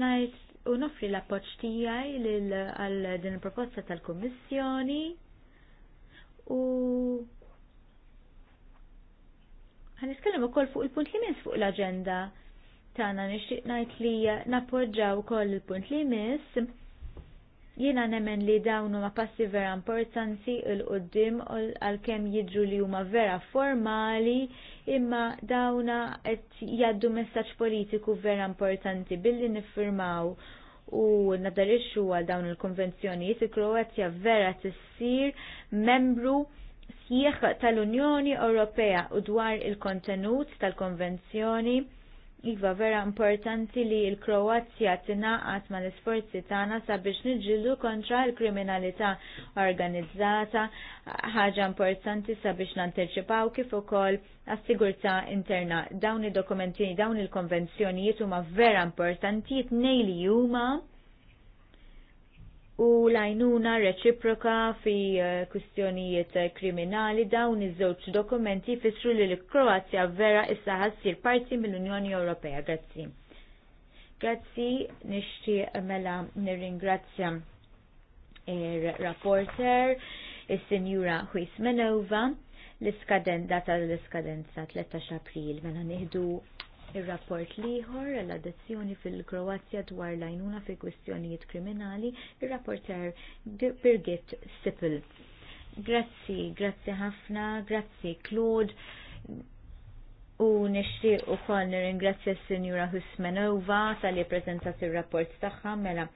ngħid u nofri l-appoġġ tiegħi għal din il-proposta tal-Kummissjoni u u ukoll fuq il-punt li miss fuq l-aġenda tagħna nixtieq ngħid li nappoġġaw ukoll il-punt li mis jiena nemmen li dawn huma passi vera importanti il għal għalkemm jidru li huma vera formali imma dawna qed jaddu messaġġ politiku vera importanti billi niffirmaw u nadarixxu għal dawn il-konvenzjonijiet il-Kroazja vera tissir membru sieħ tal-Unjoni Ewropea u dwar il-kontenut tal-konvenzjoni Iva vera importanti li l-Kroazja tinaqat ma l-isforzi tagħna sabiex niġġieldu kontra l-kriminalità organizzata, ħaġa importanti sabiex nanteċipaw kif ukoll għas-sigurtà interna. Dawn id-dokumenti, dawn il-konvenzjonijiet huma vera importanti, jitnej li huma u lajnuna reċiproka fi eh, kustjonijiet eh, kriminali dawn iż-żewġ dokumenti fissru li l-Kroazja vera issa ħassir parti mill-Unjoni Ewropea. Grazzi. Grazzi, nixtieq mela nirringrazzja ir-rapporter, is-Sinjura Huis Menova, l-iskadenda tal-iskadenza 13 April mela nieħdu Ir-rapport liħor l-adozzjoni fil-Kroazja dwar lajnuna fi kwistjonijiet kriminali, ir-rapporter Birgit Sippel. Grazzi, grazzi ħafna, grazzi Claude. U nixtieq ukoll nirringrazzja s-Sinjura Husmanova tal-li prezentat ir-rapport tagħha mela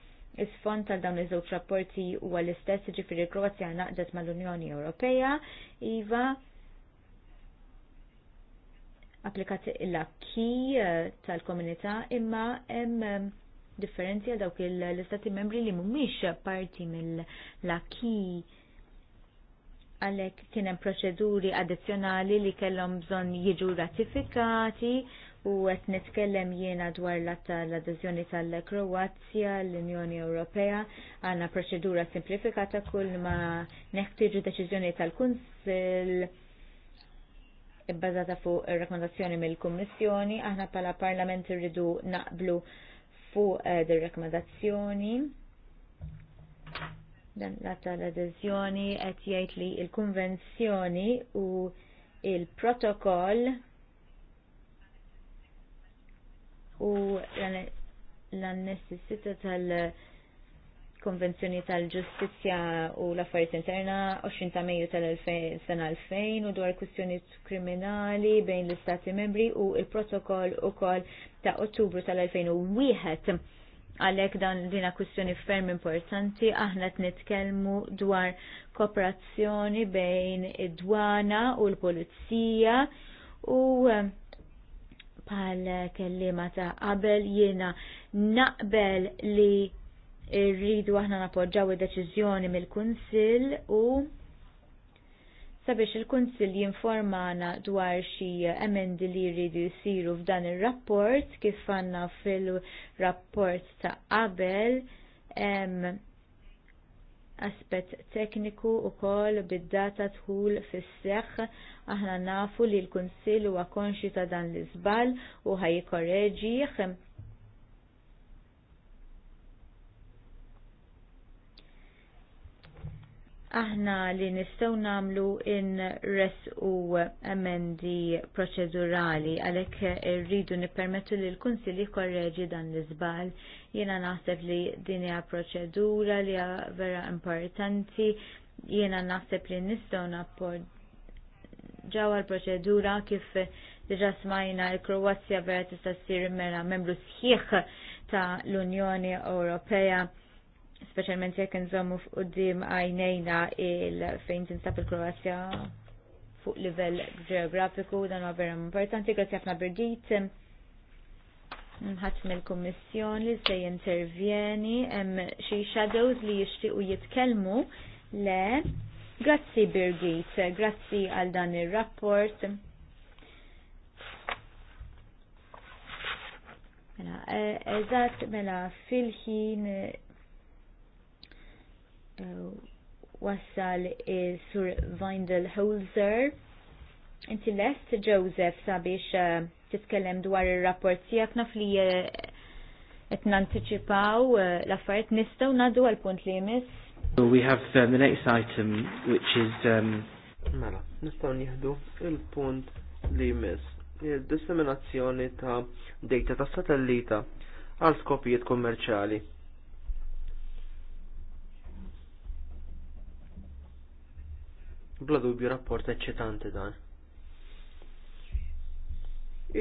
is font tal dawn iż-żewġ rapporti huwa l-istess ġifieri Kroazja naqdet mal-Unjoni Ewropea, iva Applikati l-akki eh, tal-komunità imma hemm ehm, differenzi għal dawk l-istati membri li mhumiex parti mill laki għalhekk kien hemm proċeduri addizzjonali li kellhom bżonn jiġu ratifikati u qed nitkellem jiena dwar l-atta l tal-Kroazja l-Unjoni Ewropea għandna proċedura simplifikata kull ma neħtieġu deċiżjoni tal-Kunsill Bbażata fuq ir-rakkomandazzjoni mill-Kummissjoni, aħna pala Parlament irridu naqblu fuq eh, dir-rakkomandazzjoni. Dan l-atta l-adeżjoni qed jgħid li l konvenzjoni u il-protokoll u l-annessi tal- konvenzjoni tal-ġustizja u l-affarijiet interna 20 ta' Mejju tal-sena 2000 u dwar kwistjonijiet kriminali bejn l-Istati membri u il-protokoll ukoll ta' Ottubru tal-2001 għalek dan dina kwistjoni ferm importanti, aħna t-nitkelmu dwar kooperazzjoni bejn id-dwana u l-polizija u eh, pal kellima ta' qabel jiena naqbel li Irridu aħna napoġġaw id-deċiżjoni mill-Kunsill u sabiex il-Kunsill jinformana dwar xi emendi li jridu jsiru f'dan ir-rapport kif għandna fil-rapport ta' qabel hemm aspett tekniku wkoll bid-data tħul fis-seħħ aħna nafu li l-Kunsill huwa konxi ta' dan l-iżbal u ħajkorreġih aħna li nistaw namlu in res u emendi proċedurali għalek rridu nipermetu li l-Kunsil korreġi dan l-izbal. Jena naħseb li din hija proċedura li hija vera importanti. Jena naħseb li nistaw nappor ġawa l-proċedura kif diġa smajna l-Kroazja vera tista' ssir mera membru sħiħ ta' l-Unjoni Ewropea specialment jekk nżommu f'qudiem għajnejna il fejn tinsab il-Kroazja fuq livell ġeografiku dan huwa vera importanti. Grazzi ħafna Birgit. Nħadd mill-Kummissjon li se jintervjeni hemm xi shadows li jixtiequ jitkellmu le. Grazzi Birgit, grazzi għal dan ir-rapport. Mela, eh, eżatt, mela, fil-ħin wassal sur Vindel Holzer. Inti lest Joseph sabiex uh, titkellem dwar ir-rapport tiegħek naf li qed uh, nanticipaw uh, l-affarijiet nistgħu ngħaddu għal punt li jmiss. We have um, the next item which is um, Mela, nistgħu nieħdu il-punt li jmiss il-disseminazzjoni ta' data ta' satellita għal skopijiet kommerċali. Bla dubju rapport eċċitanti dan.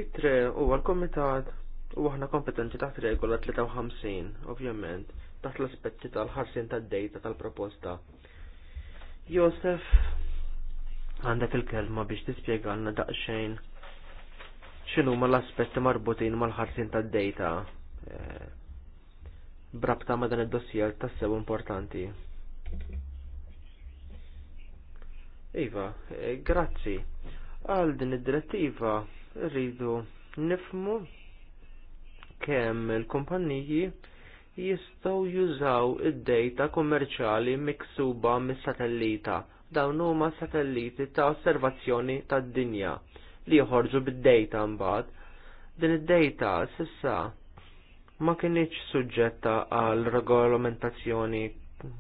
Itre huwa l-komitat u aħna kompetenti taħt regola 53, ovvjament, taħt l-aspetti tal-ħarsin tad data tal-proposta. Josef, għandek il-kelma biex tispjegalna daqsxejn xinu ma l-aspetti marbutin mal-ħarsin tad-dejta eh, brabta ma dan id-dossier tassew importanti. Iva, eh, grazzi. Għal din id-direttiva rridu nifmu kemm il-kumpanniji jistgħu jużaw id-data kommerċjali miksuba mis-satellita. Dawn huma satelliti ta' osservazzjoni tad-dinja li joħorġu bid-data mbagħad. Din id-data s'issa ma kienx suġġetta għal regolamentazzjoni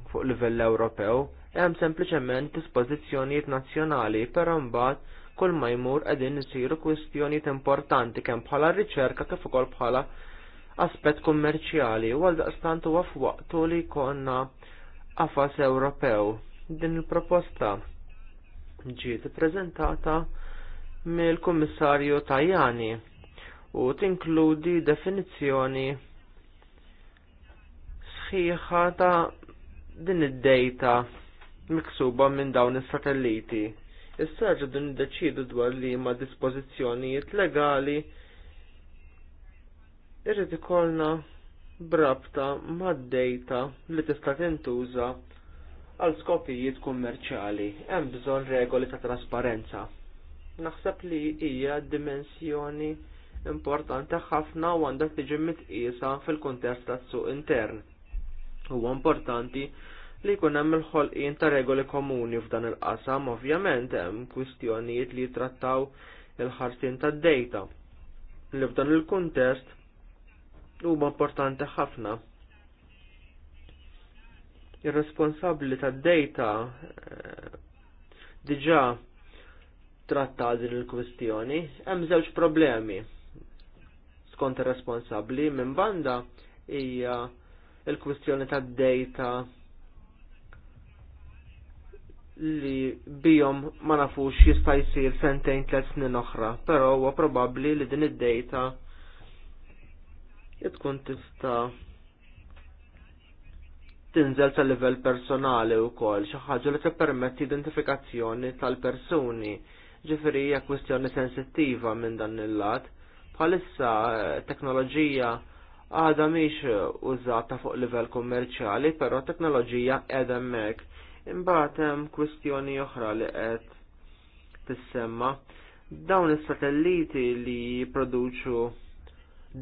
fuq livell Ewropew hemm sempliċement dispożizzjonijiet nazzjonali, per mbagħad kull ma jmur qegħdin isiru kwistjonijiet importanti kemm bħala riċerka kif ukoll bħala aspett kummerċjali u għal daqstant huwa f'waqtu li jkollna qafas Ewropew. Din il-proposta ġiet ippreżentata mill-Kummissarju Tajani u tinkludi definizzjoni sħiħa ta' din id-dejta miksuba minn dawn is-satelliti. Issa id-deċidu dwar li ma dispożizzjonijiet legali irrid ikollna brabta mad-dejta li tista' tintuża għal skopijiet kummerċali. Hemm bżonn regoli ta' trasparenza. Naħseb li hija dimensjoni importanti ħafna u għandha tiġi mitqiesa fil-kuntest tas-suq intern. Huwa importanti li jkun hemm il-ħolqien ta' regoli komuni f'dan il-qasam, ovvjament hemm kwistjonijiet li jitrattaw il ħarsien tad-dejta. Li f'dan il-kuntest huma importanti ħafna. Ir-responsabbli tad-dejta eh, diġà tratta din il-kwistjoni, hemm żewġ problemi. Skont ir-responsabbli minn banda hija il-kwistjoni tad-dejta li bijom ma nafux jista' jsir sentejn tliet snin oħra, però huwa probabbli li din id-dejta tkun tista' tinżel tal livell personali wkoll xi ħaġa li tippermetti identifikazzjoni tal-persuni. Ġifieri hija kwistjoni sensittiva minn dan il-lat. Bħalissa eh, teknoloġija għadha mhix użata fuq livell kummerċjali, però teknoloġija qiegħda hemmhekk Imbagħad hemm kwistjoni oħra li qed tissemma dawn is-satelliti li jipproduċu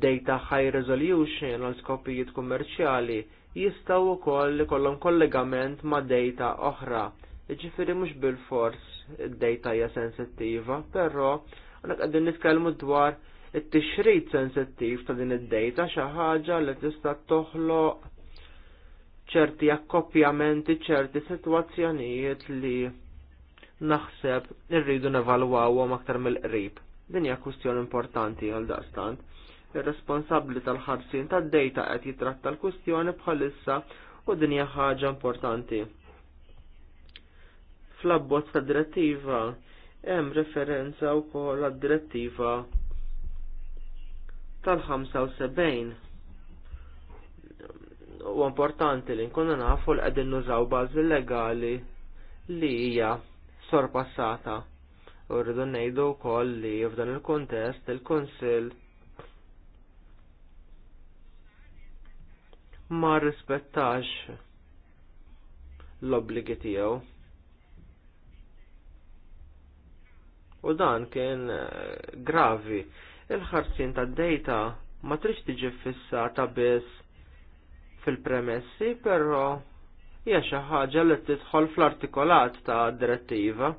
data high resolution għal skopijiet kummerċjali jistgħu wkoll ikollhom kollegament ma' data oħra. Ġifieri mhux bil-fors id-data hija sensittiva, però għandek qegħdin nitkellmu dwar it-tixrid sensittiv ta' din id-data xi ħaġa li tista' toħloq ċerti akkoppjamenti, ċerti situazzjonijiet li naħseb irridu nevalwawhom aktar mill-qrib. Din hija kwistjoni importanti għal daqstant. Ir-responsabbli tal-ħarsin tad-dejta qed jitratta l-kwistjoni bħalissa u din hija ħaġa importanti. Fl-abbozz ta' direttiva hemm referenza wkoll għad-direttiva tal-75 u importanti li nkunna nafu li qegħdin nużaw bażi legali li hija sorpassata. U rridu ngħidu wkoll li f'dan il-kuntest il-Kunsill ma rispettax l-obbligi tiegħu. U dan kien eh, gravi. Il-ħarsin tad-dejta ma trix tiġi fissata biss fil-premessi, però hija xi ħaġa li tidħol fl-artikolat ta' direttiva.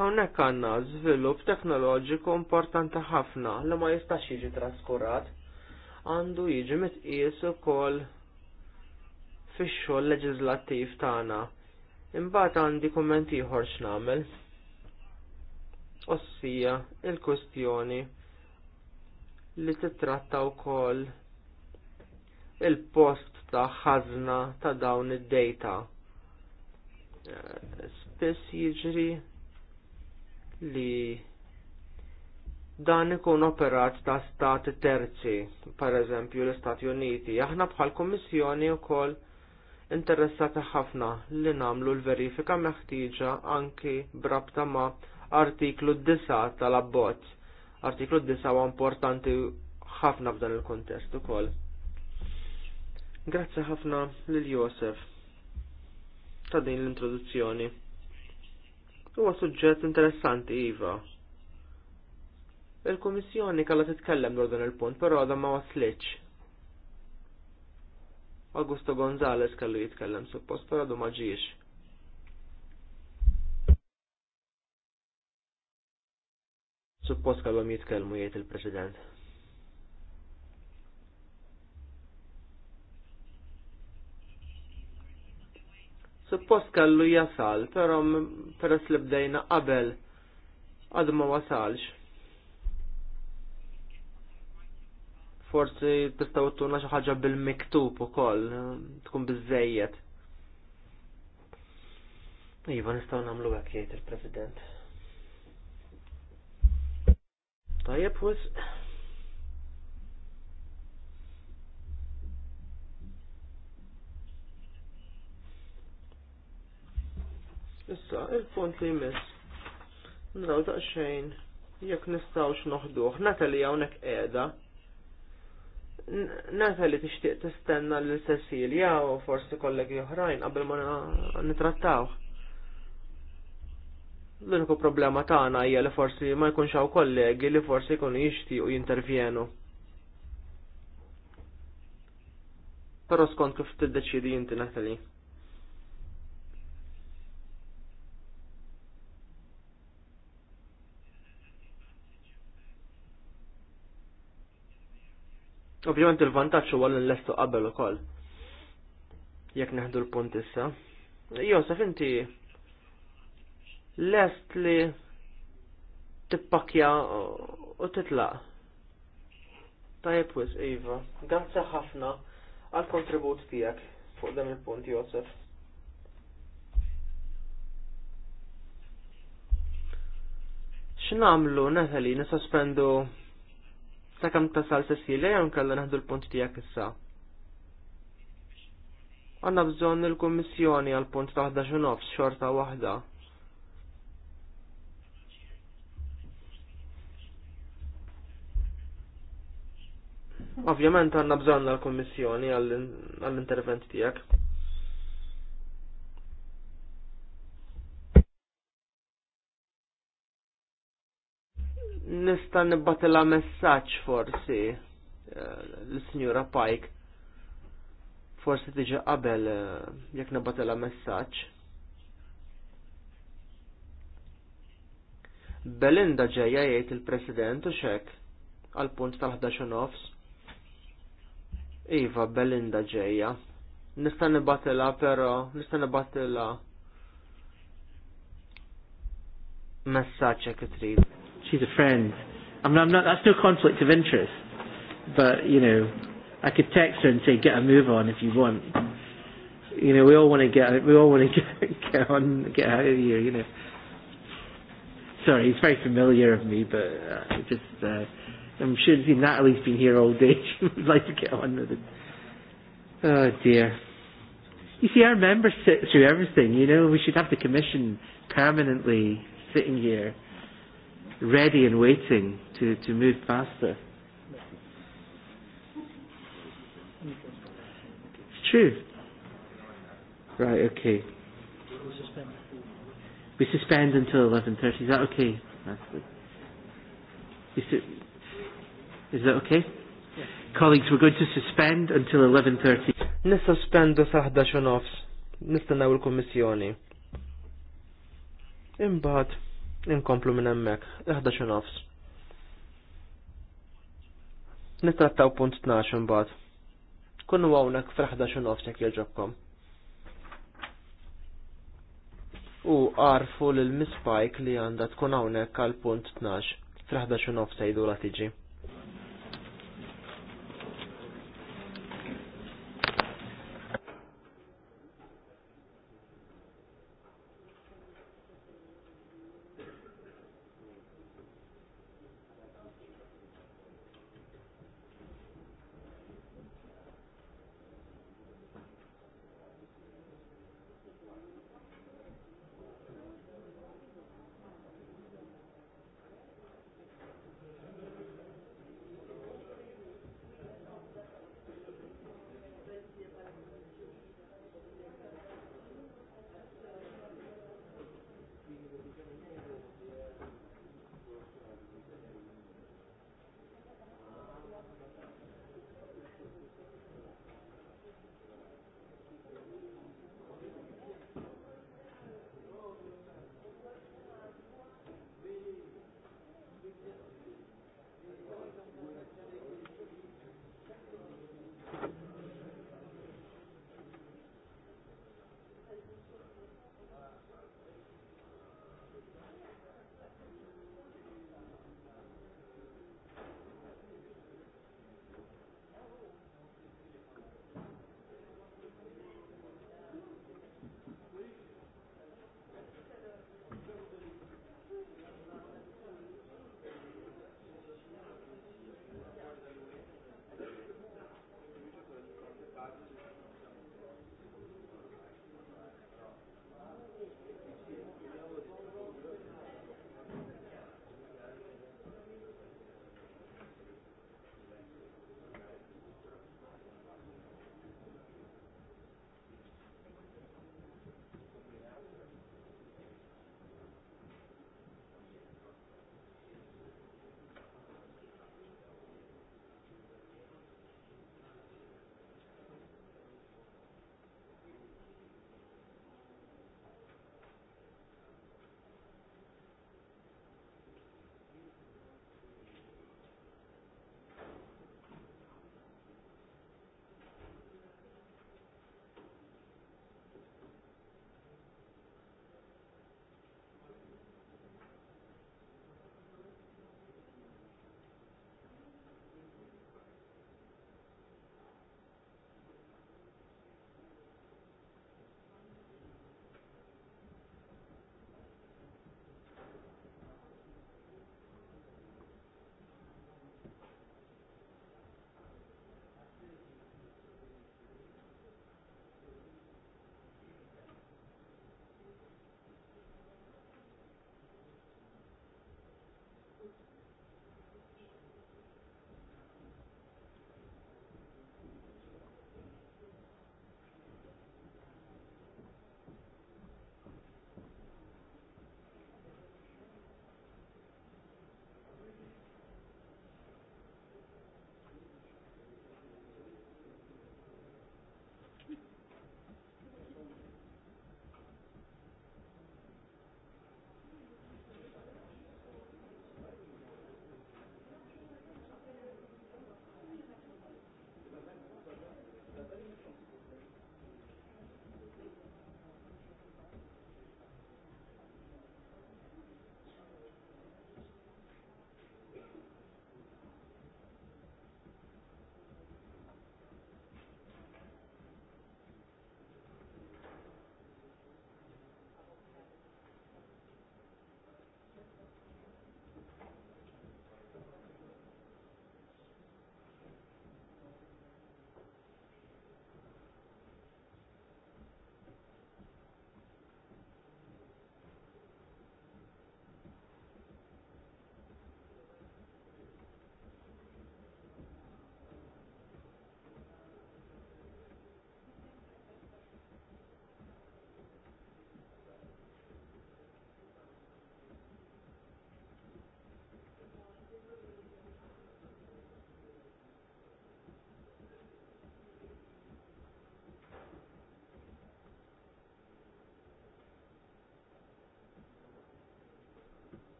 Hawnhekk għandna żvilupp teknoloġiku importanti ħafna li ma jistax jiġi traskurat għandu jiġi mitqies ukoll fix-xogħol leġislattiv tagħna. Imbagħad għandi kumment ieħor x'nagħmel ossija il-kwestjoni li titratta wkoll il-post ta' ħazna ta' dawn id-data. Eh, spiss jiġri li dan ikun operat ta' stati terzi, per eżempju l-Istati Uniti. Aħna bħal Kommissjoni wkoll interessati ħafna li namlu l-verifika meħtieġa anki brabta ma' artiklu 9 tal-abbozz. Artiklu 9 huwa importanti ħafna f'dan il-kontest ukoll. Grazzi ħafna lil Josef ta' din l-introduzzjoni. Huwa suġġett interessanti iva. Il-Kummissjoni kellha titkellem dwar dan il-punt, però għadha ma waslitx. Augusto Gonzales kellu jitkellem suppost, però għadu ma ġiex. suppost kellhom jitkellmu jgħid e il-President. Suppost kellu jasal, però peress li bdejna qabel għad ma wasalx. Forsi tistgħu tuna xi ħaġa bil-miktub ukoll tkun bizzejiet. Iva nistgħu nagħmlu hekk jgħid il-President. Tajjeb wis. Issa, il-punt li jmiss. شين يك jekk nistawx noħduħ, Natali hawnhekk qiegħda. Natali tixtieq tistenna lil Cecilia u forsi kollegi oħrajn qabel ma nitrattawh. L-uniku problema tagħna hija li forsi ma jkunx hawn kollegi li forsi jkunu jixtiequ jintervjenu. Però skont kif tiddeċidi inti Natalie. Ovvjament il-vantaġġ huwa li nlestu qabel ukoll. Jekk neħdu l-punt issa. Jo, saf inti lest li tippakja u titlaq. Tajib wis, Iva, grazzi ħafna għal kontribut tijak fuq dan il-punt, Josef. X'namlu, Natali, nisospendu sakam kam tasal Cecilia jew kalla naħdu l-punt tijak issa. Għanna bżon il-kommissjoni għal-punt taħda xunofs xorta wahda. Ovvjament għanna bżonn l-Kommissjoni għall-intervent tiegħek. Nista' nibbatela messaġġ forsi eh, l-Sinjura Pike. Forsi tiġi qabel eh, jekk nibbatela messaġġ. Belinda ġejja jgħid il-President u xek għal punt tal-11 nofs. Iva, Belinda ġeja. Nista' nibatela però, nista' nibatela messaġġ trid. She's a friend. I mean, I'm not, that's no conflict of interest. But, you know, I could text her and say, get a move on if you want. You know, we all want to get, we all want to get, get on, get out of here, you know. Sorry, it's very familiar of me, but uh, just, uh, I'm sure at Natalie's been here all day. She would like to get on with it. Oh dear. You see, our members sit through everything, you know. We should have the commission permanently sitting here, ready and waiting to, to move faster. It's true. Right, okay. We suspend until 11.30, is that okay? That's good. You su- Is that okay? Yes. Colleagues, we're going to suspend until 11.30. Nissospendu saħda xonofs. Nistennaw il-kommissjoni. Imbagħad inkomplu minn hemmhekk, iħda xonofs. Nittrattaw punt 12 imbagħad. Kunu hawnhekk fl-11 xonofs jekk jogħġobkom. U għarfu l-mispajk li għandha tkun hawnhekk għal punt 12 fl-11 xonofs jgħidu la tiġi.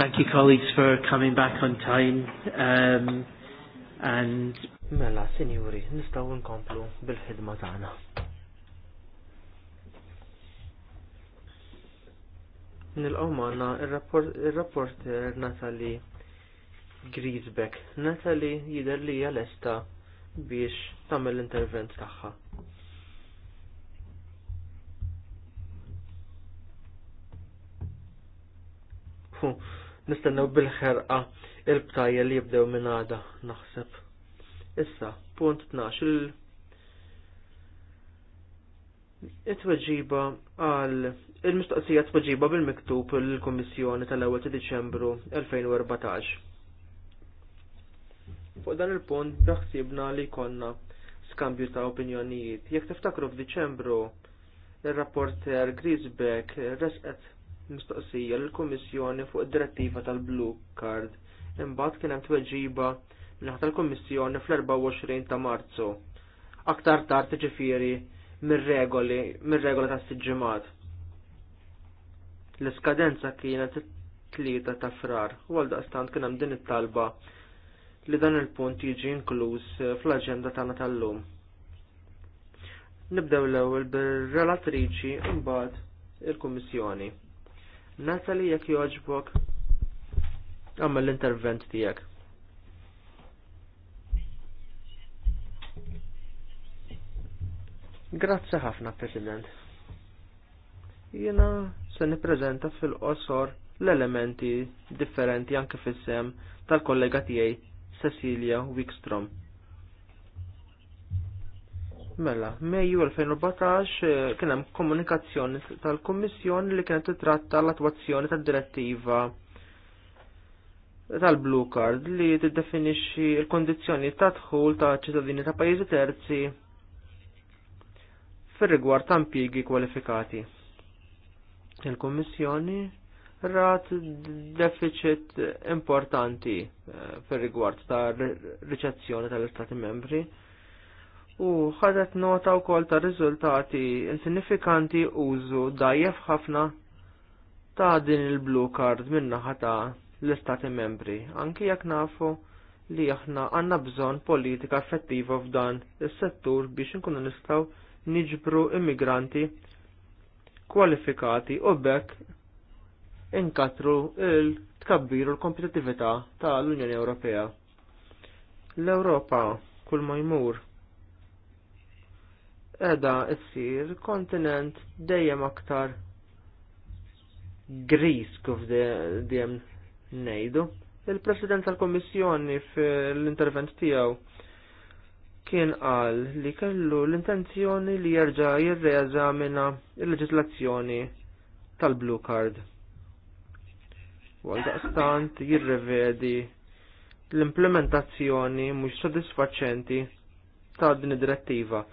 Thank you, colleagues, for coming back on time. Um, and Mela, sinjuri, nistaw nkomplu bil-ħidma tagħna. Nilqgħu għanna ir-rapporter Natalie Griesbeck. Natalie jidher li hija lesta biex tagħmel l-intervent tagħha. nistennew bil-ħerqa il-btajja li jibdew minn għada naħseb. Issa, punt 12 it-tweġiba għal il-mistoqsija tweġiba bil-miktub l-Komissjoni tal-1 Deċembru 2014. Fuq dan il-punt daħsibna li konna skambju ta' opinjonijiet. Jekk tiftakru f'Diċembru, il-rapporter Grisbeck resqet mistoqsija lill-Kummissjoni fuq id-direttiva tal-Blue Card. Imbagħad kien hemm tweġiba minħat tal-Kummissjoni fl-24 ta' Marzu. Aktar tard ġifieri mir-regoli mir-regoli tas-siġġimat. L-iskadenza kienet it tlieta ta' frar u għal daqstant kien hemm din it-talba li dan il-punt jiġi inkluż fl-aġenda tagħna tal-lum. Nibdew l-ewwel bir-relatriċi imbagħad il-Kummissjoni. Natali jekk joġbok għamma l-intervent tijak. Grazzi ħafna, President. Jena se niprezenta fil-qosor l-elementi differenti anke fis-sem tal-kollega tiegħi Cecilia Wikstrom. Mela, Mejju 2014 eh, kien hemm komunikazzjoni tal-Kummissjoni li kienet titratta l-attwazzjoni tad-direttiva tal-Blue Card li tiddefinixxi l-kondizzjoni tad dħul ta' ċittadini ta' pajjiżi terzi fir-rigward ta' impjiegi kwalifikati. Il-Kummissjoni rat deficit importanti eh, fir-rigward ta' riċezzjoni tal-Istati membri u ħadet nota wkoll ta' riżultati sinifikanti użu dajjef ħafna ta' din il-blue card minna ħata l-istati membri, anki jekk nafu li aħna għandna bżonn politika effettiva f'dan is-settur biex inkunu nistgħu niġbru immigranti kwalifikati u bekk inkatru il-tkabbiru l-kompetitività tal-Unjoni Ewropea. L-Ewropa kull ma jmur edha issir kontinent dejjem aktar gris kuf dejjem ngħidu. Il-President tal-Kommissjoni fil-intervent tiegħu kien qal li kellu l-intenzjoni li jerġa' jirreżamina l-leġislazzjoni tal-Blue Card. Għal daqstant jirrevedi l-implementazzjoni mhux sodisfaċenti ta' din id-direttiva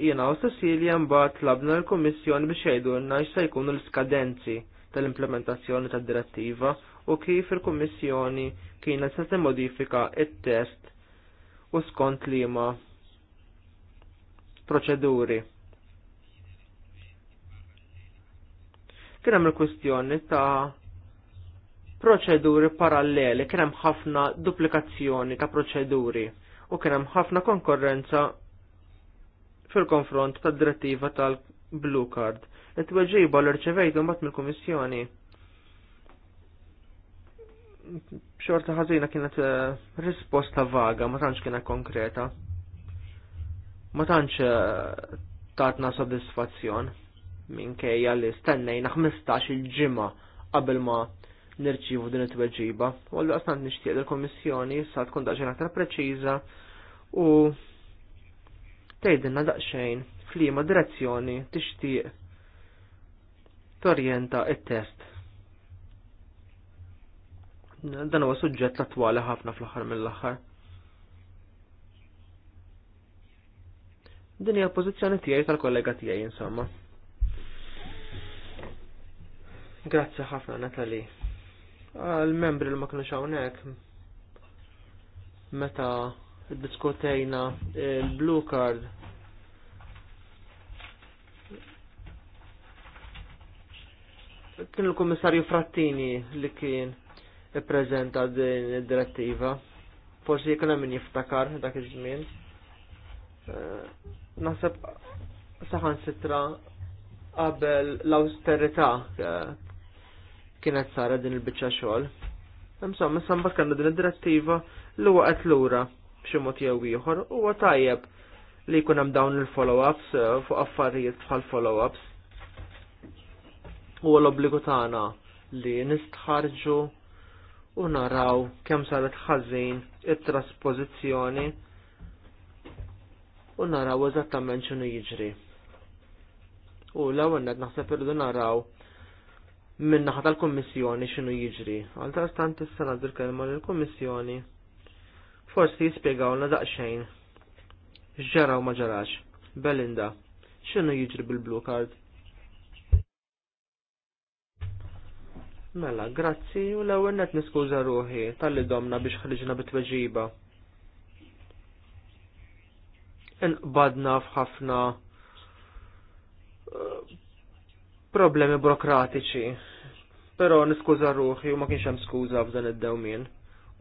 jina u Cecilia mbagħad tlabna l-Kummissjoni biex jgħidulna x'se jkunu l-skadenzi tal-implementazzjoni tad-direttiva u kif il-Kummissjoni kienet se timmodifika it-test u skont liema proċeduri. Kien hemm il-kwistjoni ta' proċeduri paralleli, kien hemm ħafna duplikazzjoni ta' proċeduri u kien hemm ħafna konkurrenza fil-konfront tad direttiva tal-Blue Card. It-tweġiba l-irċevejtu mbatt mill-Kummissjoni. Xorta ħazina kienet eh, risposta vaga, ma tantx kienet konkreta. Ma tantx eh, tatna sodisfazzjon minkejja li stennejna 15 il-ġimma qabel ma nirċivu din it-tweġiba. U għallu għastant nishtiq il-Komissjoni sa tkun daġen aktar preċiża u tgħidilna daqsxejn f'liema direzzjoni tixtieq torjenta it-test. Dan huwa suġġett l-attwali ħafna fl-aħħar mill-aħħar. Din hija pożizzjoni tiegħi tal-kollega tiegħi insomma. Grazzi ħafna Natali. Għal-membri li ma kienux hawnhekk meta L-diskotejna il-blue eh, card kien il-Kummissarju Frattini li kien ippreżenta din id-direttiva. Forsi kien hemm min jiftakar dak iż-żmien. Eh, naħseb saħan sitra qabel l-austerità eh, kienet sara din il-biċċa xogħol. Insomma, issa mbagħad kellna din id-direttiva li waqgħet lura b'xi mod jew ieħor huwa tajjeb li jkun hemm dawn il-follow-ups eh, fuq affarijiet bħal follow-ups. Huwa l-obbligu tagħna li nistħarġu u naraw kemm saret ħażin it-traspożizzjoni u naraw eżattament x'inhu jiġri. U l-ewwel qed naħseb irridu naraw minn naħa tal-Kummissjoni x'inhu jiġri. Għal tant issa nagħdu kelma lill-Kummissjoni Forsi jispiegawna daqsxejn. Ġġaraw ma ġarax. Belinda, x'inhu jiġri bil blu kard? Mela, grazzi u l-ewwel qed niskuża ruħi tal-li domna biex ħriġna bit-tweġiba. Inqbadna f'ħafna eh, problemi burokratiċi. Però niskuża ruħi u ma kienx hemm skuża f'dan id-dewmien.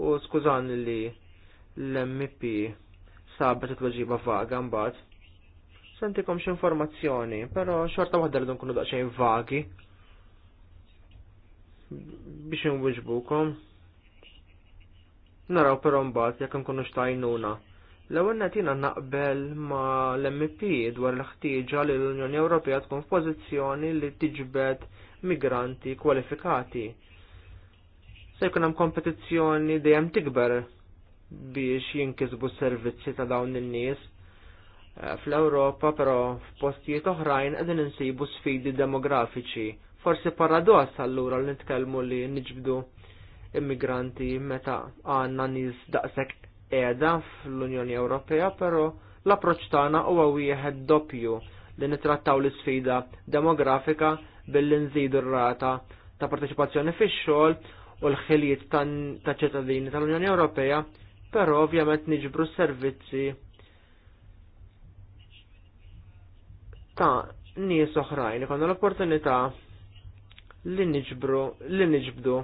U skużani li l-MP sabet it-tweġiba vaga mbagħad. Sentikom xi informazzjoni, però xorta waħda rridu nkunu daqsxejn vagi biex inwiġbukom. Naraw però mbagħad jekk nkunu xtajnuna. L-ewwel netina naqbel ma l-MP dwar l-ħtieġa li l-Unjoni Ewropea tkun f'pożizzjoni li tiġbed migranti kwalifikati. Se jkun hemm kompetizzjoni dejjem tikber biex jinkisbu servizzi ta' dawn il-nies. Eh, Fl-Ewropa però f'postijiet oħrajn qegħdin insibu sfidi demografiċi. Forsi paradoss allura li nitkellmu li niġbdu immigranti meta għandna nies daqshekk qiegħda fl-Unjoni Ewropea, però l-approċċ tagħna huwa wieħed doppju li nitrattaw l-isfida demografika billi nżidu r-rata ta' parteċipazzjoni fix-xogħol u l-ħiliet ta' ċittadini tal-Unjoni Ewropea però ovvjament niġbru servizzi ta' nies oħrajn ikonna l-opportunità li niġbru li niġbdu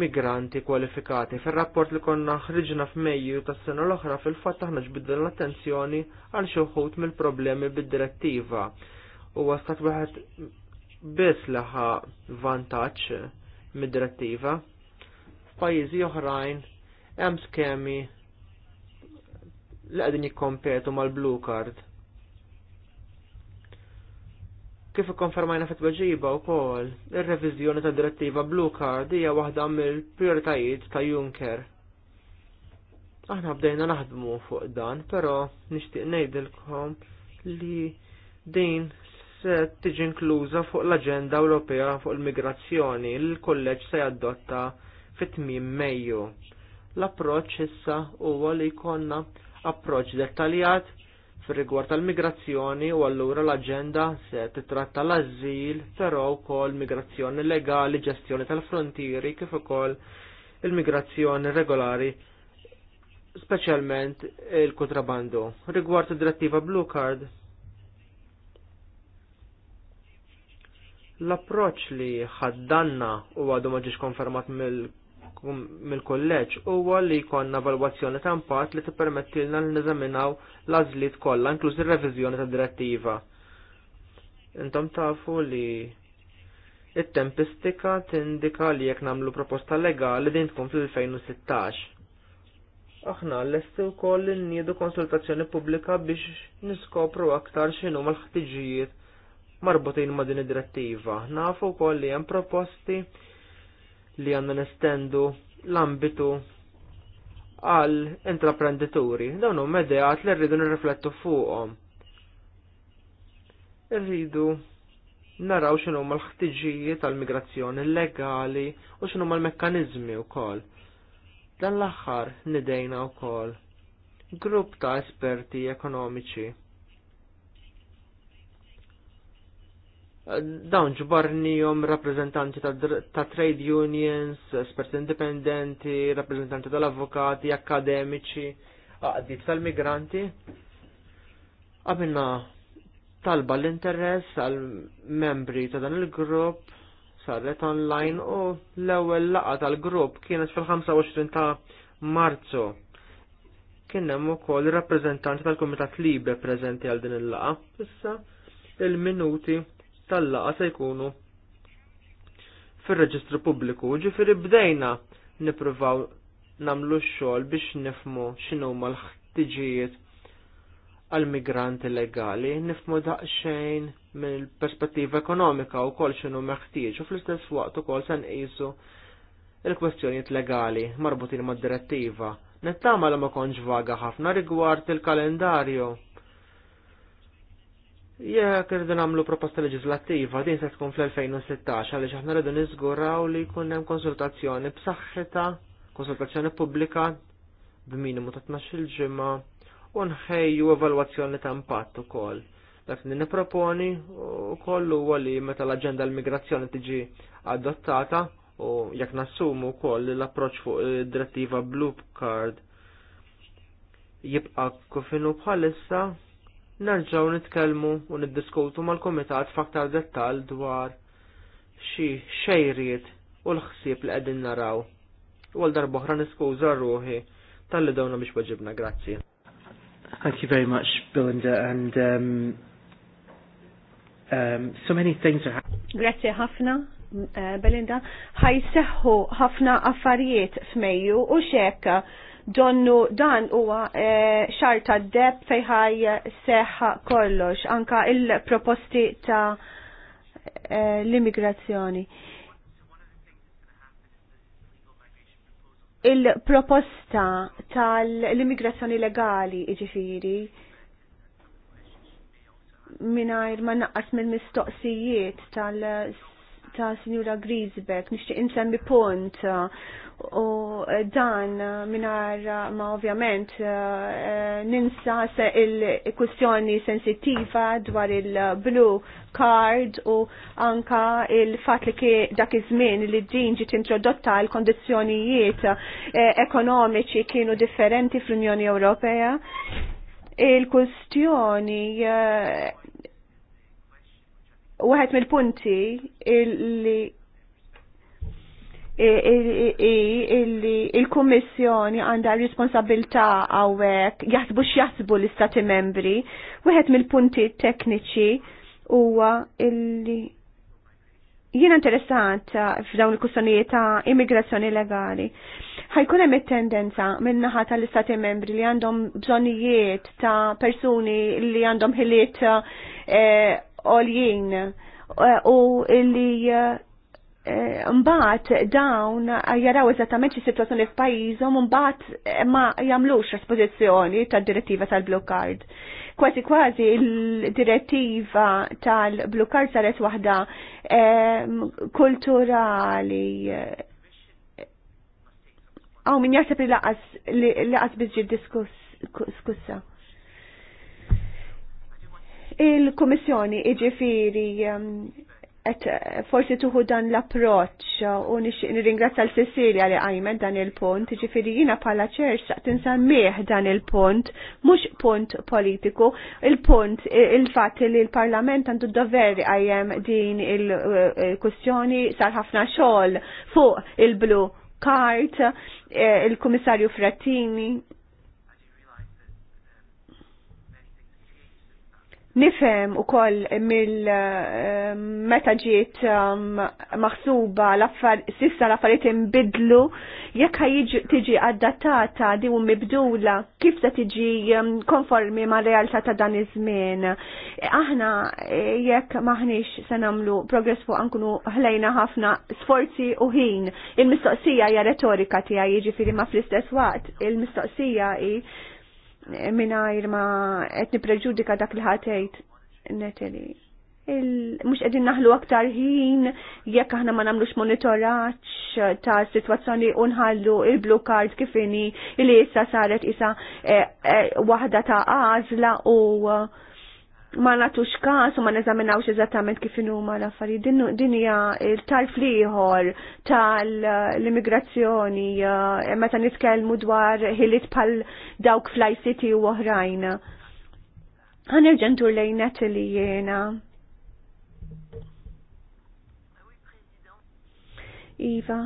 migranti kwalifikati. Fil-rapport li konna ħriġna f'Mejju tas sena l-oħra fil-fatt aħna ġbiddu l-attenzjoni għal xi wħud mill-problemi bid-direttiva. U għastat waħed biss laħa vantaġġ mid-direttiva. F'pajjiżi oħrajn hemm skemi li qegħdin jikkompetu mal-blue card. Kif ikkonfermajna fit tweġiba wkoll, ir-reviżjoni tad direttiva Blue Card hija waħda mill-prijoritajiet ta' Juncker. Aħna bdejna naħdmu fuq dan, però nixtieq ngħidilkom li din se tiġi inkluża fuq l-Aġenda Ewropea fuq il-Migrazzjoni li l-Kolleġġ se jadotta fit-tmiem Mejju. L-approċ issa huwa li jkollna approċ dettaljat fir rigward tal-migrazzjoni u allura l-aġenda se titratta l-ażil, però wkoll migrazzjoni legali, ġestjoni tal-frontieri kif ukoll il-migrazzjoni regolari speċjalment il-kontrabandu. Rigward id-direttiva Blue Card, l-approċ li ħaddanna u għadu maġiġ konfermat mill mill-kolleġġ huwa li jkollna valwazzjoni ta' impatt li tippermettilna li neżaminaw l-għażliet kollha inkluż ir-reviżjoni ta' direttiva. Intom tafu li it-tempistika tindika li jekk nagħmlu proposta legali din tkun fil-2016. Aħna l wkoll li nniedu konsultazzjoni pubblika biex niskopru aktar x'inhu mal-ħtiġijiet marbutin ma' din id-direttiva. Nafu wkoll li hemm proposti li għanna nestendu l-ambitu għal intraprendituri. Dawn huma ideat li rridu nirriflettu fuqhom. Irridu naraw x'inhu l ħtiġijiet tal-migrazzjoni legali u x'inhu l-mekkaniżmi wkoll. Dan l-aħħar nidejna wkoll grupp ta' esperti ekonomiċi dawn ġbarnijom rappresentanti ta' trade unions, esperti indipendenti, rappresentanti tal-avvokati, akademiċi, għaddit tal-migranti. Għabinna talba l-interess għal membri ta' dan il-grupp sarret online u l-ewwel laqa tal-grupp kienet fil-25 ta' Marzu. Kien hemm ukoll rappreżentanti tal-Kumitat Libe preżenti għal din il-laqa. Issa il-minuti tal-laqa se jkunu fir-reġistru pubbliku. Ġifieri bdejna nippruvaw namlu x-xogħol biex nifmu x'inhuma l-ħtiġijiet għal-migranti legali, nifmu daqsxejn mill perspettiva ekonomika u kol xinu meħtieġ u fl-istess waqt u kol san l il-kwestjonijiet legali marbutin mad direttiva. Nittama li ma konġ vaga ħafna rigward il-kalendarju Jekk irridu nagħmlu proposta leġislattiva din se tkun fl-2016 għaliex aħna rridu niżguraw li jkun hemm konsultazzjoni b'saħħitha, konsultazzjoni pubblika b'minimu ta' tnax il ġimgħa u nħejju evalwazzjoni ta' impatt ukoll. Dak li nipproponi wkoll huwa li meta l-aġenda l-migrazzjoni tiġi adottata u jekk nassumu wkoll l-approċċ fuq direttiva Blue Card jibqa' kuf'inu bħalissa nerġaw nitkellmu u niddiskutu mal-Kumitat f'aktar dettal dwar xi xejriet u l-ħsieb li qegħdin naraw. U għal darba oħra niskuża ruħi tal-li dawna biex waġibna, grazzi. Thank you very much, Belinda, and um, um, so many things are happening. Grazie ħafna, uh, Belinda. Ħajseħħu ħafna affarijiet f'Mejju u xekka donnu dan huwa xarta eh, xar deb fejħaj seħħa kollox, anka il-proposti ta' eh, l-immigrazzjoni. Il-proposta tal-immigrazzjoni legali iġifiri minajr ma naqqas mill-mistoqsijiet tal- ta' Sinjura Grisbeck, nixtieq insemmi punt uh, u dan uh, minar uh, ma ovvjament ninsa se il-kustjoni sensittiva dwar il-blue card u anka il-fat li dak iż-żmien li din ġiet introdotta l kondizzjonijiet ekonomiċi kienu differenti fl-Unjoni Ewropea il-kustjoni Waħed mill-punti illi il-Kommissjoni għandha responsabilità għawek, jaħsbu x'jaħsbu l-Istati membri, wieħed mill-punti tekniċi huwa illi jiena interessant f'dawn il-kustonijiet ta' immigrazzjoni legali. Ħajkun hemm it-tendenza min-naħa tal-istati membri li għandhom bżonnijiet ta' persuni li għandhom ħiliet eh, oljien eh, u illi eh, mbagħad dawn jaraw eżattament x'sitwazzjoni f'pajjiżhom f'pajizom mbagħad ma jagħmlux espożizzjoni tad-direttiva tal-Blue Card. Kważi kważi il-direttiva tal-Blue Card saret waħda ehm, kulturali. Għaw eh, min jaħseb li laqas li laqas biġġi diskussa. Il-Komissjoni iġifiri um, et forsi tuħu dan l-approċ u nirringrazzja l-Cecilia li għajmen dan il-punt, ġifiri jina pala ċerx tinsammiħ dan il-punt, mux punt politiku, il-punt il-fat li l-Parlament għandu doveri għajem din il-kustjoni sar ħafna xol fuq il-blu kart, eh, il-Komissarju Frattini, Nifem u koll mill eh, meta ġiet eh, maħsuba sissa l-affarijiet imbidlu jekk tiġi adattata di u mibdula kif se tiġi eh, konformi ma' realtà ta' dan iż-żmien. Aħna jekk maħniex se nagħmlu progress fuq ankunu ħlejna ħafna sforzi u ħin. Il-mistoqsija hija retorika tiegħi jiġifieri ma fl-istess waqt il-mistoqsija hi minajr ma qed preġudika dak li ħatejt neteli. Mux qegħdin naħlu aktar ħin jekk aħna ma nagħmlux monitoraċ ta' situazzjoni u nħallu il-blue card kif inhi li issa saret isa eh, eh, waħda ta' għażla u ma natux kas u ma neżaminawx eżattament kif huma l-affarijiet. Din hija l-tarf liħor tal-immigrazzjoni eh, meta nitkellmu dwar ħiliet bħal dawk fl city u oħrajn. Ħanerġa' ntur lejn li jiena. Iva.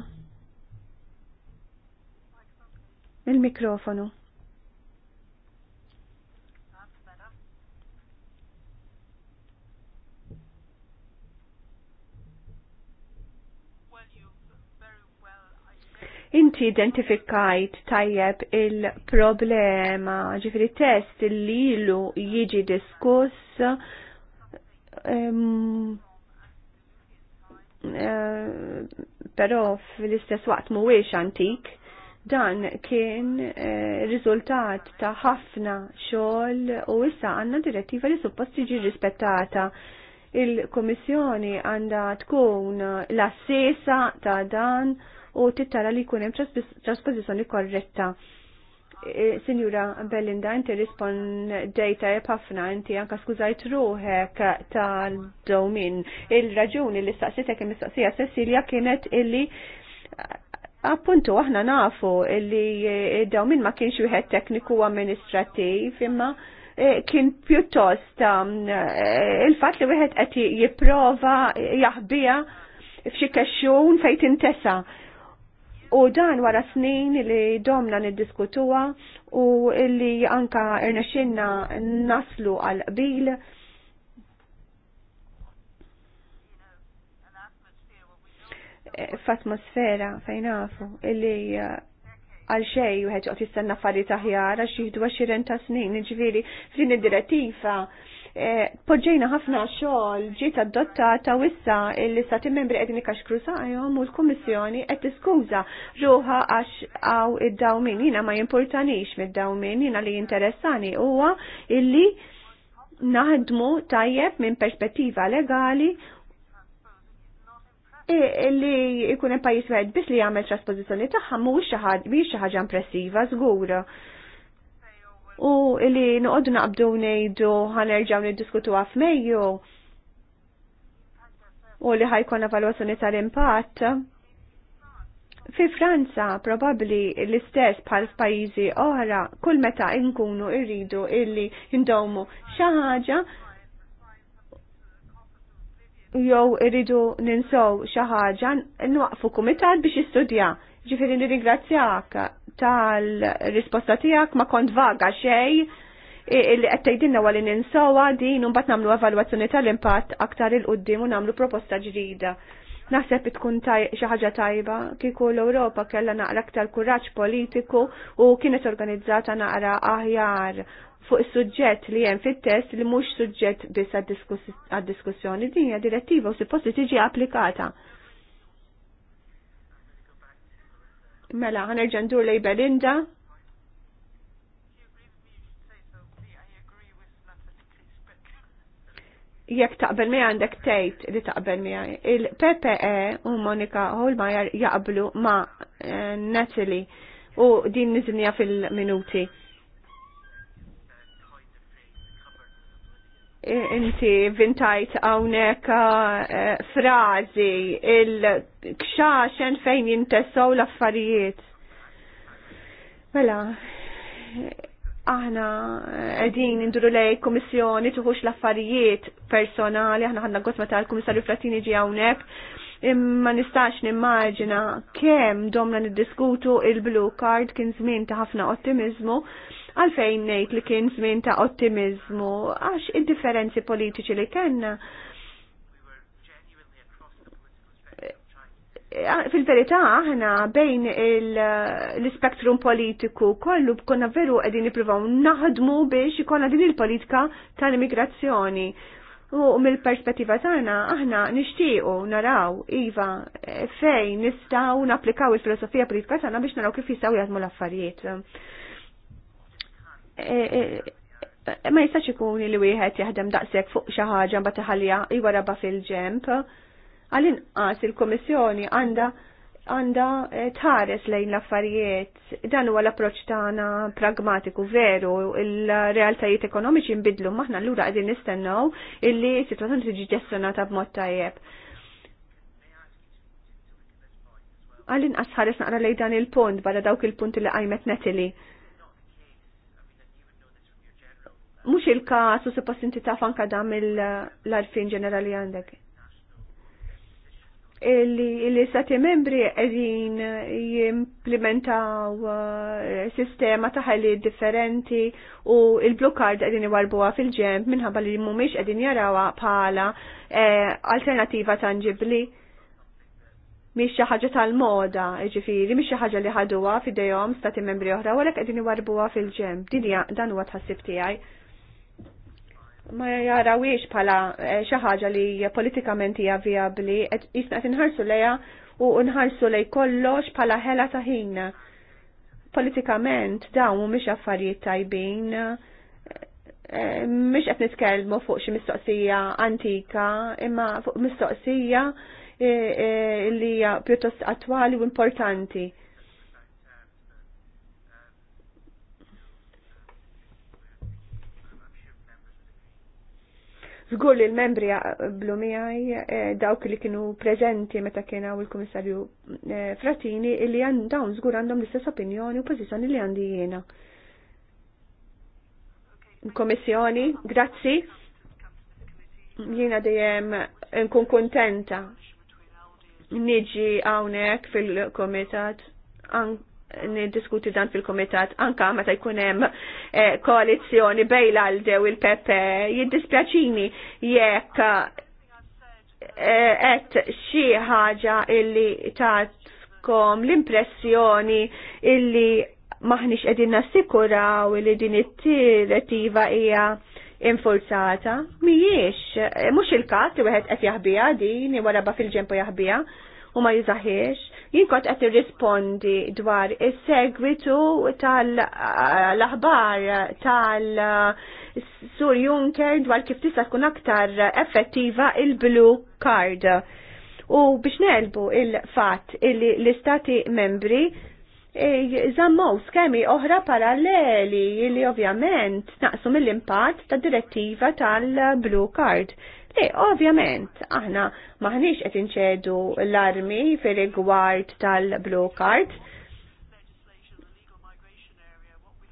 Il-mikrofonu. Inti identifikajt tajjeb il-problema, ġifri test li ilu jiġi diskuss um, ehm, eh, pero fl-istess waqt mhuwiex antik dan kien eh, riżultat ta' ħafna xogħol u issa għandna direttiva li suppost tiġi rispettata. Il-Komissjoni għandha tkun l-assesa ta' dan u tittara li jkun hemm korretta. E, Sinjura Belinda, inti rispondejta pafna, inti anka skużajt ruħek tal-domin. Il-raġuni li staqsitek il-mistaqsija Cecilia kienet illi appuntu aħna nafu illi e, domin ma kienx wieħed tekniku amministrativ imma e, kien pjuttost um, il-fatt li wieħed qed jipprova jaħbija f'xi kexxun fejn tintesa' U dan wara snin li domna niddiskutuwa u li anka irnexinna naslu għal qbil. F'atmosfera fejnafu illi uh, għal xej u ħeġqot jistenna affarijiet aħjar għax jihdu ta' snin, ġviri f'din id-direttiva Eh, poġġejna ħafna xogħol ġiet adottata wissa l-istati membri qegħdin ikaxkru sajhom u l-Kummissjoni qed tiskuża ruħa għax għaw id-dawmin. Jiena ma jimportanix mid-dawmin, jiena li jinteressani huwa illi naħdmu tajjeb minn perspettiva legali e, illi jkun hemm pajjiż wieħed biss li jagħmel trasposizzjoni tagħha mhuwiex xi ħaġa impressiva żgur u li noqogħdu naqbdu ngħidu ħanerġgħu niddiskutu f'Mejju u li ħajkun evalwazzjoni tal-impatt. Fi Franza probabbli l-istess bħal f'pajjiżi oħra kull meta nkunu irridu illi jindomu xi ħaġa jew iridu ninsow xi ħaġa nwaqfu kumitat biex jistudja. Ġifieri nirringrazzjak tal-risposta tiegħek ma kont vaga xej li qed tgħidilna wara ninsowa din u mbagħad nagħmlu evalwazzjoni tal-impatt aktar il qoddim u nagħmlu proposta ġrida. Naħseb tkun xi ħaġa tajba kieku l-Ewropa kellha naqra aktar kuraġġ politiku u kienet organizzata naqra aħjar fuq is-suġġett li hemm fit-test li mhux suġġett biss għad-diskussjoni din hija direttiva u suppost tiġi applikata. Mela, ħanerġa' ndur lej Belinda. Jekk taqbel mi għandek tgħid li taqbel mi Il-PPE u Monika Holmajer jaqblu ma' eh, Natalie u din nizmija fil-minuti. inti vintajt għawnek eh, frazi il-kxaxen fejn jintessaw l-affarijiet. Mela, aħna għedin induru lej komissjoni tuħux l-affarijiet personali, aħna ħanna għotma tal-komissarju Fratini ġi għawnek, imma nistax nimmaġina kem domna niddiskutu il-blue card kien zmin ta' ħafna ottimizmu, Għalfejn ngħid li kien żmien ta' ottimizmu għax id-differenzi politiċi li kena. Eh, fil-verità aħna bejn l-spektrum politiku kollu konna veru għedin niprivaw naħdmu biex ikonna din il-politika tal-immigrazzjoni. U mill-perspettiva tagħna aħna nixtiequ naraw iva fejn nistgħu napplikaw il-filosofija politika tagħna biex naraw kif jistgħu jaħdmu l-affarijiet ma jistax ikun li wieħed jaħdem daqshekk fuq xi ħaġa mbagħad iħallija jwaraba fil-ġemp. Għal-inqas il-Kummissjoni għandha għandha eh, tħares lejn l-affarijiet. Dan huwa l-approċċ tagħna pragmatiku veru, il-realtajiet ekonomiċi nbidlu maħna lura qegħdin nistennew illi s-sitwazzjoni tiġi ġestjonata b'mod tajjeb. Għal-inqas ħares naqra lejn dan il-punt barra dawk il-punti li qajmet netili mux il-kas u suppost inti taf fanka dam l-arfin ġenerali għandek. Illi stati membri għedin jimplementaw eh, sistema ta' ħalli differenti u il-blokkard għedin jwarbuwa fil-ġemp minħabba li mumiex għedin jarawa pala eh, alternativa tangibli miex xi ħaġa tal-moda, ġifiri, miex xi ħaġa li ħaduha f'idejhom stati membri oħra, għalek qegħdin jwarbuwa fil-ġemp. Dinja dan huwa tħassib tiegħi ma jarawiex pala eh, xi ħaġa li politikament hija viabli, jisna tinħarsu inħarsu lejha u nħarsu lej kollox pala ħela ta' ħin. Politikament dawn mhumiex affarijiet tajbin, eh, mhix qed nitkellmu fuq xi mistoqsija antika, imma fuq mistoqsija eh, li hija pjuttost attwali u importanti Zgur li l-membri jaqblu miegħi eh, dawk li kienu preżenti meta kien hawn il-Kummissarju eh, Fratini illi dawn żgur għandhom l-istess opinjoni u pożizzjoni li għandi jiena. Komissjoni, grazzi. Jiena dejjem nkun kontenta niġi hawnhekk fil-komitat nidiskuti dan fil-komitat anka meta jkun hemm bej l-Alde u il-Pepe jiddispjaċini jekk qed eh, xi ħaġa illi tatkom l-impressjoni illi maħniex qegħdin nassikuraw li din it-direttiva hija infurzata. Mhijiex, eh, mhux il-każ li wieħed qed jaħbiha din wara ba fil-ġempo jaħbiha u ma jizaħiex. Jien kont qed irrispondi dwar is-segwitu tal-aħbar tal-Sur Juncker dwar kif tista' tkun aktar effettiva il-blue card. U biex nelbu il-fatt illi l-istati membri zammaw skemi oħra paralleli li ovvjament naqsu mill-impatt ta' direttiva tal-Blue Card. Te, ovvjament, aħna maħniex qed inċedu l-armi fir-rigward tal-blue card.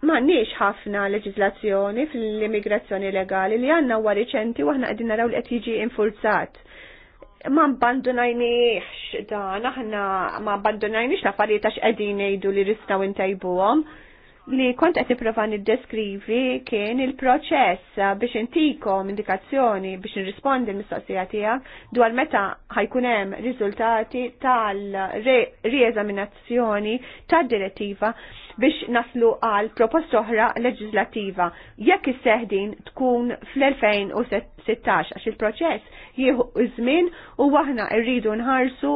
Maħniex ħafna leġizlazzjoni fil immigrazzjoni legali li għanna għu riċenti u aħna qegħdin naraw li qed jiġi infurzat. Ma mbandunajniex dan, aħna ma mbandunajniex l-affarijiet għax qegħdin ngħidu li ristgħu intajbuhom li kont qed nipprova niddeskrivi kien il-proċess biex intikom indikazzjoni biex nirrispondi l-mistoqsija tiegħek dwar meta ħajkun hemm riżultati tal-rieżaminazzjoni tad-direttiva -re biex naslu għal proposta oħra leġislativa. Jekk is-seħdin tkun fl-2016 għax il-proċess jieħu iż-żmien u aħna rridu nħarsu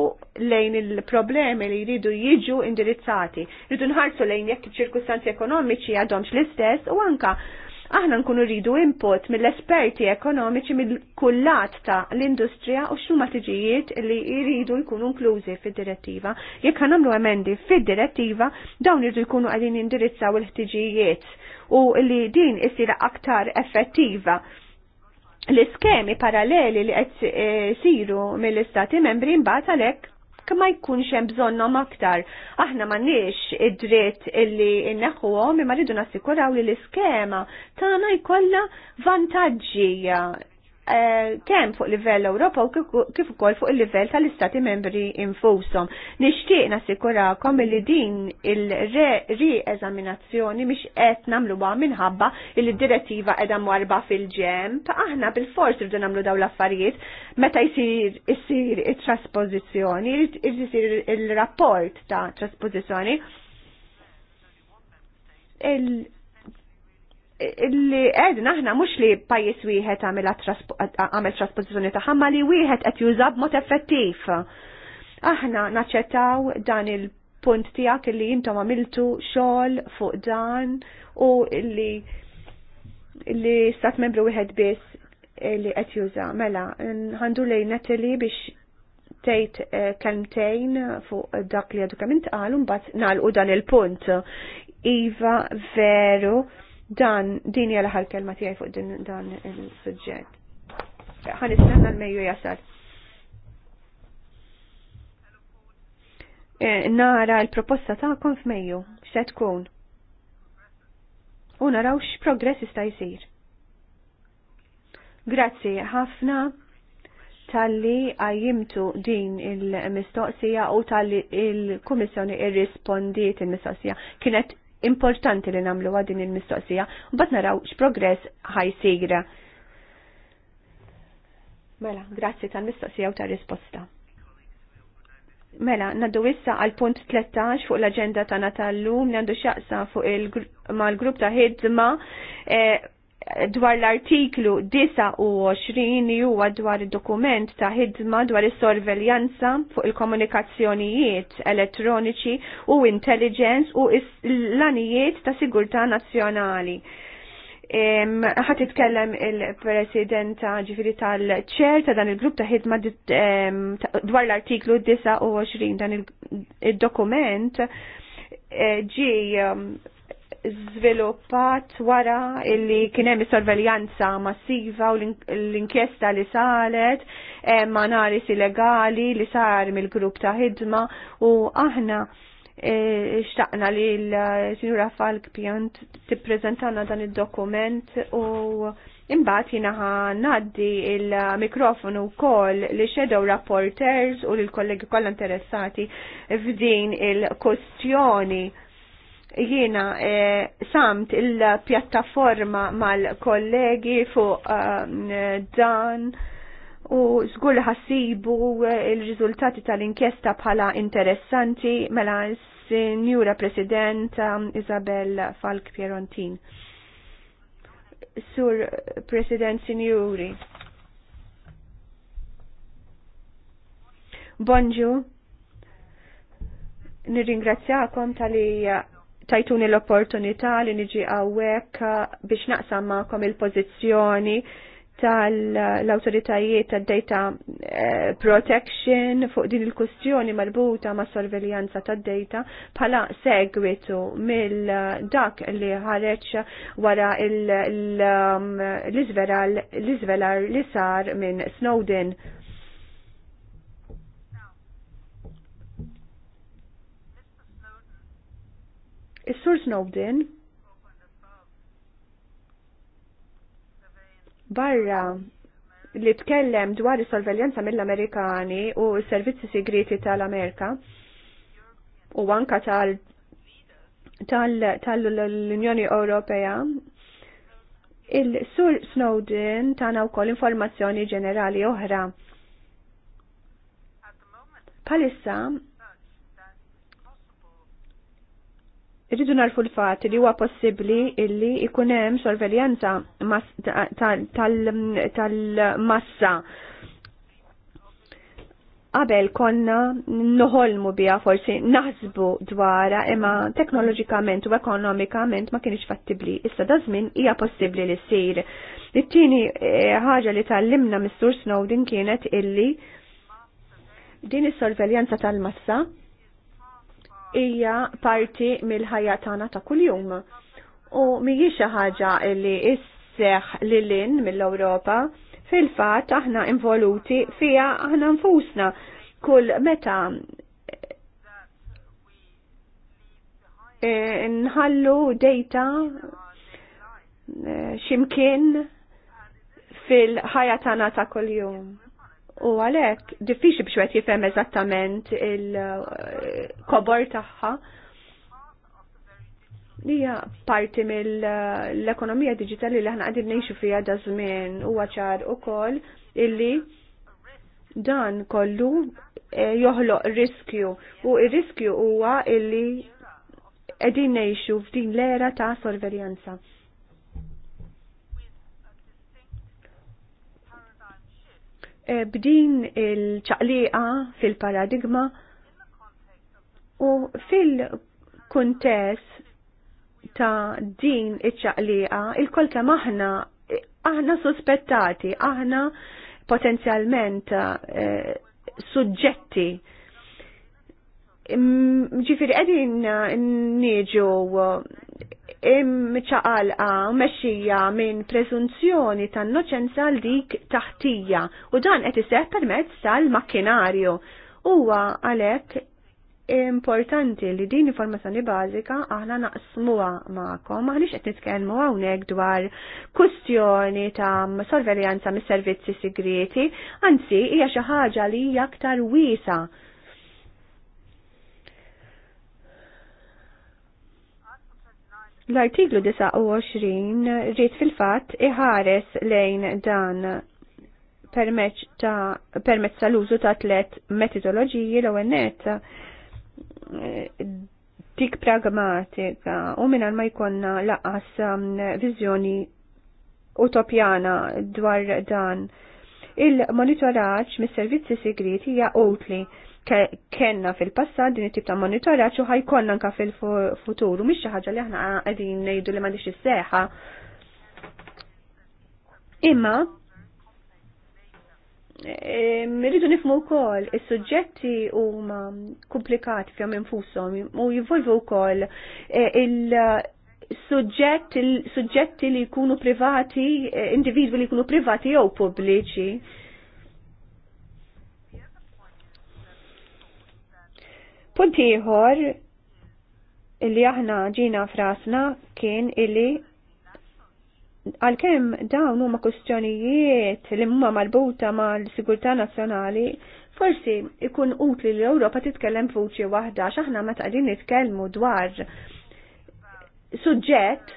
lejn il-problemi li jridu jiġu indirizzati. Rridu nħarsu lejn jekk iċ-ċirkustanzi ekonomiċi għadhomx l-istess u anka aħna nkunu rridu input mill-esperti ekonomiċi mill-kullat ta' l-industrija u x'huma tiġijiet li jridu jkunu inklużi fid-direttiva. Jekk ħanamlu emendi fid-direttiva, dawn irridu jkunu għadin indirizzaw l ħtiġijiet u li din issir aktar effettiva l-iskemi paralleli li qed eh, siru mill-istati membri mbagħad għalhekk jekk ma jkunx hemm bżonnhom aktar. Aħna m'għandniex id-dritt illi nneħħuhom imma rridu nassikuraw li l-iskema tagħna jkollha vantaġġi Eh, kemm fuq livell Ewropa u kif ukoll fuq il-livell tal-istati membri infushom. Nixtieq nassikurakom li din il-re-eżaminazzjoni mhix qed nagħmluha minħabba li d-direttiva qiegħda marba fil-ġemp, aħna bil-fors irdu nagħmlu dawn l-affarijiet meta jsir isir it-trasposizzjoni, isir il-rapport ta' trasposizzjoni Illi edna aħna mhux li pajjiż wieħed għamel trasposizjoni ta' ħamma li wieħed qed juża b'mod effettiv. Aħna naċċettaw dan il-punt tiegħek li jintom għamiltu xogħol fuq dan u li li stat membru wieħed biss li qed juża. Mela, ħandu lejn Natalie biex tejt eh, kelmtejn fuq dak li għadu kemm intqal u mbagħad nagħlqu dan il-punt. Iva veru Dan din hija l-aħħar kelma tiegħi fuq din dan il-suġġett. Ħan istenna l-mejju jasal. Eh, nara l-proposta tagħkom f'Mejju x'se tkun. U naraw x'progress jista' jsir. Grazzi ħafna tal-li għajimtu din il-mistoqsija u tal-li il-Komissjoni irrispondiet il-mistoqsija. Kienet importanti li namlu għadin il-mistoqsija, u bat naraw x-progress sigra. Mela, grazzi tal-mistoqsija u tal-risposta. Mela, naddu issa għal punt 13 fuq l-agenda tana tal-lum li għandu xaqsa fuq il-grupp ta' ħidma eh, dwar l-artiklu 29 huwa dwar id-dokument ta' ħidma dwar is-sorveljanza fuq il-komunikazzjonijiet elettroniċi u intelligence u l-anijiet ta' sigurtà nazzjonali. Ħat titkellem il-presidenta ġifiri tal-ċer ta' dan il-grupp ta' ħidma dwar l-artiklu 29 dan il-dokument eh, ġi żviluppat wara illi kien hemm sorveljanza massiva u l-inkjesta li salet, ma analisi legali li sar mill-grupp ta' ħidma u aħna e, xtaqna li l-Sinjura Falk Pjant tippreżentana dan id-dokument u imbagħad jiena ngħaddi il-mikrofonu wkoll li shadow rapporters u lill kollegi kollha interessati f'din il-kustjoni Jiena eh, samt il-pjattaforma mal-kollegi fuq ehm, dan u żgur ħassibu eh, il-riżultati tal-inkjesta bħala interessanti mela Signora President Isabel Falk Pierontin. Sur President Signori Bonġu. Nirringrazzjakom tal-li tajtuni l-opportunità li niġi għawek uh, biex naqsam ma'kom il-pozizjoni tal-autoritajiet tad data eh, protection fuq din il-kustjoni marbuta ma' sorveljanza tad data bħala segwitu mill-dak li ħareċ wara um, l-izvelar li sar minn Snowden. Is-Sur Snowden barra li tkellem dwar is-sorveljanza mill-Amerikani u s-servizzi segreti tal-Amerika u anka tal-Unjoni Ewropea il-Sur Snowden tana u koll informazzjoni ġenerali oħra. Palissa, Irridu narfu l-fat li huwa possibbli illi ikun hemm sorveljanza tal-massa. Qabel konna noħolmu biha forsi naħsbu dwara imma teknoloġikament u ekonomikament ma kienx fattibli. Issa da żmien hija possibbli li ssir. It-tieni eh, ħaġa li tallimna mistur Snowden kienet illi din is-sorveljanza tal-massa hija parti mill-ħajja tagħna ta' kuljum. U mhijiex xi ħaġa li isseħ lilin mill-Ewropa, fil-fatt aħna involuti fija aħna nfusna kull meta eh, nħallu dejta eh, ximkien fil ħajatana ta' ta' kuljum. U għalek, diffiċi biex għet jifem eżattament il-kobor taħħa. Lija parti mill-ekonomija digitali li ħna għadin neħxu fija da zmin u għacħar u koll illi dan kollu e, joħloq riskju u il-riskju huwa illi edin neħxu f'din l-era ta' sorverjanza. b'din il-ċaqliqa fil-paradigma u fil-kuntess ta' din iċ-ċaqliqa il kolta maħna aħna aħna sospettati, aħna potenzjalment suġġetti ġifiri għedin nieġu imċaqalqa mexxija minn prezunzjoni ta' noċenza għal dik taħtija u dan qed iseħħ permezz tal-makkinarju. Huwa għalhekk importanti li din informazzjoni bażika aħna naqsmuha magħkom, aħniex qed nitkellmu hawnhekk dwar kwistjoni ta' sorveljanza mis-servizzi sigreti, anzi hija xi ħaġa li hija aktar wiesa' L-artiklu 29 rrit fil-fat iħares lejn dan permezz ta' tal-użu ta' tlet metodoloġiji l-ewwel net eh, dik pragmatika u minan ma jkonna laqas mm, vizjoni utopjana dwar dan. Il-monitoraċ mis servizzi segreti hija utli kenna fil-passat din it-tip ta' monitoraġġ u ħajkonna anka fil futuru mhix xi ħaġa li aħna qegħdin ngħidu li m'għandix is-seħħa. Imma Rridu nifmu wkoll is-suġġetti huma komplikati fjom infushom u jivolvu wkoll e, il suġġetti li jkunu privati, e, individwi li jkunu privati jew pubbliċi Puntiħor ieħor illi aħna ġina frasna kien illi għalkemm dawn huma kwistjonijiet li huma malbuta mal-sigurtà nazzjonali, forsi ikun utli li l-Ewropa titkellem fuċi waħda x'aħna meta qegħdin nitkellmu dwar suġġett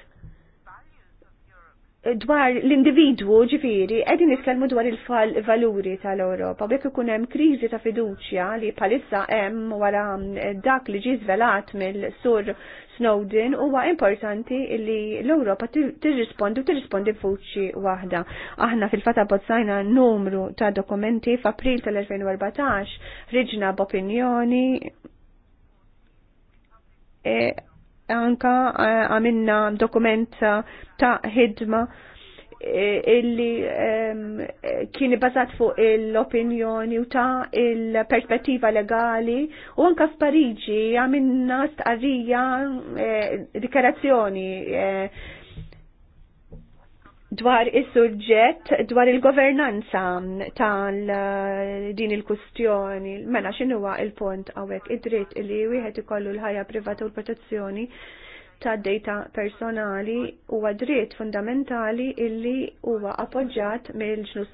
dwar l-individwu ġifiri, edin nitkellmu dwar il-valuri tal-Europa. Bekk ikun hemm kriżi ta' fiduċja li palissa hemm wara mm, dak li ġi żvelat mill-sur Snowden huwa importanti li l-Europa tirrispondi u tirrispondi fuċi waħda. Aħna fil-fata bozzajna numru ta' dokumenti f'April tal-2014 riġna b'opinjoni e, anka eh, għamilna dokument eh, ta' ħidma eh, illi ehm, kien bazat fuq l-opinjoni u ta' il-perspettiva legali u anka f'Parigi għamilna stqarrija dikarazzjoni eh, dwar is-suġġett dwar il-governanza tal eh, din il-kustjoni. Mela x'inhuwa il-punt hawnhekk id-dritt li wieħed ikollu l-ħajja privata u l-protezzjoni ta' data personali huwa dritt fundamentali illi huwa appoġġat mill-ġnus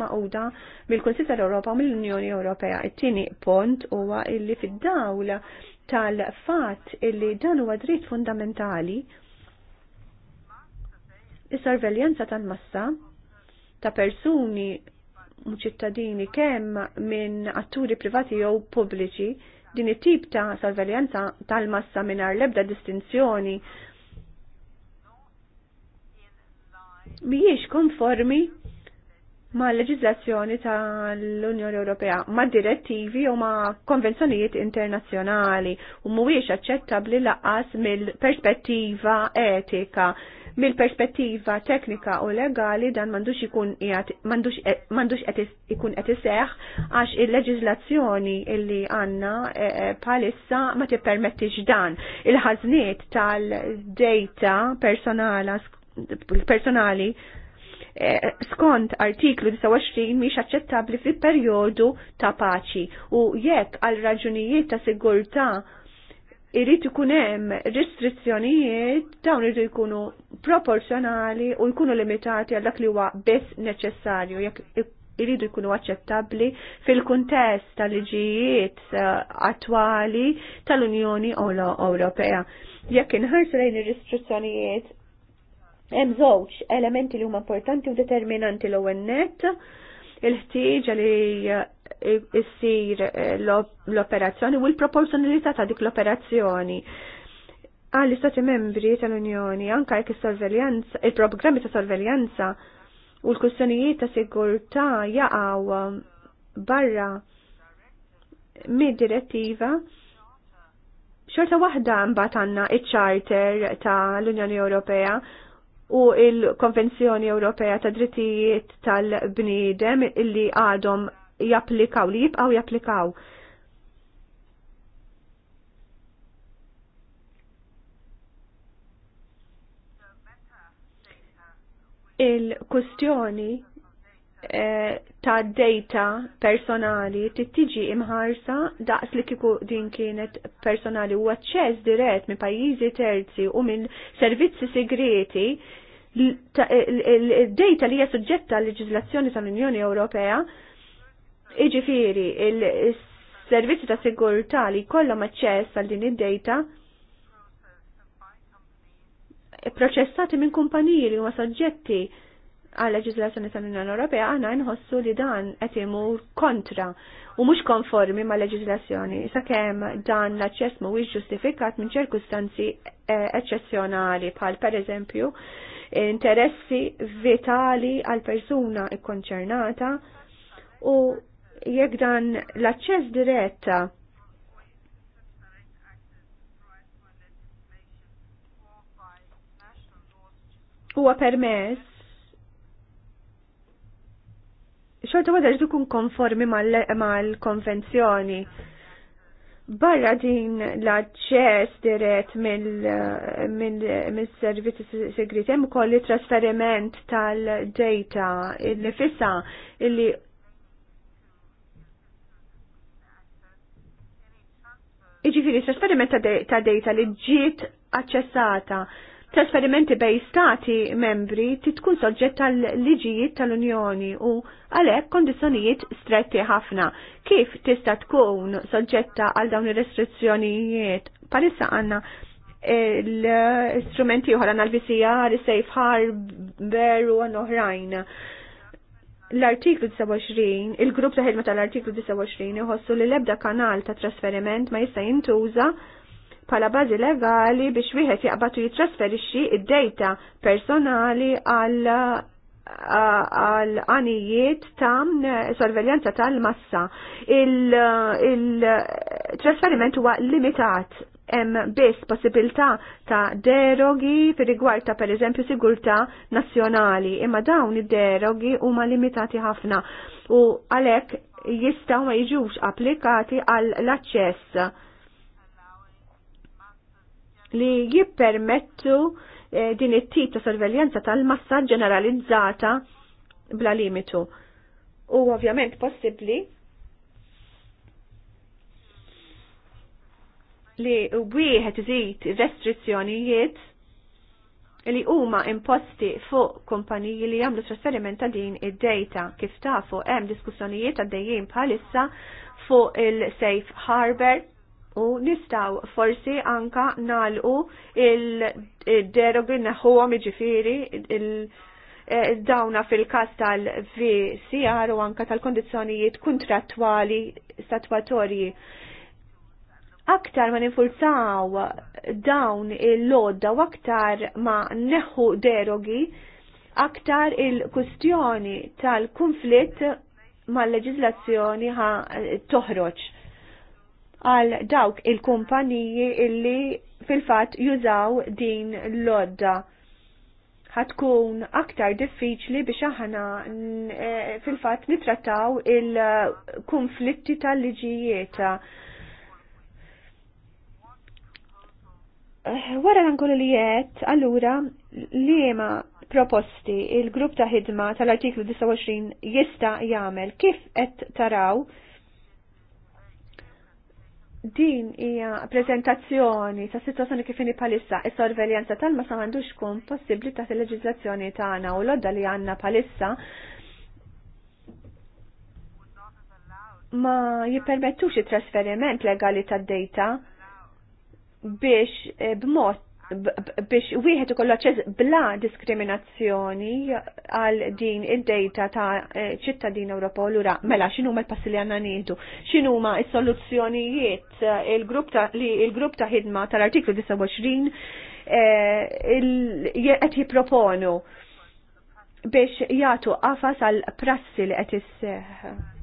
maquda mill-Kunsil l europa u mill-Unjoni Ewropea. It-tieni punt huwa illi fid-dawla tal-fatt illi dan huwa dritt fundamentali Is-sorveljanza tal-massa ta' persuni u ċittadini kemm minn atturi privati jew pubbliċi din it-tip ta' sorveljanza tal-massa mingħajr l-ebda distinzjoni mhijiex konformi ma' leġislazzjoni tal-Unjoni Ewropea, ma' direttivi u ma' konvenzjonijiet internazzjonali u mhuwiex aċċettabbli laqas mill-perspettiva etika mill-perspettiva teknika u legali dan mandux ikun mandux e- ikun qed iseħħ għax il-leġiżlazzjoni illi għandna e- e- palissa ma tippermettix dan. Il-ħażniet tal-data personali skont artiklu 29 miex aċċettabbli fil-perjodu ta' paċi u jekk għal raġunijiet ta' sigurtà irrit ikun hemm restrizzjonijiet dawn irridu jkunu proporzjonali u jkunu limitati għal dak li huwa biss neċessarju jekk irridu jkunu aċċettabbli fil-kuntest tal-liġijiet eh, attwali tal-Unjoni Ewropea. Jekk inħarsu lejn ir-restrizzjonijiet hemm żewġ elementi li huma importanti u determinanti l-ewwel nett il-ħtieġa li jissir l-operazzjoni u l-proporzjonalità ta' dik l-operazzjoni Għalli istati membri tal-Unjoni anka jekk is-sorveljanza, il-programmi ta' sorveljanza u l-kustjonijiet ta' sigurtà jaqgħu barra mid-direttiva xorta waħda mbagħad għandna iċ-charter tal-Unjoni Ewropea u il-Konvenzjoni Ewropea ta' Drittijiet tal-Bniedem illi għadhom japplikaw li jibqaw japplikaw. Il-kustjoni eh, ta' data personali tittiġi imħarsa daqs li kiku din kienet personali u għacċess dirett minn pajjiżi terzi u minn servizzi segreti il-data li hija suġġetta għal leġiżlazzjoni tal-Unjoni Ewropea, iġifiri il-servizzi ta' sigurtà li jkollhom aċċess għal din id-data proċessati minn kumpaniji li huma soġġetti għal leġiżlazzjoni tal-Unjoni Ewropea aħna nħossu li dan qed imur kontra u mhux konformi ma' leġiżlazzjoni sakemm dan l-aċċess mhuwiex ġustifikat minn ċirkustanzi eh, eċċezzjonali bħal pereżempju interessi vitali għal persuna ikkonċernata u jekk dan l-aċċess diretta huwa permess xorta għadha tkun konformi mal-konvenzjoni. Mal barra din l-aċċess dirett mill-servizzi segreti hemm ukoll trasferiment tal-data li fissa illi Iġifiri, trasferiment ta' data li ġiet aċċessata trasferimenti bej stati membri titkun soġġet tal-liġijiet tal-Unjoni u għalhekk kondizzjonijiet stretti ħafna. Kif tista' tkun soġġetta għal dawn ir-restrizzjonijiet? Parissa għandna eh, l-istrumenti uħra għal-VCR, Safe Harbor u għan oħrajn. L-artiklu 29, il-grupp ta' ħidma tal-artiklu 29 iħossu li l-ebda kanal ta' trasferiment ma jista' jintuża pala bażi legali biex wieħed jaqbatu jitrasferixxi id-dejta personali għal għal għanijiet ta' sorveljanza tal-massa. Il-trasferiment il, huwa limitat hemm biss possibilità ta' derogi fir rigward ta' pereżempju sigurtà nazzjonali, imma dawn id-derogi huma limitati ħafna u għalhekk jistgħu ma jiġux applikati għall aċċess li jippermettu eh, din it-tip ta' sorveljanza tal-massa ġeneralizzata bla limitu. U ovvjament possibbli li wieħed iżid restrizzjonijiet li huma imposti fuq kumpaniji li jagħmlu trasferiment ta' din id-data kif tafu hemm diskussjonijiet għaddejjin bħalissa fuq il-safe harbor u nistaw forsi anka nalqu il-derogi naħuhom iġifiri il-dawna eh, fil-kas tal-VCR u anka tal-kondizjonijiet kontrattwali statwatorji. Aktar ma ninfurzaw dawn il-lodda u aktar ma neħu derogi, aktar il-kustjoni tal-konflitt ma l-leġizlazzjoni toħroċ għal dawk il-kumpaniji illi fil-fat jużaw din l-odda. Ħatkun aktar diffiċli biex aħna e, fil-fat nitrattaw il-konflitti tal-liġijiet. Eh, wara l-ankol li jett, allura, li jema proposti il-grupp ta' ħidma tal-artiklu 29 jista' jagħmel kif qed taraw din hija prezentazzjoni ta' situazzjoni kif inhi palissa is-sorveljanza tal-ma sa m'għandux kun possibbli taħt il-leġiżlazzjoni tagħna u l-odda li għandna palissa ma jippermettux it-trasferiment legali tad-data biex eh, b'mod biex wieħed ikollu aċċess bla diskriminazzjoni għal din id-dejta ta' e, ċittadin u lura mela x'inhu ma l-passi li għandna nieħdu, x'inhu ma s-soluzzjonijiet e, il-grupp ta' li il-grupp ta' ħidma tal-artiklu 29 e, qed jipproponu biex jagħtu qafas għal prassi li qed isseħħ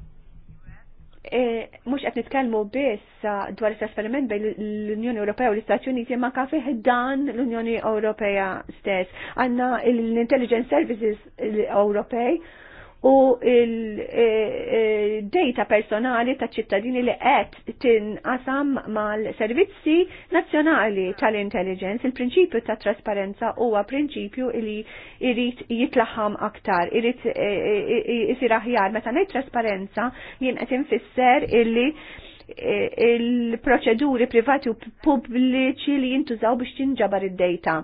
Eh, mux qed nitkellmu biss ah, dwar it-trasferiment bejn l-Unjoni Ewropea u l-Istati Uniti ma ka fih dan l-Unjoni Ewropea stess. Għandna l-Intelligence Services Ewropej u il-data personali ta' ċittadini li qed tinqasam mal-servizzi nazzjonali tal-intelligence, il-prinċipju ta' trasparenza huwa prinċipju li jrid jitlaħam aktar, jrid e, e, e, isir aħjar meta ngħid trasparenza jien qed infisser illi il-proċeduri privati u pubbliċi li jintużaw biex tinġabar id-data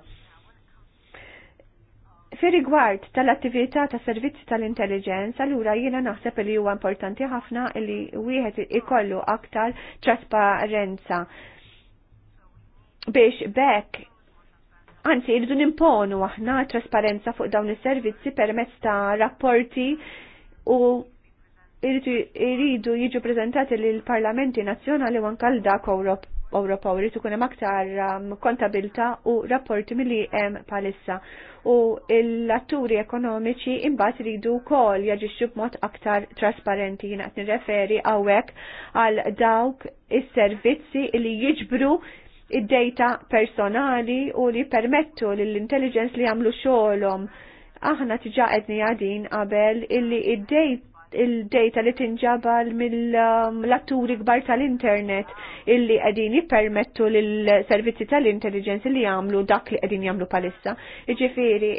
Fi rigward tal-attività ta' servizzi tal-intelligence, allura jiena naħseb li huwa importanti ħafna li wieħed ikollu aktar trasparenza biex bekk Anzi, irridu nimponu aħna trasparenza fuq dawn is-servizzi permezz ta' rapporti u irridu jiġu prezentati lill parlamenti nazzjonali u anke dak Ewropa. Ewropa u rritu kunem aktar um, kontabilta u rapporti mill-li hemm palissa. U l-atturi ekonomiċi imbagħad ridu wkoll jaġixxu b'mod aktar trasparenti jiena qed nirreferi hawnhekk għal dawk is-servizzi li jiġbru id-data personali u li permettu lill-intelligence li jagħmlu xogħolhom aħna tiġa qedni għadin qabel illi id-dejt il-data li tinġabal mill-atturi kbar tal-internet illi qegħdin jippermettu lill-servizzi tal-intelligence li jagħmlu dak li qegħdin jagħmlu palissa. Jiġifieri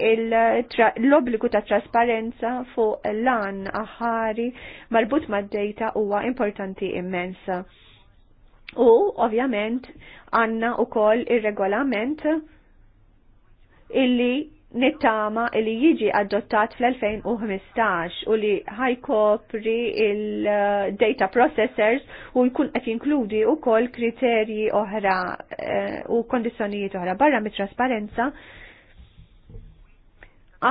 l-obbligu ta' trasparenza fuq lan aħari marbut mad-data huwa importanti immensa. U ovvjament għanna u koll il-regolament illi nittama li jiġi adottat fl-2015 u li ħajkopri il-data processors u jkun qed jinkludi wkoll kriterji oħra eh, u kondizzjonijiet oħra barra mit-trasparenza.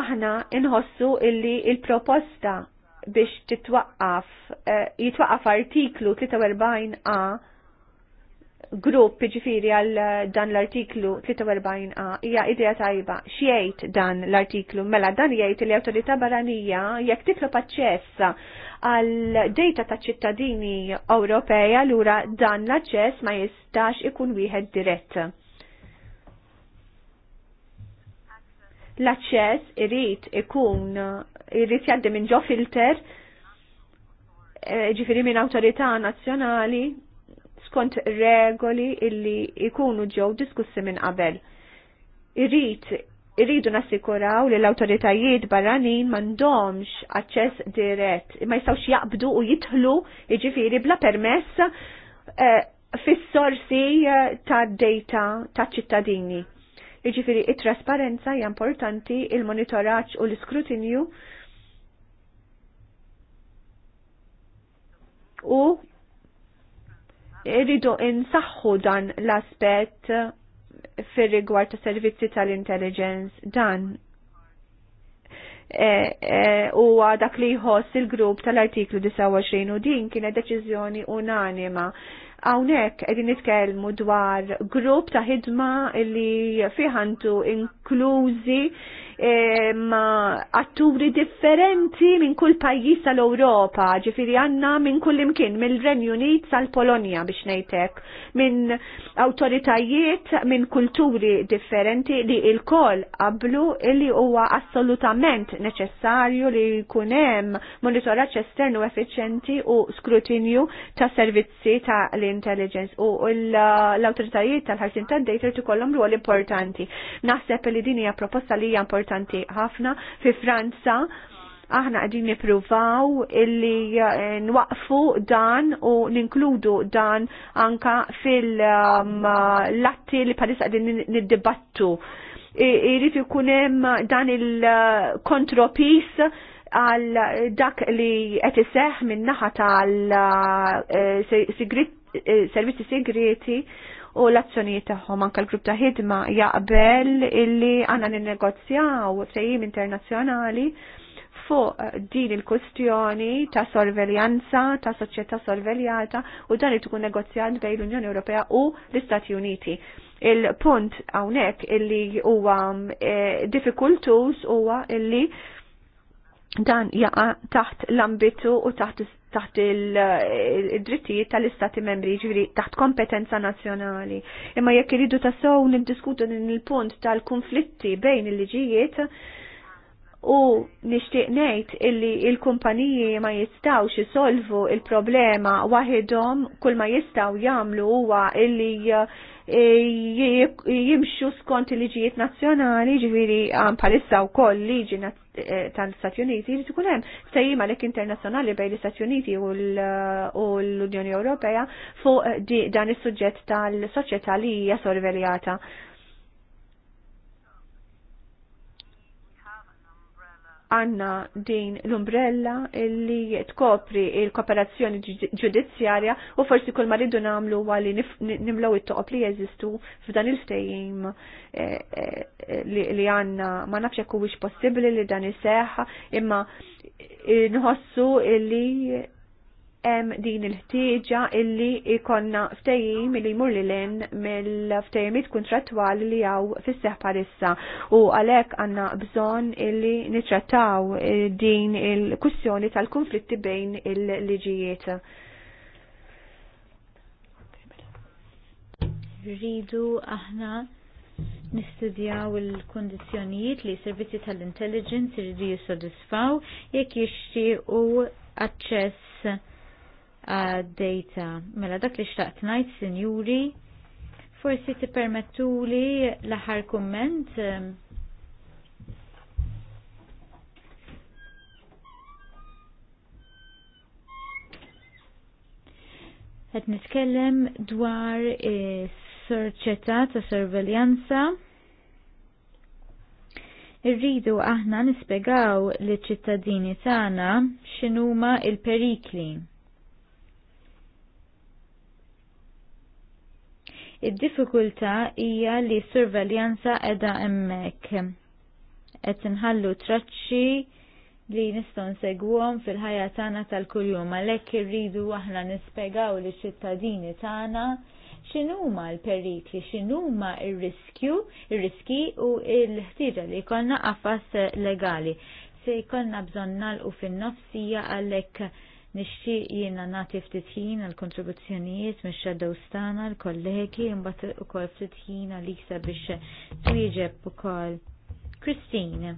Aħna inħossu illi il-proposta biex titwaqqaf eh, jitwaqqaf artiklu 43a grupp ġifiri għal eh, dan l-artiklu 43a hija idea tajba. X'jgħid dan l-artiklu? Mela dan jgħid li awtorità barranija jekk titlob aċċess għal data ta' ċittadini Ewropea lura dan l-aċċess ma jistax ikun wieħed dirett. L-aċċess irid ikun irid jgħaddi minn ġo filter eh, ġifiri minn awtorità nazzjonali skont regoli illi ikunu ġew diskussi minn qabel. Irrid irridu nassikuraw li l-autoritajiet barranin mandomx aċċess dirett, ma jistawx jaqbdu u jitħlu iġifiri bla permess eh, fis-sorsi eh, ta' data ta' ċittadini. Iġifiri, it-trasparenza hija importanti, il-monitoraġġ u l-iskrutinju u irridu insaħħu dan l-aspett fir rigward ta' servizzi tal-intelligence dan eh, eh, u dak li jħoss il-grupp tal-artiklu 29 u din kienet deċiżjoni unanima. Hawnhekk qegħdin nitkellmu dwar grupp ta' ħidma li fiħantu inklużi ma' atturi differenti minn kull pajjiż tal-Ewropa, ġifiri għanna minn kull imkien, mill-Renju Unit sal-Polonja biex ngħidlek, minn awtoritajiet minn kulturi differenti li il-koll qablu li huwa assolutament neċessarju li jkun hemm monitoraġġ esternu effiċenti u skrutinju ta' servizzi ta' l-intelligence u l-awtoritajiet tal-ħarsin tad-dejter kollom ruol importanti. Naħseb li din hija proposta li hija importanti importanti ħafna fi Franza aħna għadin nipruvaw illi eh, nwaqfu dan u ninkludu dan anka fil-latti um, li paris għadin niddibattu. Irrit ikunem dan il-kontropis għal dak li qed iseħħ min naħa tal-servizzi eh, eh, segreti u l-azzjonijiet tagħhom anke l-grupp ta' ħidma jaqbel illi għandna ninnegozjaw sejjim internazzjonali fuq din il-kustjoni ta' sorveljanza, ta' soċjetà sorveljata u dan li tkun negozjat bejn l-Unjoni Ewropea u l-Istati Uniti. Il-punt hawnhekk illi huwa e, eh, diffikultus huwa illi dan jaqa taħt l-ambitu u taħt taħt il-drittijiet tal-istati membri, ġviri jiġifieri taħt kompetenza nazjonali. Imma jekk iridu tassew nindiskutu din il-punt tal-konflitti bejn il-liġijiet, u nishtiq ngħid illi il-kumpaniji ma jistawx isolvu il-problema waħedhom kull ma jistaw jagħmlu huwa illi E, jimxu skont il-liġijiet nazzjonali, ġifiri ah, palissa u koll liġi e, tal-Stati Uniti, li tkun hemm sejjima lek internazzjonali bejn l-Istati Uniti u l-Unjoni Ewropea fuq eh, dan is-suġġett tal-soċjetà li hija sorveljata. għanna din l-umbrella li tkopri il-kooperazzjoni ġudizzjarja u forsi kull maridu namlu għalli nimlaw it-toqob li jeżistu f'dan il-ftejim eh, eh, li għanna ma nafx jekk wix possibbli li dan iseħħ imma eh, nħossu li hemm din il-ħtieġa illi ikonna ftejim li jmur lil hemm mill-ftehimiet kuntrattwali li hawn fis parissa u għalhekk għandna bżonn illi nitrattaw eh, din il-kussjoni tal-konflitti bejn il-liġijiet. Rridu aħna nistudjaw il-kondizjonijiet li servizzi tal-intelligence irridu jissodisfaw jekk jixtiequ aċċess għad-data. Mela dak li xtaqt ngħid, sinjuri, forsi tippermettuli l-aħħar kumment. Qed um, nitkellem dwar is-sorċetà ta' sorveljanza. Irridu aħna nispjegaw li ċittadini tagħna x'inhuma il-perikli. id difikulta hija li s-surveljanza edha emmek. Et nħallu traċċi li nistgħu nsegwhom fil-ħajja tagħna tal-kuljum għalhekk irridu aħna nispegaw li ċittadini tagħna x'inhuma l-perikli, x'inhuma r-riskju, ir-riski u l-ħtieġa li jkollna qafas legali. Se jkollna bżonn nagħlqu fin-nofsija għalhekk Nixtieq jiena nagħti f'titħin ħin għal kontribuzzjonijiet mix-shadow stana l-kollegi imbagħad ukoll ftit ħin għalisa biex twieġeb ukoll. Christine.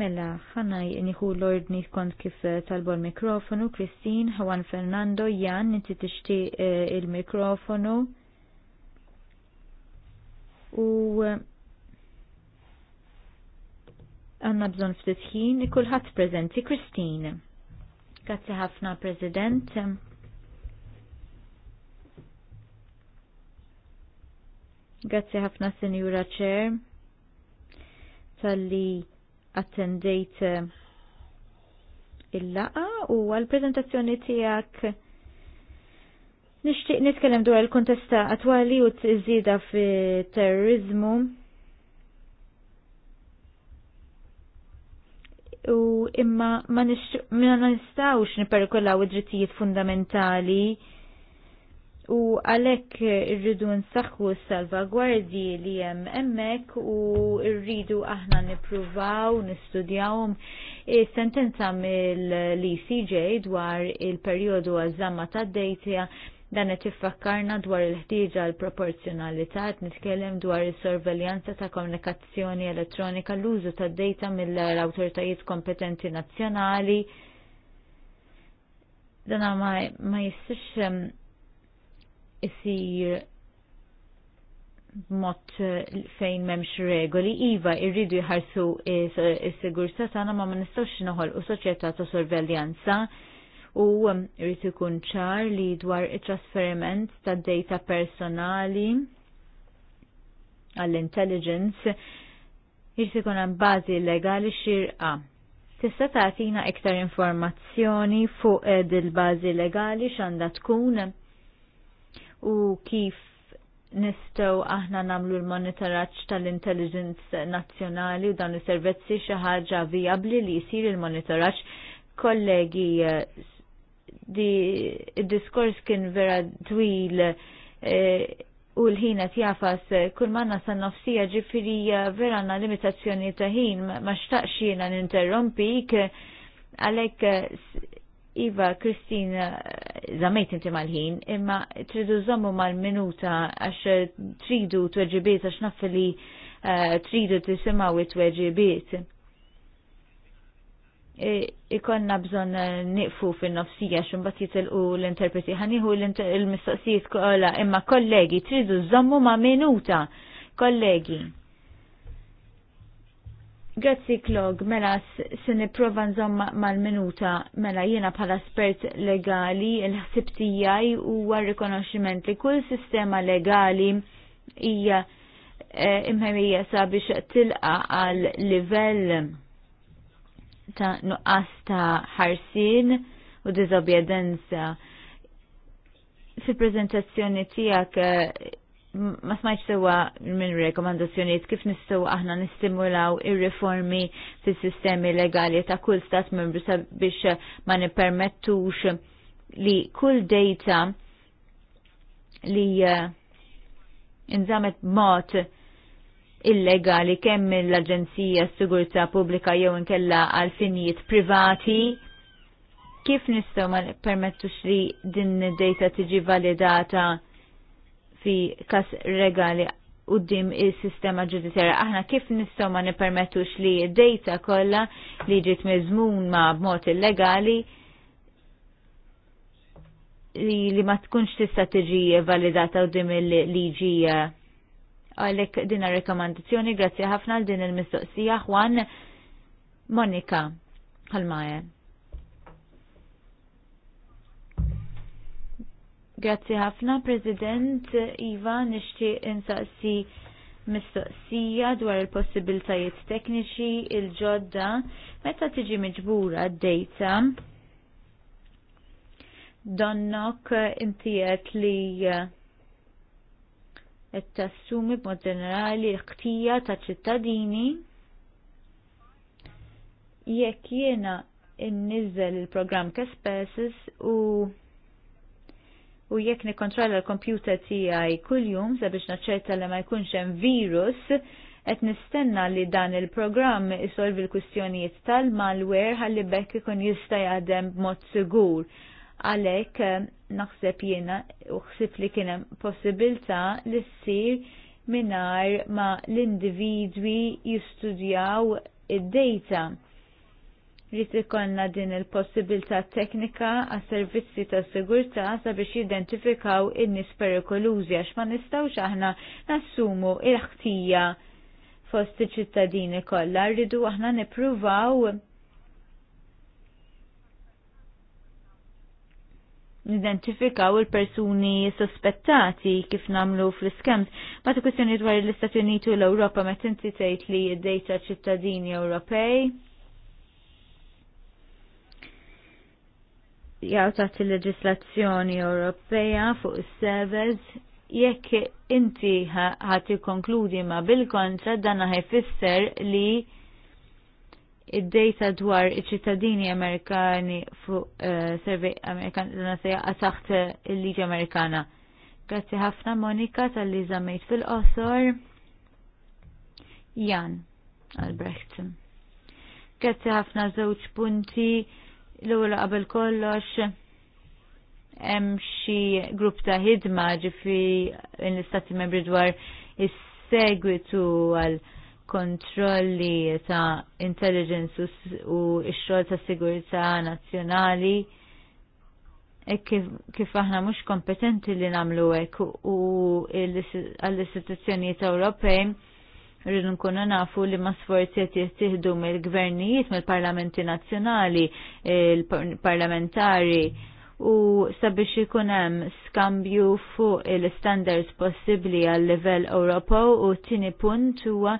Mela, ħanna nieħu l-ordni kont kif eh, talbu l-mikrofonu, Christine, Juan Fernando, Jan, inti tixtieq eh, il-mikrofonu. U eh, għanna bżon f'titħin ħin, kulħadd preżenti Christine. Grazzi ħafna, President. Grazzi ħafna, Senjura Chair, tal-li attendejt il-laqa u għal-prezentazzjoni tijak nishtiq nitkellem dwar il-kontesta attwali u t-izzida fi terrorizmu u imma ma nistawx niperikolaw id-drittijiet fundamentali u għalek irridu nsaxħu s salvagwardi li jem emmek u irridu aħna nipruvaw, nistudjaw e, sentenza mill-ECJ dwar il-periodu għazzamma ta' dejtja Dan qed iffakkarna dwar il-ħtieġa għal proporzjonalità qed nitkellem dwar is-sorveljanza ta' komunikazzjoni elettronika l-użu tad dejta mill-awtoritajiet kompetenti nazzjonali. Dan ma, ma jistix ehm, isir mod fejn memx regoli, iva irridu jħarsu is-sigurtà tagħna ma ma nistgħux noħolqu soċjetà ta' sorveljanza u um, rrit ikun ċar li dwar it-trasferiment ta' data personali għall-intelligence irrit ikun hemm bażi legali xirqa. Tista' tagħtina iktar informazzjoni fuq eh, il bażi legali x'għandha tkun u kif nistaw aħna namlu l-monitoraċ tal-intelligence nazzjonali u dan is-servizzi xi ħaġa viabli li jsir il-monitoraċ kollegi eh, di diskors kien vera twil eh, u l-ħin qed jafas eh, kull manna sa nofsija ġifiri eh, vera għandna limitazzjoni ta' ħin ma xtaqx jiena ik għalhekk Iva, Kristina, zamejt inti mal-ħin, imma tridu zammu mal-minuta għax tridu tweġibiet għax naffi li tridu tisimaw t tweġibiet ikonna bżon eh, niqfu fin-nofsija xumbat jitilqu l-interpreti ħaniħu l-mistoqsijiet kolla imma kollegi tridu żommu ma' minuta kollegi. Grazzi Klog, mela se nipprova nżomm mal-minuta mela jiena bħala spert legali il-ħsib u għal rikonoxximent li kull sistema legali hija eh, imħemija sabiex tilqa għal livell ta' nuqqas ta' ħarsin u dizobjedenza. fil prezentazzjoni tijak eh, ma smajt sewa minn rekomandazzjoniet kif nistaw aħna nistimulaw ir-reformi fis sistemi legali ta' kull stat membru biex ma nipermettux li kull data li eh, inżamet mod illegali kemm l-Aġenzija Sigurtà Pubblika jew inkella għal finijiet privati. Kif nistgħu ma permettux li din id-data tiġi validata fi kas regali qudiem is-sistema ġudizzjarja aħna kif nistgħu ma nippermettux li d-data kollha li ġiet miżmun ma' b'mod illegali li, li ma tkunx tista' tiġi validata qudiem il liġija għalek din rekomandazzjoni grazzi ħafna għal din il-mistoqsija Juan Monika Halmaje. Grazzi ħafna, President Iva, nishti insaqsi mistoqsija dwar il-possibiltajiet tekniċi il-ġodda meta tiġi miġbura d-data. Donnok intijet li qed tassumi b'mod ġenerali l-ħtija ta' ċittadini jekk jiena innizzel il-programm Kespesis u u jekk nikkontrolla l-kompjuter tiegħi kuljum sabiex naċċerta li ma jkunx hemm virus, qed nistenna li dan il-programm isolvi l-kwistjonijiet tal-malware ħalli bekk ikun jista' jaħdem b'mod sigur għalek eh, naħseb jena u xsib li kienem possibilta li s-sir minar ma l-individwi jistudjaw id-data. Rrit ikonna din il-possibilta teknika għas servizzi ta' sigurta sabiex jidentifikaw in-nis perikolużi għax ma nistawx aħna nassumu il-ħtija fost iċ-ċittadini kollha rridu aħna nippruvaw nidentifikaw il-persuni sospettati kif namlu fl-iskemz. bata ta' kwestjoni dwar l-Istati Uniti u l-Ewropa ma inti tgħid li id dejta ċittadini Ewropej. Jaw taħt il-leġislazzjoni Ewropea fuq is-servers jekk inti ħati konkludi ma bil-kontra dan ħajfisser li id-data dwar iċ-ċittadini Amerikani fuq eh, survey Amerikan dana sejqa taħt eh, il-liġi Amerikana. Grazzi ħafna Monika tal-li zammejt fil-qosor. Jan Albrecht. Grazzi ħafna żewġ punti l-ewwel qabel kollox hemm xi grupp ta' ħidma ġifi l-istati membri dwar is-segwitu għal kontrolli ta' intelligence u ix xogħol ta' sigurtà nazzjonali e kif, kif aħna mhux kompetenti li nagħmlu hekk u għall-istituzzjonijiet Ewropej rridu nkunu nafu li ma sforzi qed jittieħdu mill-gvernijiet mill-parlamenti nazzjonali, il-parlamentari u sabiex ikun hemm skambju fuq il-standards possibbli għal livell Ewropew u tini punt huwa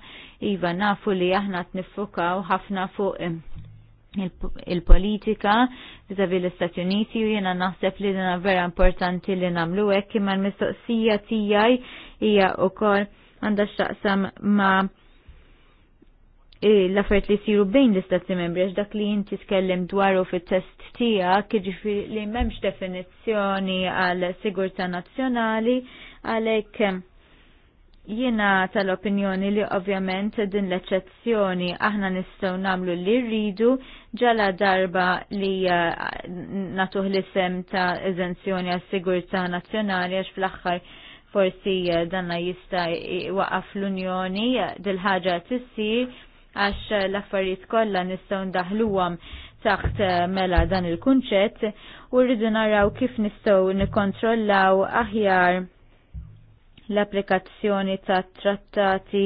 iva nafu li aħna tnifukaw ħafna fuq il-politika vizavi l-Istati Uniti u jena naħseb li dina vera importanti li namlu hekk imma l-mistoqsija tiegħi hija wkoll għandha x'taqsam ma' l-affert li siru bejn l-istati membri, għax dak li jinti skellem dwaru fit test tija, kħiġifi li memx definizjoni għal sigurta nazjonali, għalek eh, jina tal-opinjoni li ovvjament din l eċċezzjoni aħna nistaw namlu li rridu ġala darba li eh, natuħ l-isem ta' eżenzjoni għal sigurta nazjonali għax fl-axħar forsi eh, danna jista' waqaf l-Unjoni dil-ħaġa tissir għax l-affarijiet kollha nistgħu ndaħluhom taħt eh, mela dan il-kunċett u rridu naraw kif nistgħu nikkontrollaw aħjar l-applikazzjoni ta' trattati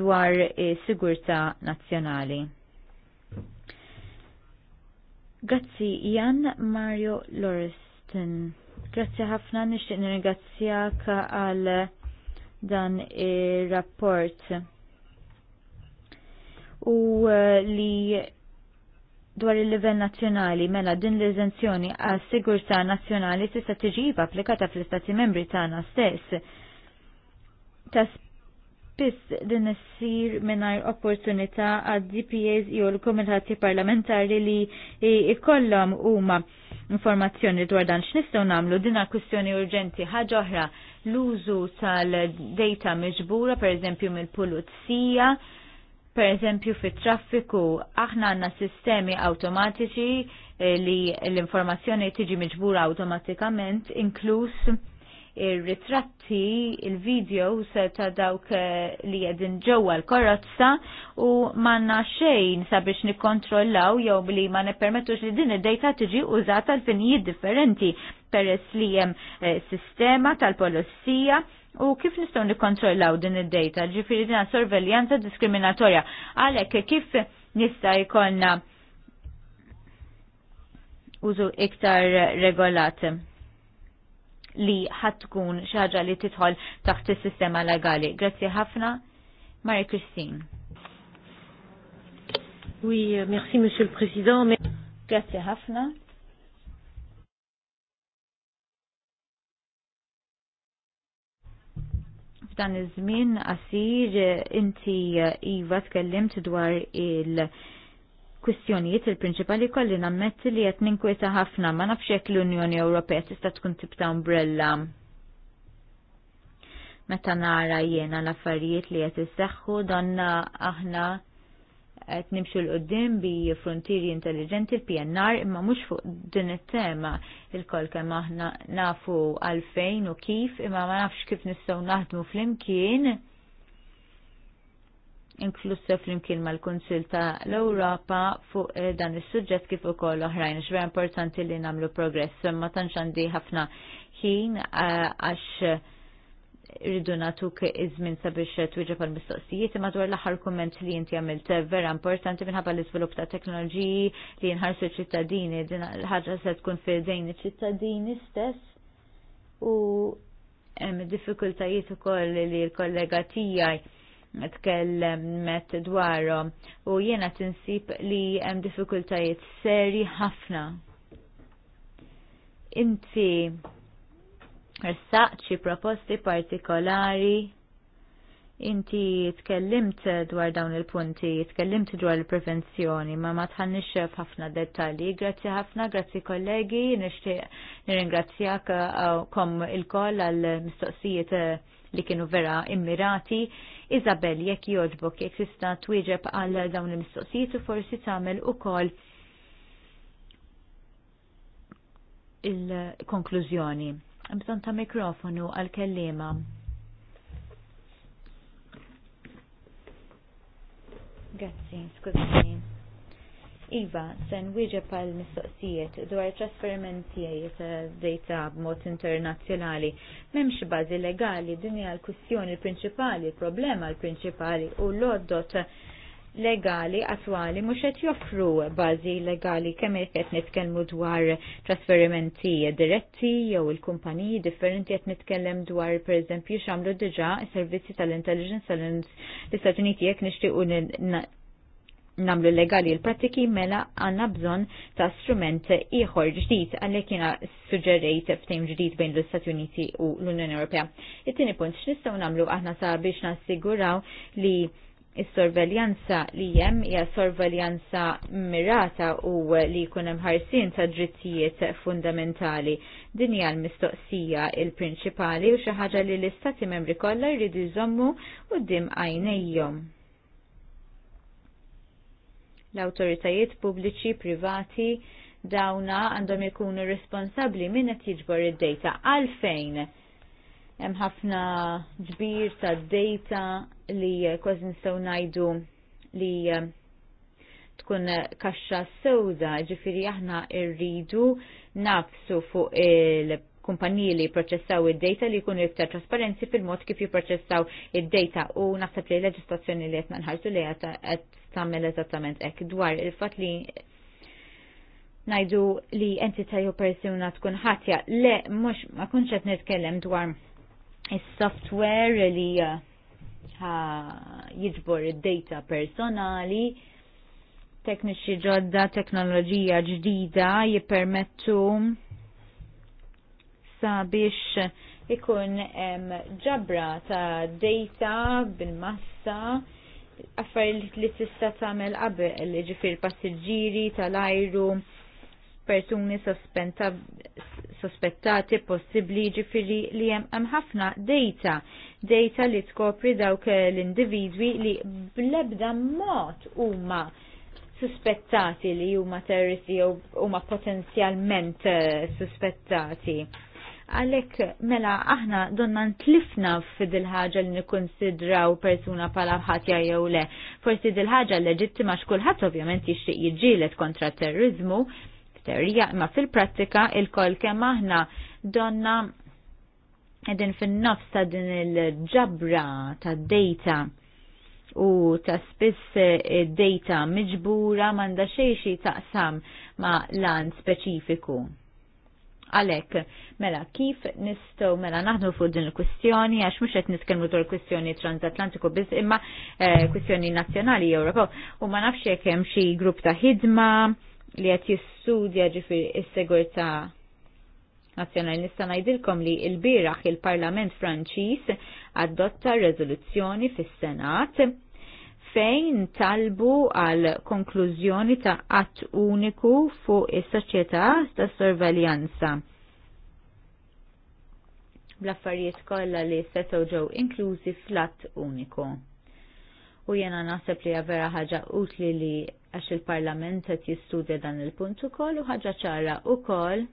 dwar sigurtà nazzjonali. Grazzi Jan Mario Loriston. Grazzi ħafna nixtieq nirringrazzjak għal dan ir-rapport u eh, li dwar il-livell nazzjonali mela din l-eżenzjoni għas sigurtà nazzjonali tista' tiġi applikata fl-istati membri tagħna stess. Ta' spiss din issir mingħajr opportunità għad DPAs jew l-kumitati parlamentari li ikollhom huma informazzjoni dwar dan x'nistgħu nagħmlu din kwistjoni urġenti ħaġa oħra l-użu tal-data miġbura pereżempju mill-pulizija Per eżempju, fit traffiku aħna għanna sistemi automatiċi eh, li l-informazzjoni tiġi miġbura automatikament, inkluż il-ritratti, eh, il-videos eh, ta' dawk li jedin ġewwa l-korozza u manna xejn sabiex nikkontrollaw jew li ma nippermettux li din id data tiġi użata l-finijiet differenti peress li hemm sistema tal polossija U kif nistgħu nikkontrollaw din id-data, ġifieri dinha sorveljanza diskriminatorja. Għalhekk kif nista' jkollna użu iktar regolat li ħadd tkun xi ħaġa li tidħol taħt is-sistema legali. Grazzi ħafna, Marie Christine. Oui, euh, merci Monsieur le Président. Grazie ħafna. f'dan iż-żmien qasir inti iva tkellimt dwar il- kwistjonijiet il-prinċipali kolli nammetti li qed ninkweta ħafna ma nafx hekk l-Unjoni Ewropea tista' tkun tibta umbrella. Meta nara jiena l-affarijiet li qed isseħħu donna aħna qed nimxu l qoddim bi frontieri intelligenti l-PNR imma mhux fuq din it-tema il-kol kemm aħna nafu għalfejn u kif imma ma nafx kif nistgħu naħdmu flimkien inklussa flimkien mal-Kunsil ta' l-Ewropa fuq eh, dan is-suġġett kif ukoll oħrajn x'vera importanti li nagħmlu progress imma tantx għandi ħafna ħin eh, għax uh, rridu natuk iż-żmien sabiex twieġeb għal mistoqsijiet imma dwar l-aħħar kumment li inti għamilt eh, vera importanti minħabba l-iżvilupp ta' teknoloġiji li jinħarsu ċittadini din ħaġa se tkun fidejn iċ-ċittadini stess u hemm diffikultajiet ukoll li l-kollega tiegħi met dwarhom u jiena tinsib li hemm diffikultajiet seri ħafna. Inti ressaq xi proposti partikolari inti tkellimt dwar dawn il-punti, tkellimt dwar il-prevenzjoni, ma ma tħannix f'ħafna dettalji. Grazzi ħafna, grazzi kollegi, nishtiq nirringrazzjak uh, kom il-koll għal-mistoqsijiet uh, li kienu vera immirati. Izabel, jekk jodbok, jekk tista twieġeb għal dawn il-mistoqsijiet u forsi tagħmel ukoll il-konklużjoni. Bżon ta' mikrofonu għal-kellima. Grazzi, skużani. Iva, sen wieġeb għal mistoqsijiet dwar trasferimentijiet data b'mod internazzjonali. Memx bażi legali din hija l-kwistjoni l-prinċipali, il-problema l-prinċipali u l-oddot legali attwali mhux qed joffru bażi legali kemm qed nitkellmu dwar trasferimenti diretti jew il-kumpaniji differenti qed nitkellem dwar pereżempju x'għamlu diġà s-servizzi tal-intelligence tal-Istati Uniti jekk nixtiequ namlu legali l-prattiki mela għanna bżon ta' strument ieħor ġdid għalhekk jiena suġġerejt ftejm ġdid bejn l-Istati Uniti u l-Unjoni Ewropea. It-tieni punt x'nistgħu nagħmlu aħna sa biex nassiguraw li Is-sorveljanza li hemm hija sorveljanza mirata u li jkun hemm ħarsien ta' drittijiet fundamentali. Din hija l-mistoqsija il-prinċipali u xi ħaġa li l-istati membri kollha jridu jżommu quddiem għajnejhom. L-awtoritajiet pubbliċi, privati, dawna għandhom ikunu responsabbli min qed jiġbor id-dejta għalfejn hemm ħafna ġbir ta' data li kważi nistgħu ngħidu li eh, tkun kaxxa sewda, ġifiri aħna rridu nafsu fuq il-kumpaniji li jipproċessaw id-data li jkunu iktar trasparenzi fil-mod kif jipproċessaw id-data u naħseb li l-leġislazzjoni li qed nħarsu li qed tagħmel eżattament hekk dwar il-fatt li najdu li entita jew persuna tkun ħatja le mhux ma kontx qed nitkellem dwar il-software li uh, jiġbor id-data personali, tekniċi ġodda, teknoloġija ġdida jippermettu sabiex ikun ġabra ta' data bil-massa affarijiet li tista' tagħmel qabel ġifir passiġġieri tal-ajru persuni sospettati possibbli ġifiri li hemm ħafna data, data li tkopri dawk eh, l-individwi li blebda mod huma suspettati li huma terroristi jew huma potenzjalment eh, suspettati. Għalek mela aħna donna ntlifna f'dil-ħaġa li nikkonsidraw persuna pala ħatja jew le. Forsi dil-ħaġa leġittima x'kulħadd ovvjament jixtieq jiġġieled kontra terrorizmu, fil-sterja, imma fil-prattika il-kol kemm aħna donna edin fin-nofs ta' din il-ġabra ta' data u ta' spiss eh, data miġbura manda xejxi taqsam ma' lan speċifiku. Għalek, mela, kif nistow, mela, naħdu fuq din il-kwistjoni, għax mux għet nitkellmu dwar kwistjoni transatlantiku, biz imma eh, kwistjoni nazjonali Ewropew, u ma nafx jekk hemm xi grupp ta' ħidma, li qed jistudja ġifir is-segurtà nazzjonali nista' ngħidilkom li l-bieraħ il-Parlament Franċiż adotta rezoluzzjoni fis-Senat fejn talbu għal konklużjoni ta' att uniku fuq is-soċjetà ta' sorveljanza. Bl-affarijiet kollha li setgħu ġew inklużi fl-att uniku. U jena naħseb li vera ħaġa utli li għax il-Parlament qed jistudja dan il-punt ukoll u ħaġa ċara kol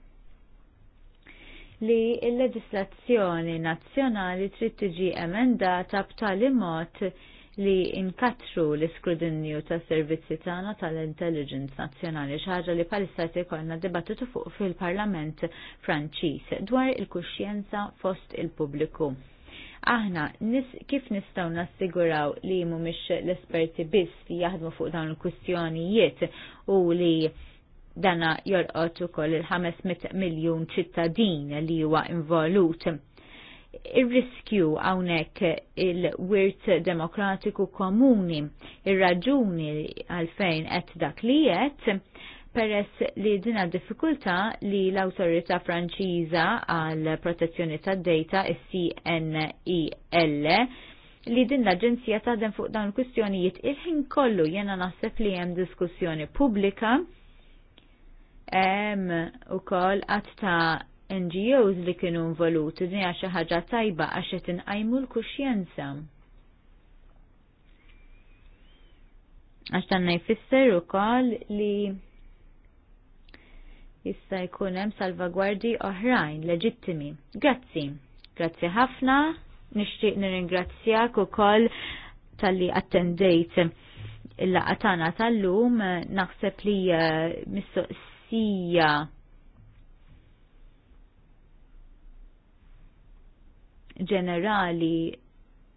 li l-leġislazzjoni nazzjonali trid tiġi emendata b'tali mod li inkatru l iskrudinju ta' servizzi tagħna tal-intelligence nazzjonali xi ħaġa li palissa se jkollna dibattitu fuq fil-Parlament Franċiż dwar il-kuxjenza fost il-pubbliku aħna nis, kif nistgħu nassiguraw li mhumiex l-esperti biss li jaħdmu fuq dawn il-kwistjonijiet u li dana jorqot ukoll il-500 miljun ċittadin li huwa involut. Ir-riskju għawnek hawnhekk il-wirt demokratiku komuni, ir-raġuni għalfejn qed dak li qed peress li dina diffikulta li l autorita franċiża għal protezzjoni tad data is-CNIL li din l-Aġenzija taħdem fuq dawn il-kwistjonijiet il-ħin kollu jena naħseb li hemm diskussjoni pubblika hemm ukoll qatt ta' NGOs li kienu involuti din xi ħaġa tajba għax qed inqajmu l-kuxjenza. Għax tanna jfisser ukoll li jista' jkun hemm salvagwardi oħrajn leġittimi. Grazzi. Grazzi ħafna. Nixtieq nirringrazzjak ukoll tal-li attendejt il-laqgħa tagħna tal-lum naħseb li eh, mistoqsija ġenerali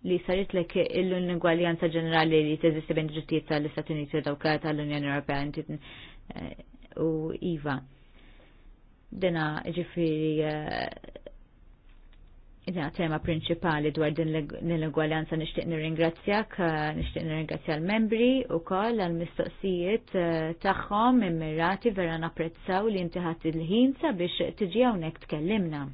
li sarit lek l-ingwaljanza ġenerali li teżisti bejn ġittijiet tal istat Uniti u dawk tal-Unjoni Ewropea eh, u Iva Dina ġifiri eh, dina tema prinċipali dwar din l-ingwaljanza nixtieq nirringrazzjak, eh, nixtieq nirringrazzja l-membri u koll għal-mistoqsijiet eh, tagħhom immirati vera napprezzaw li inti il-ħin sabiex tiġi hawnhekk tkellimna.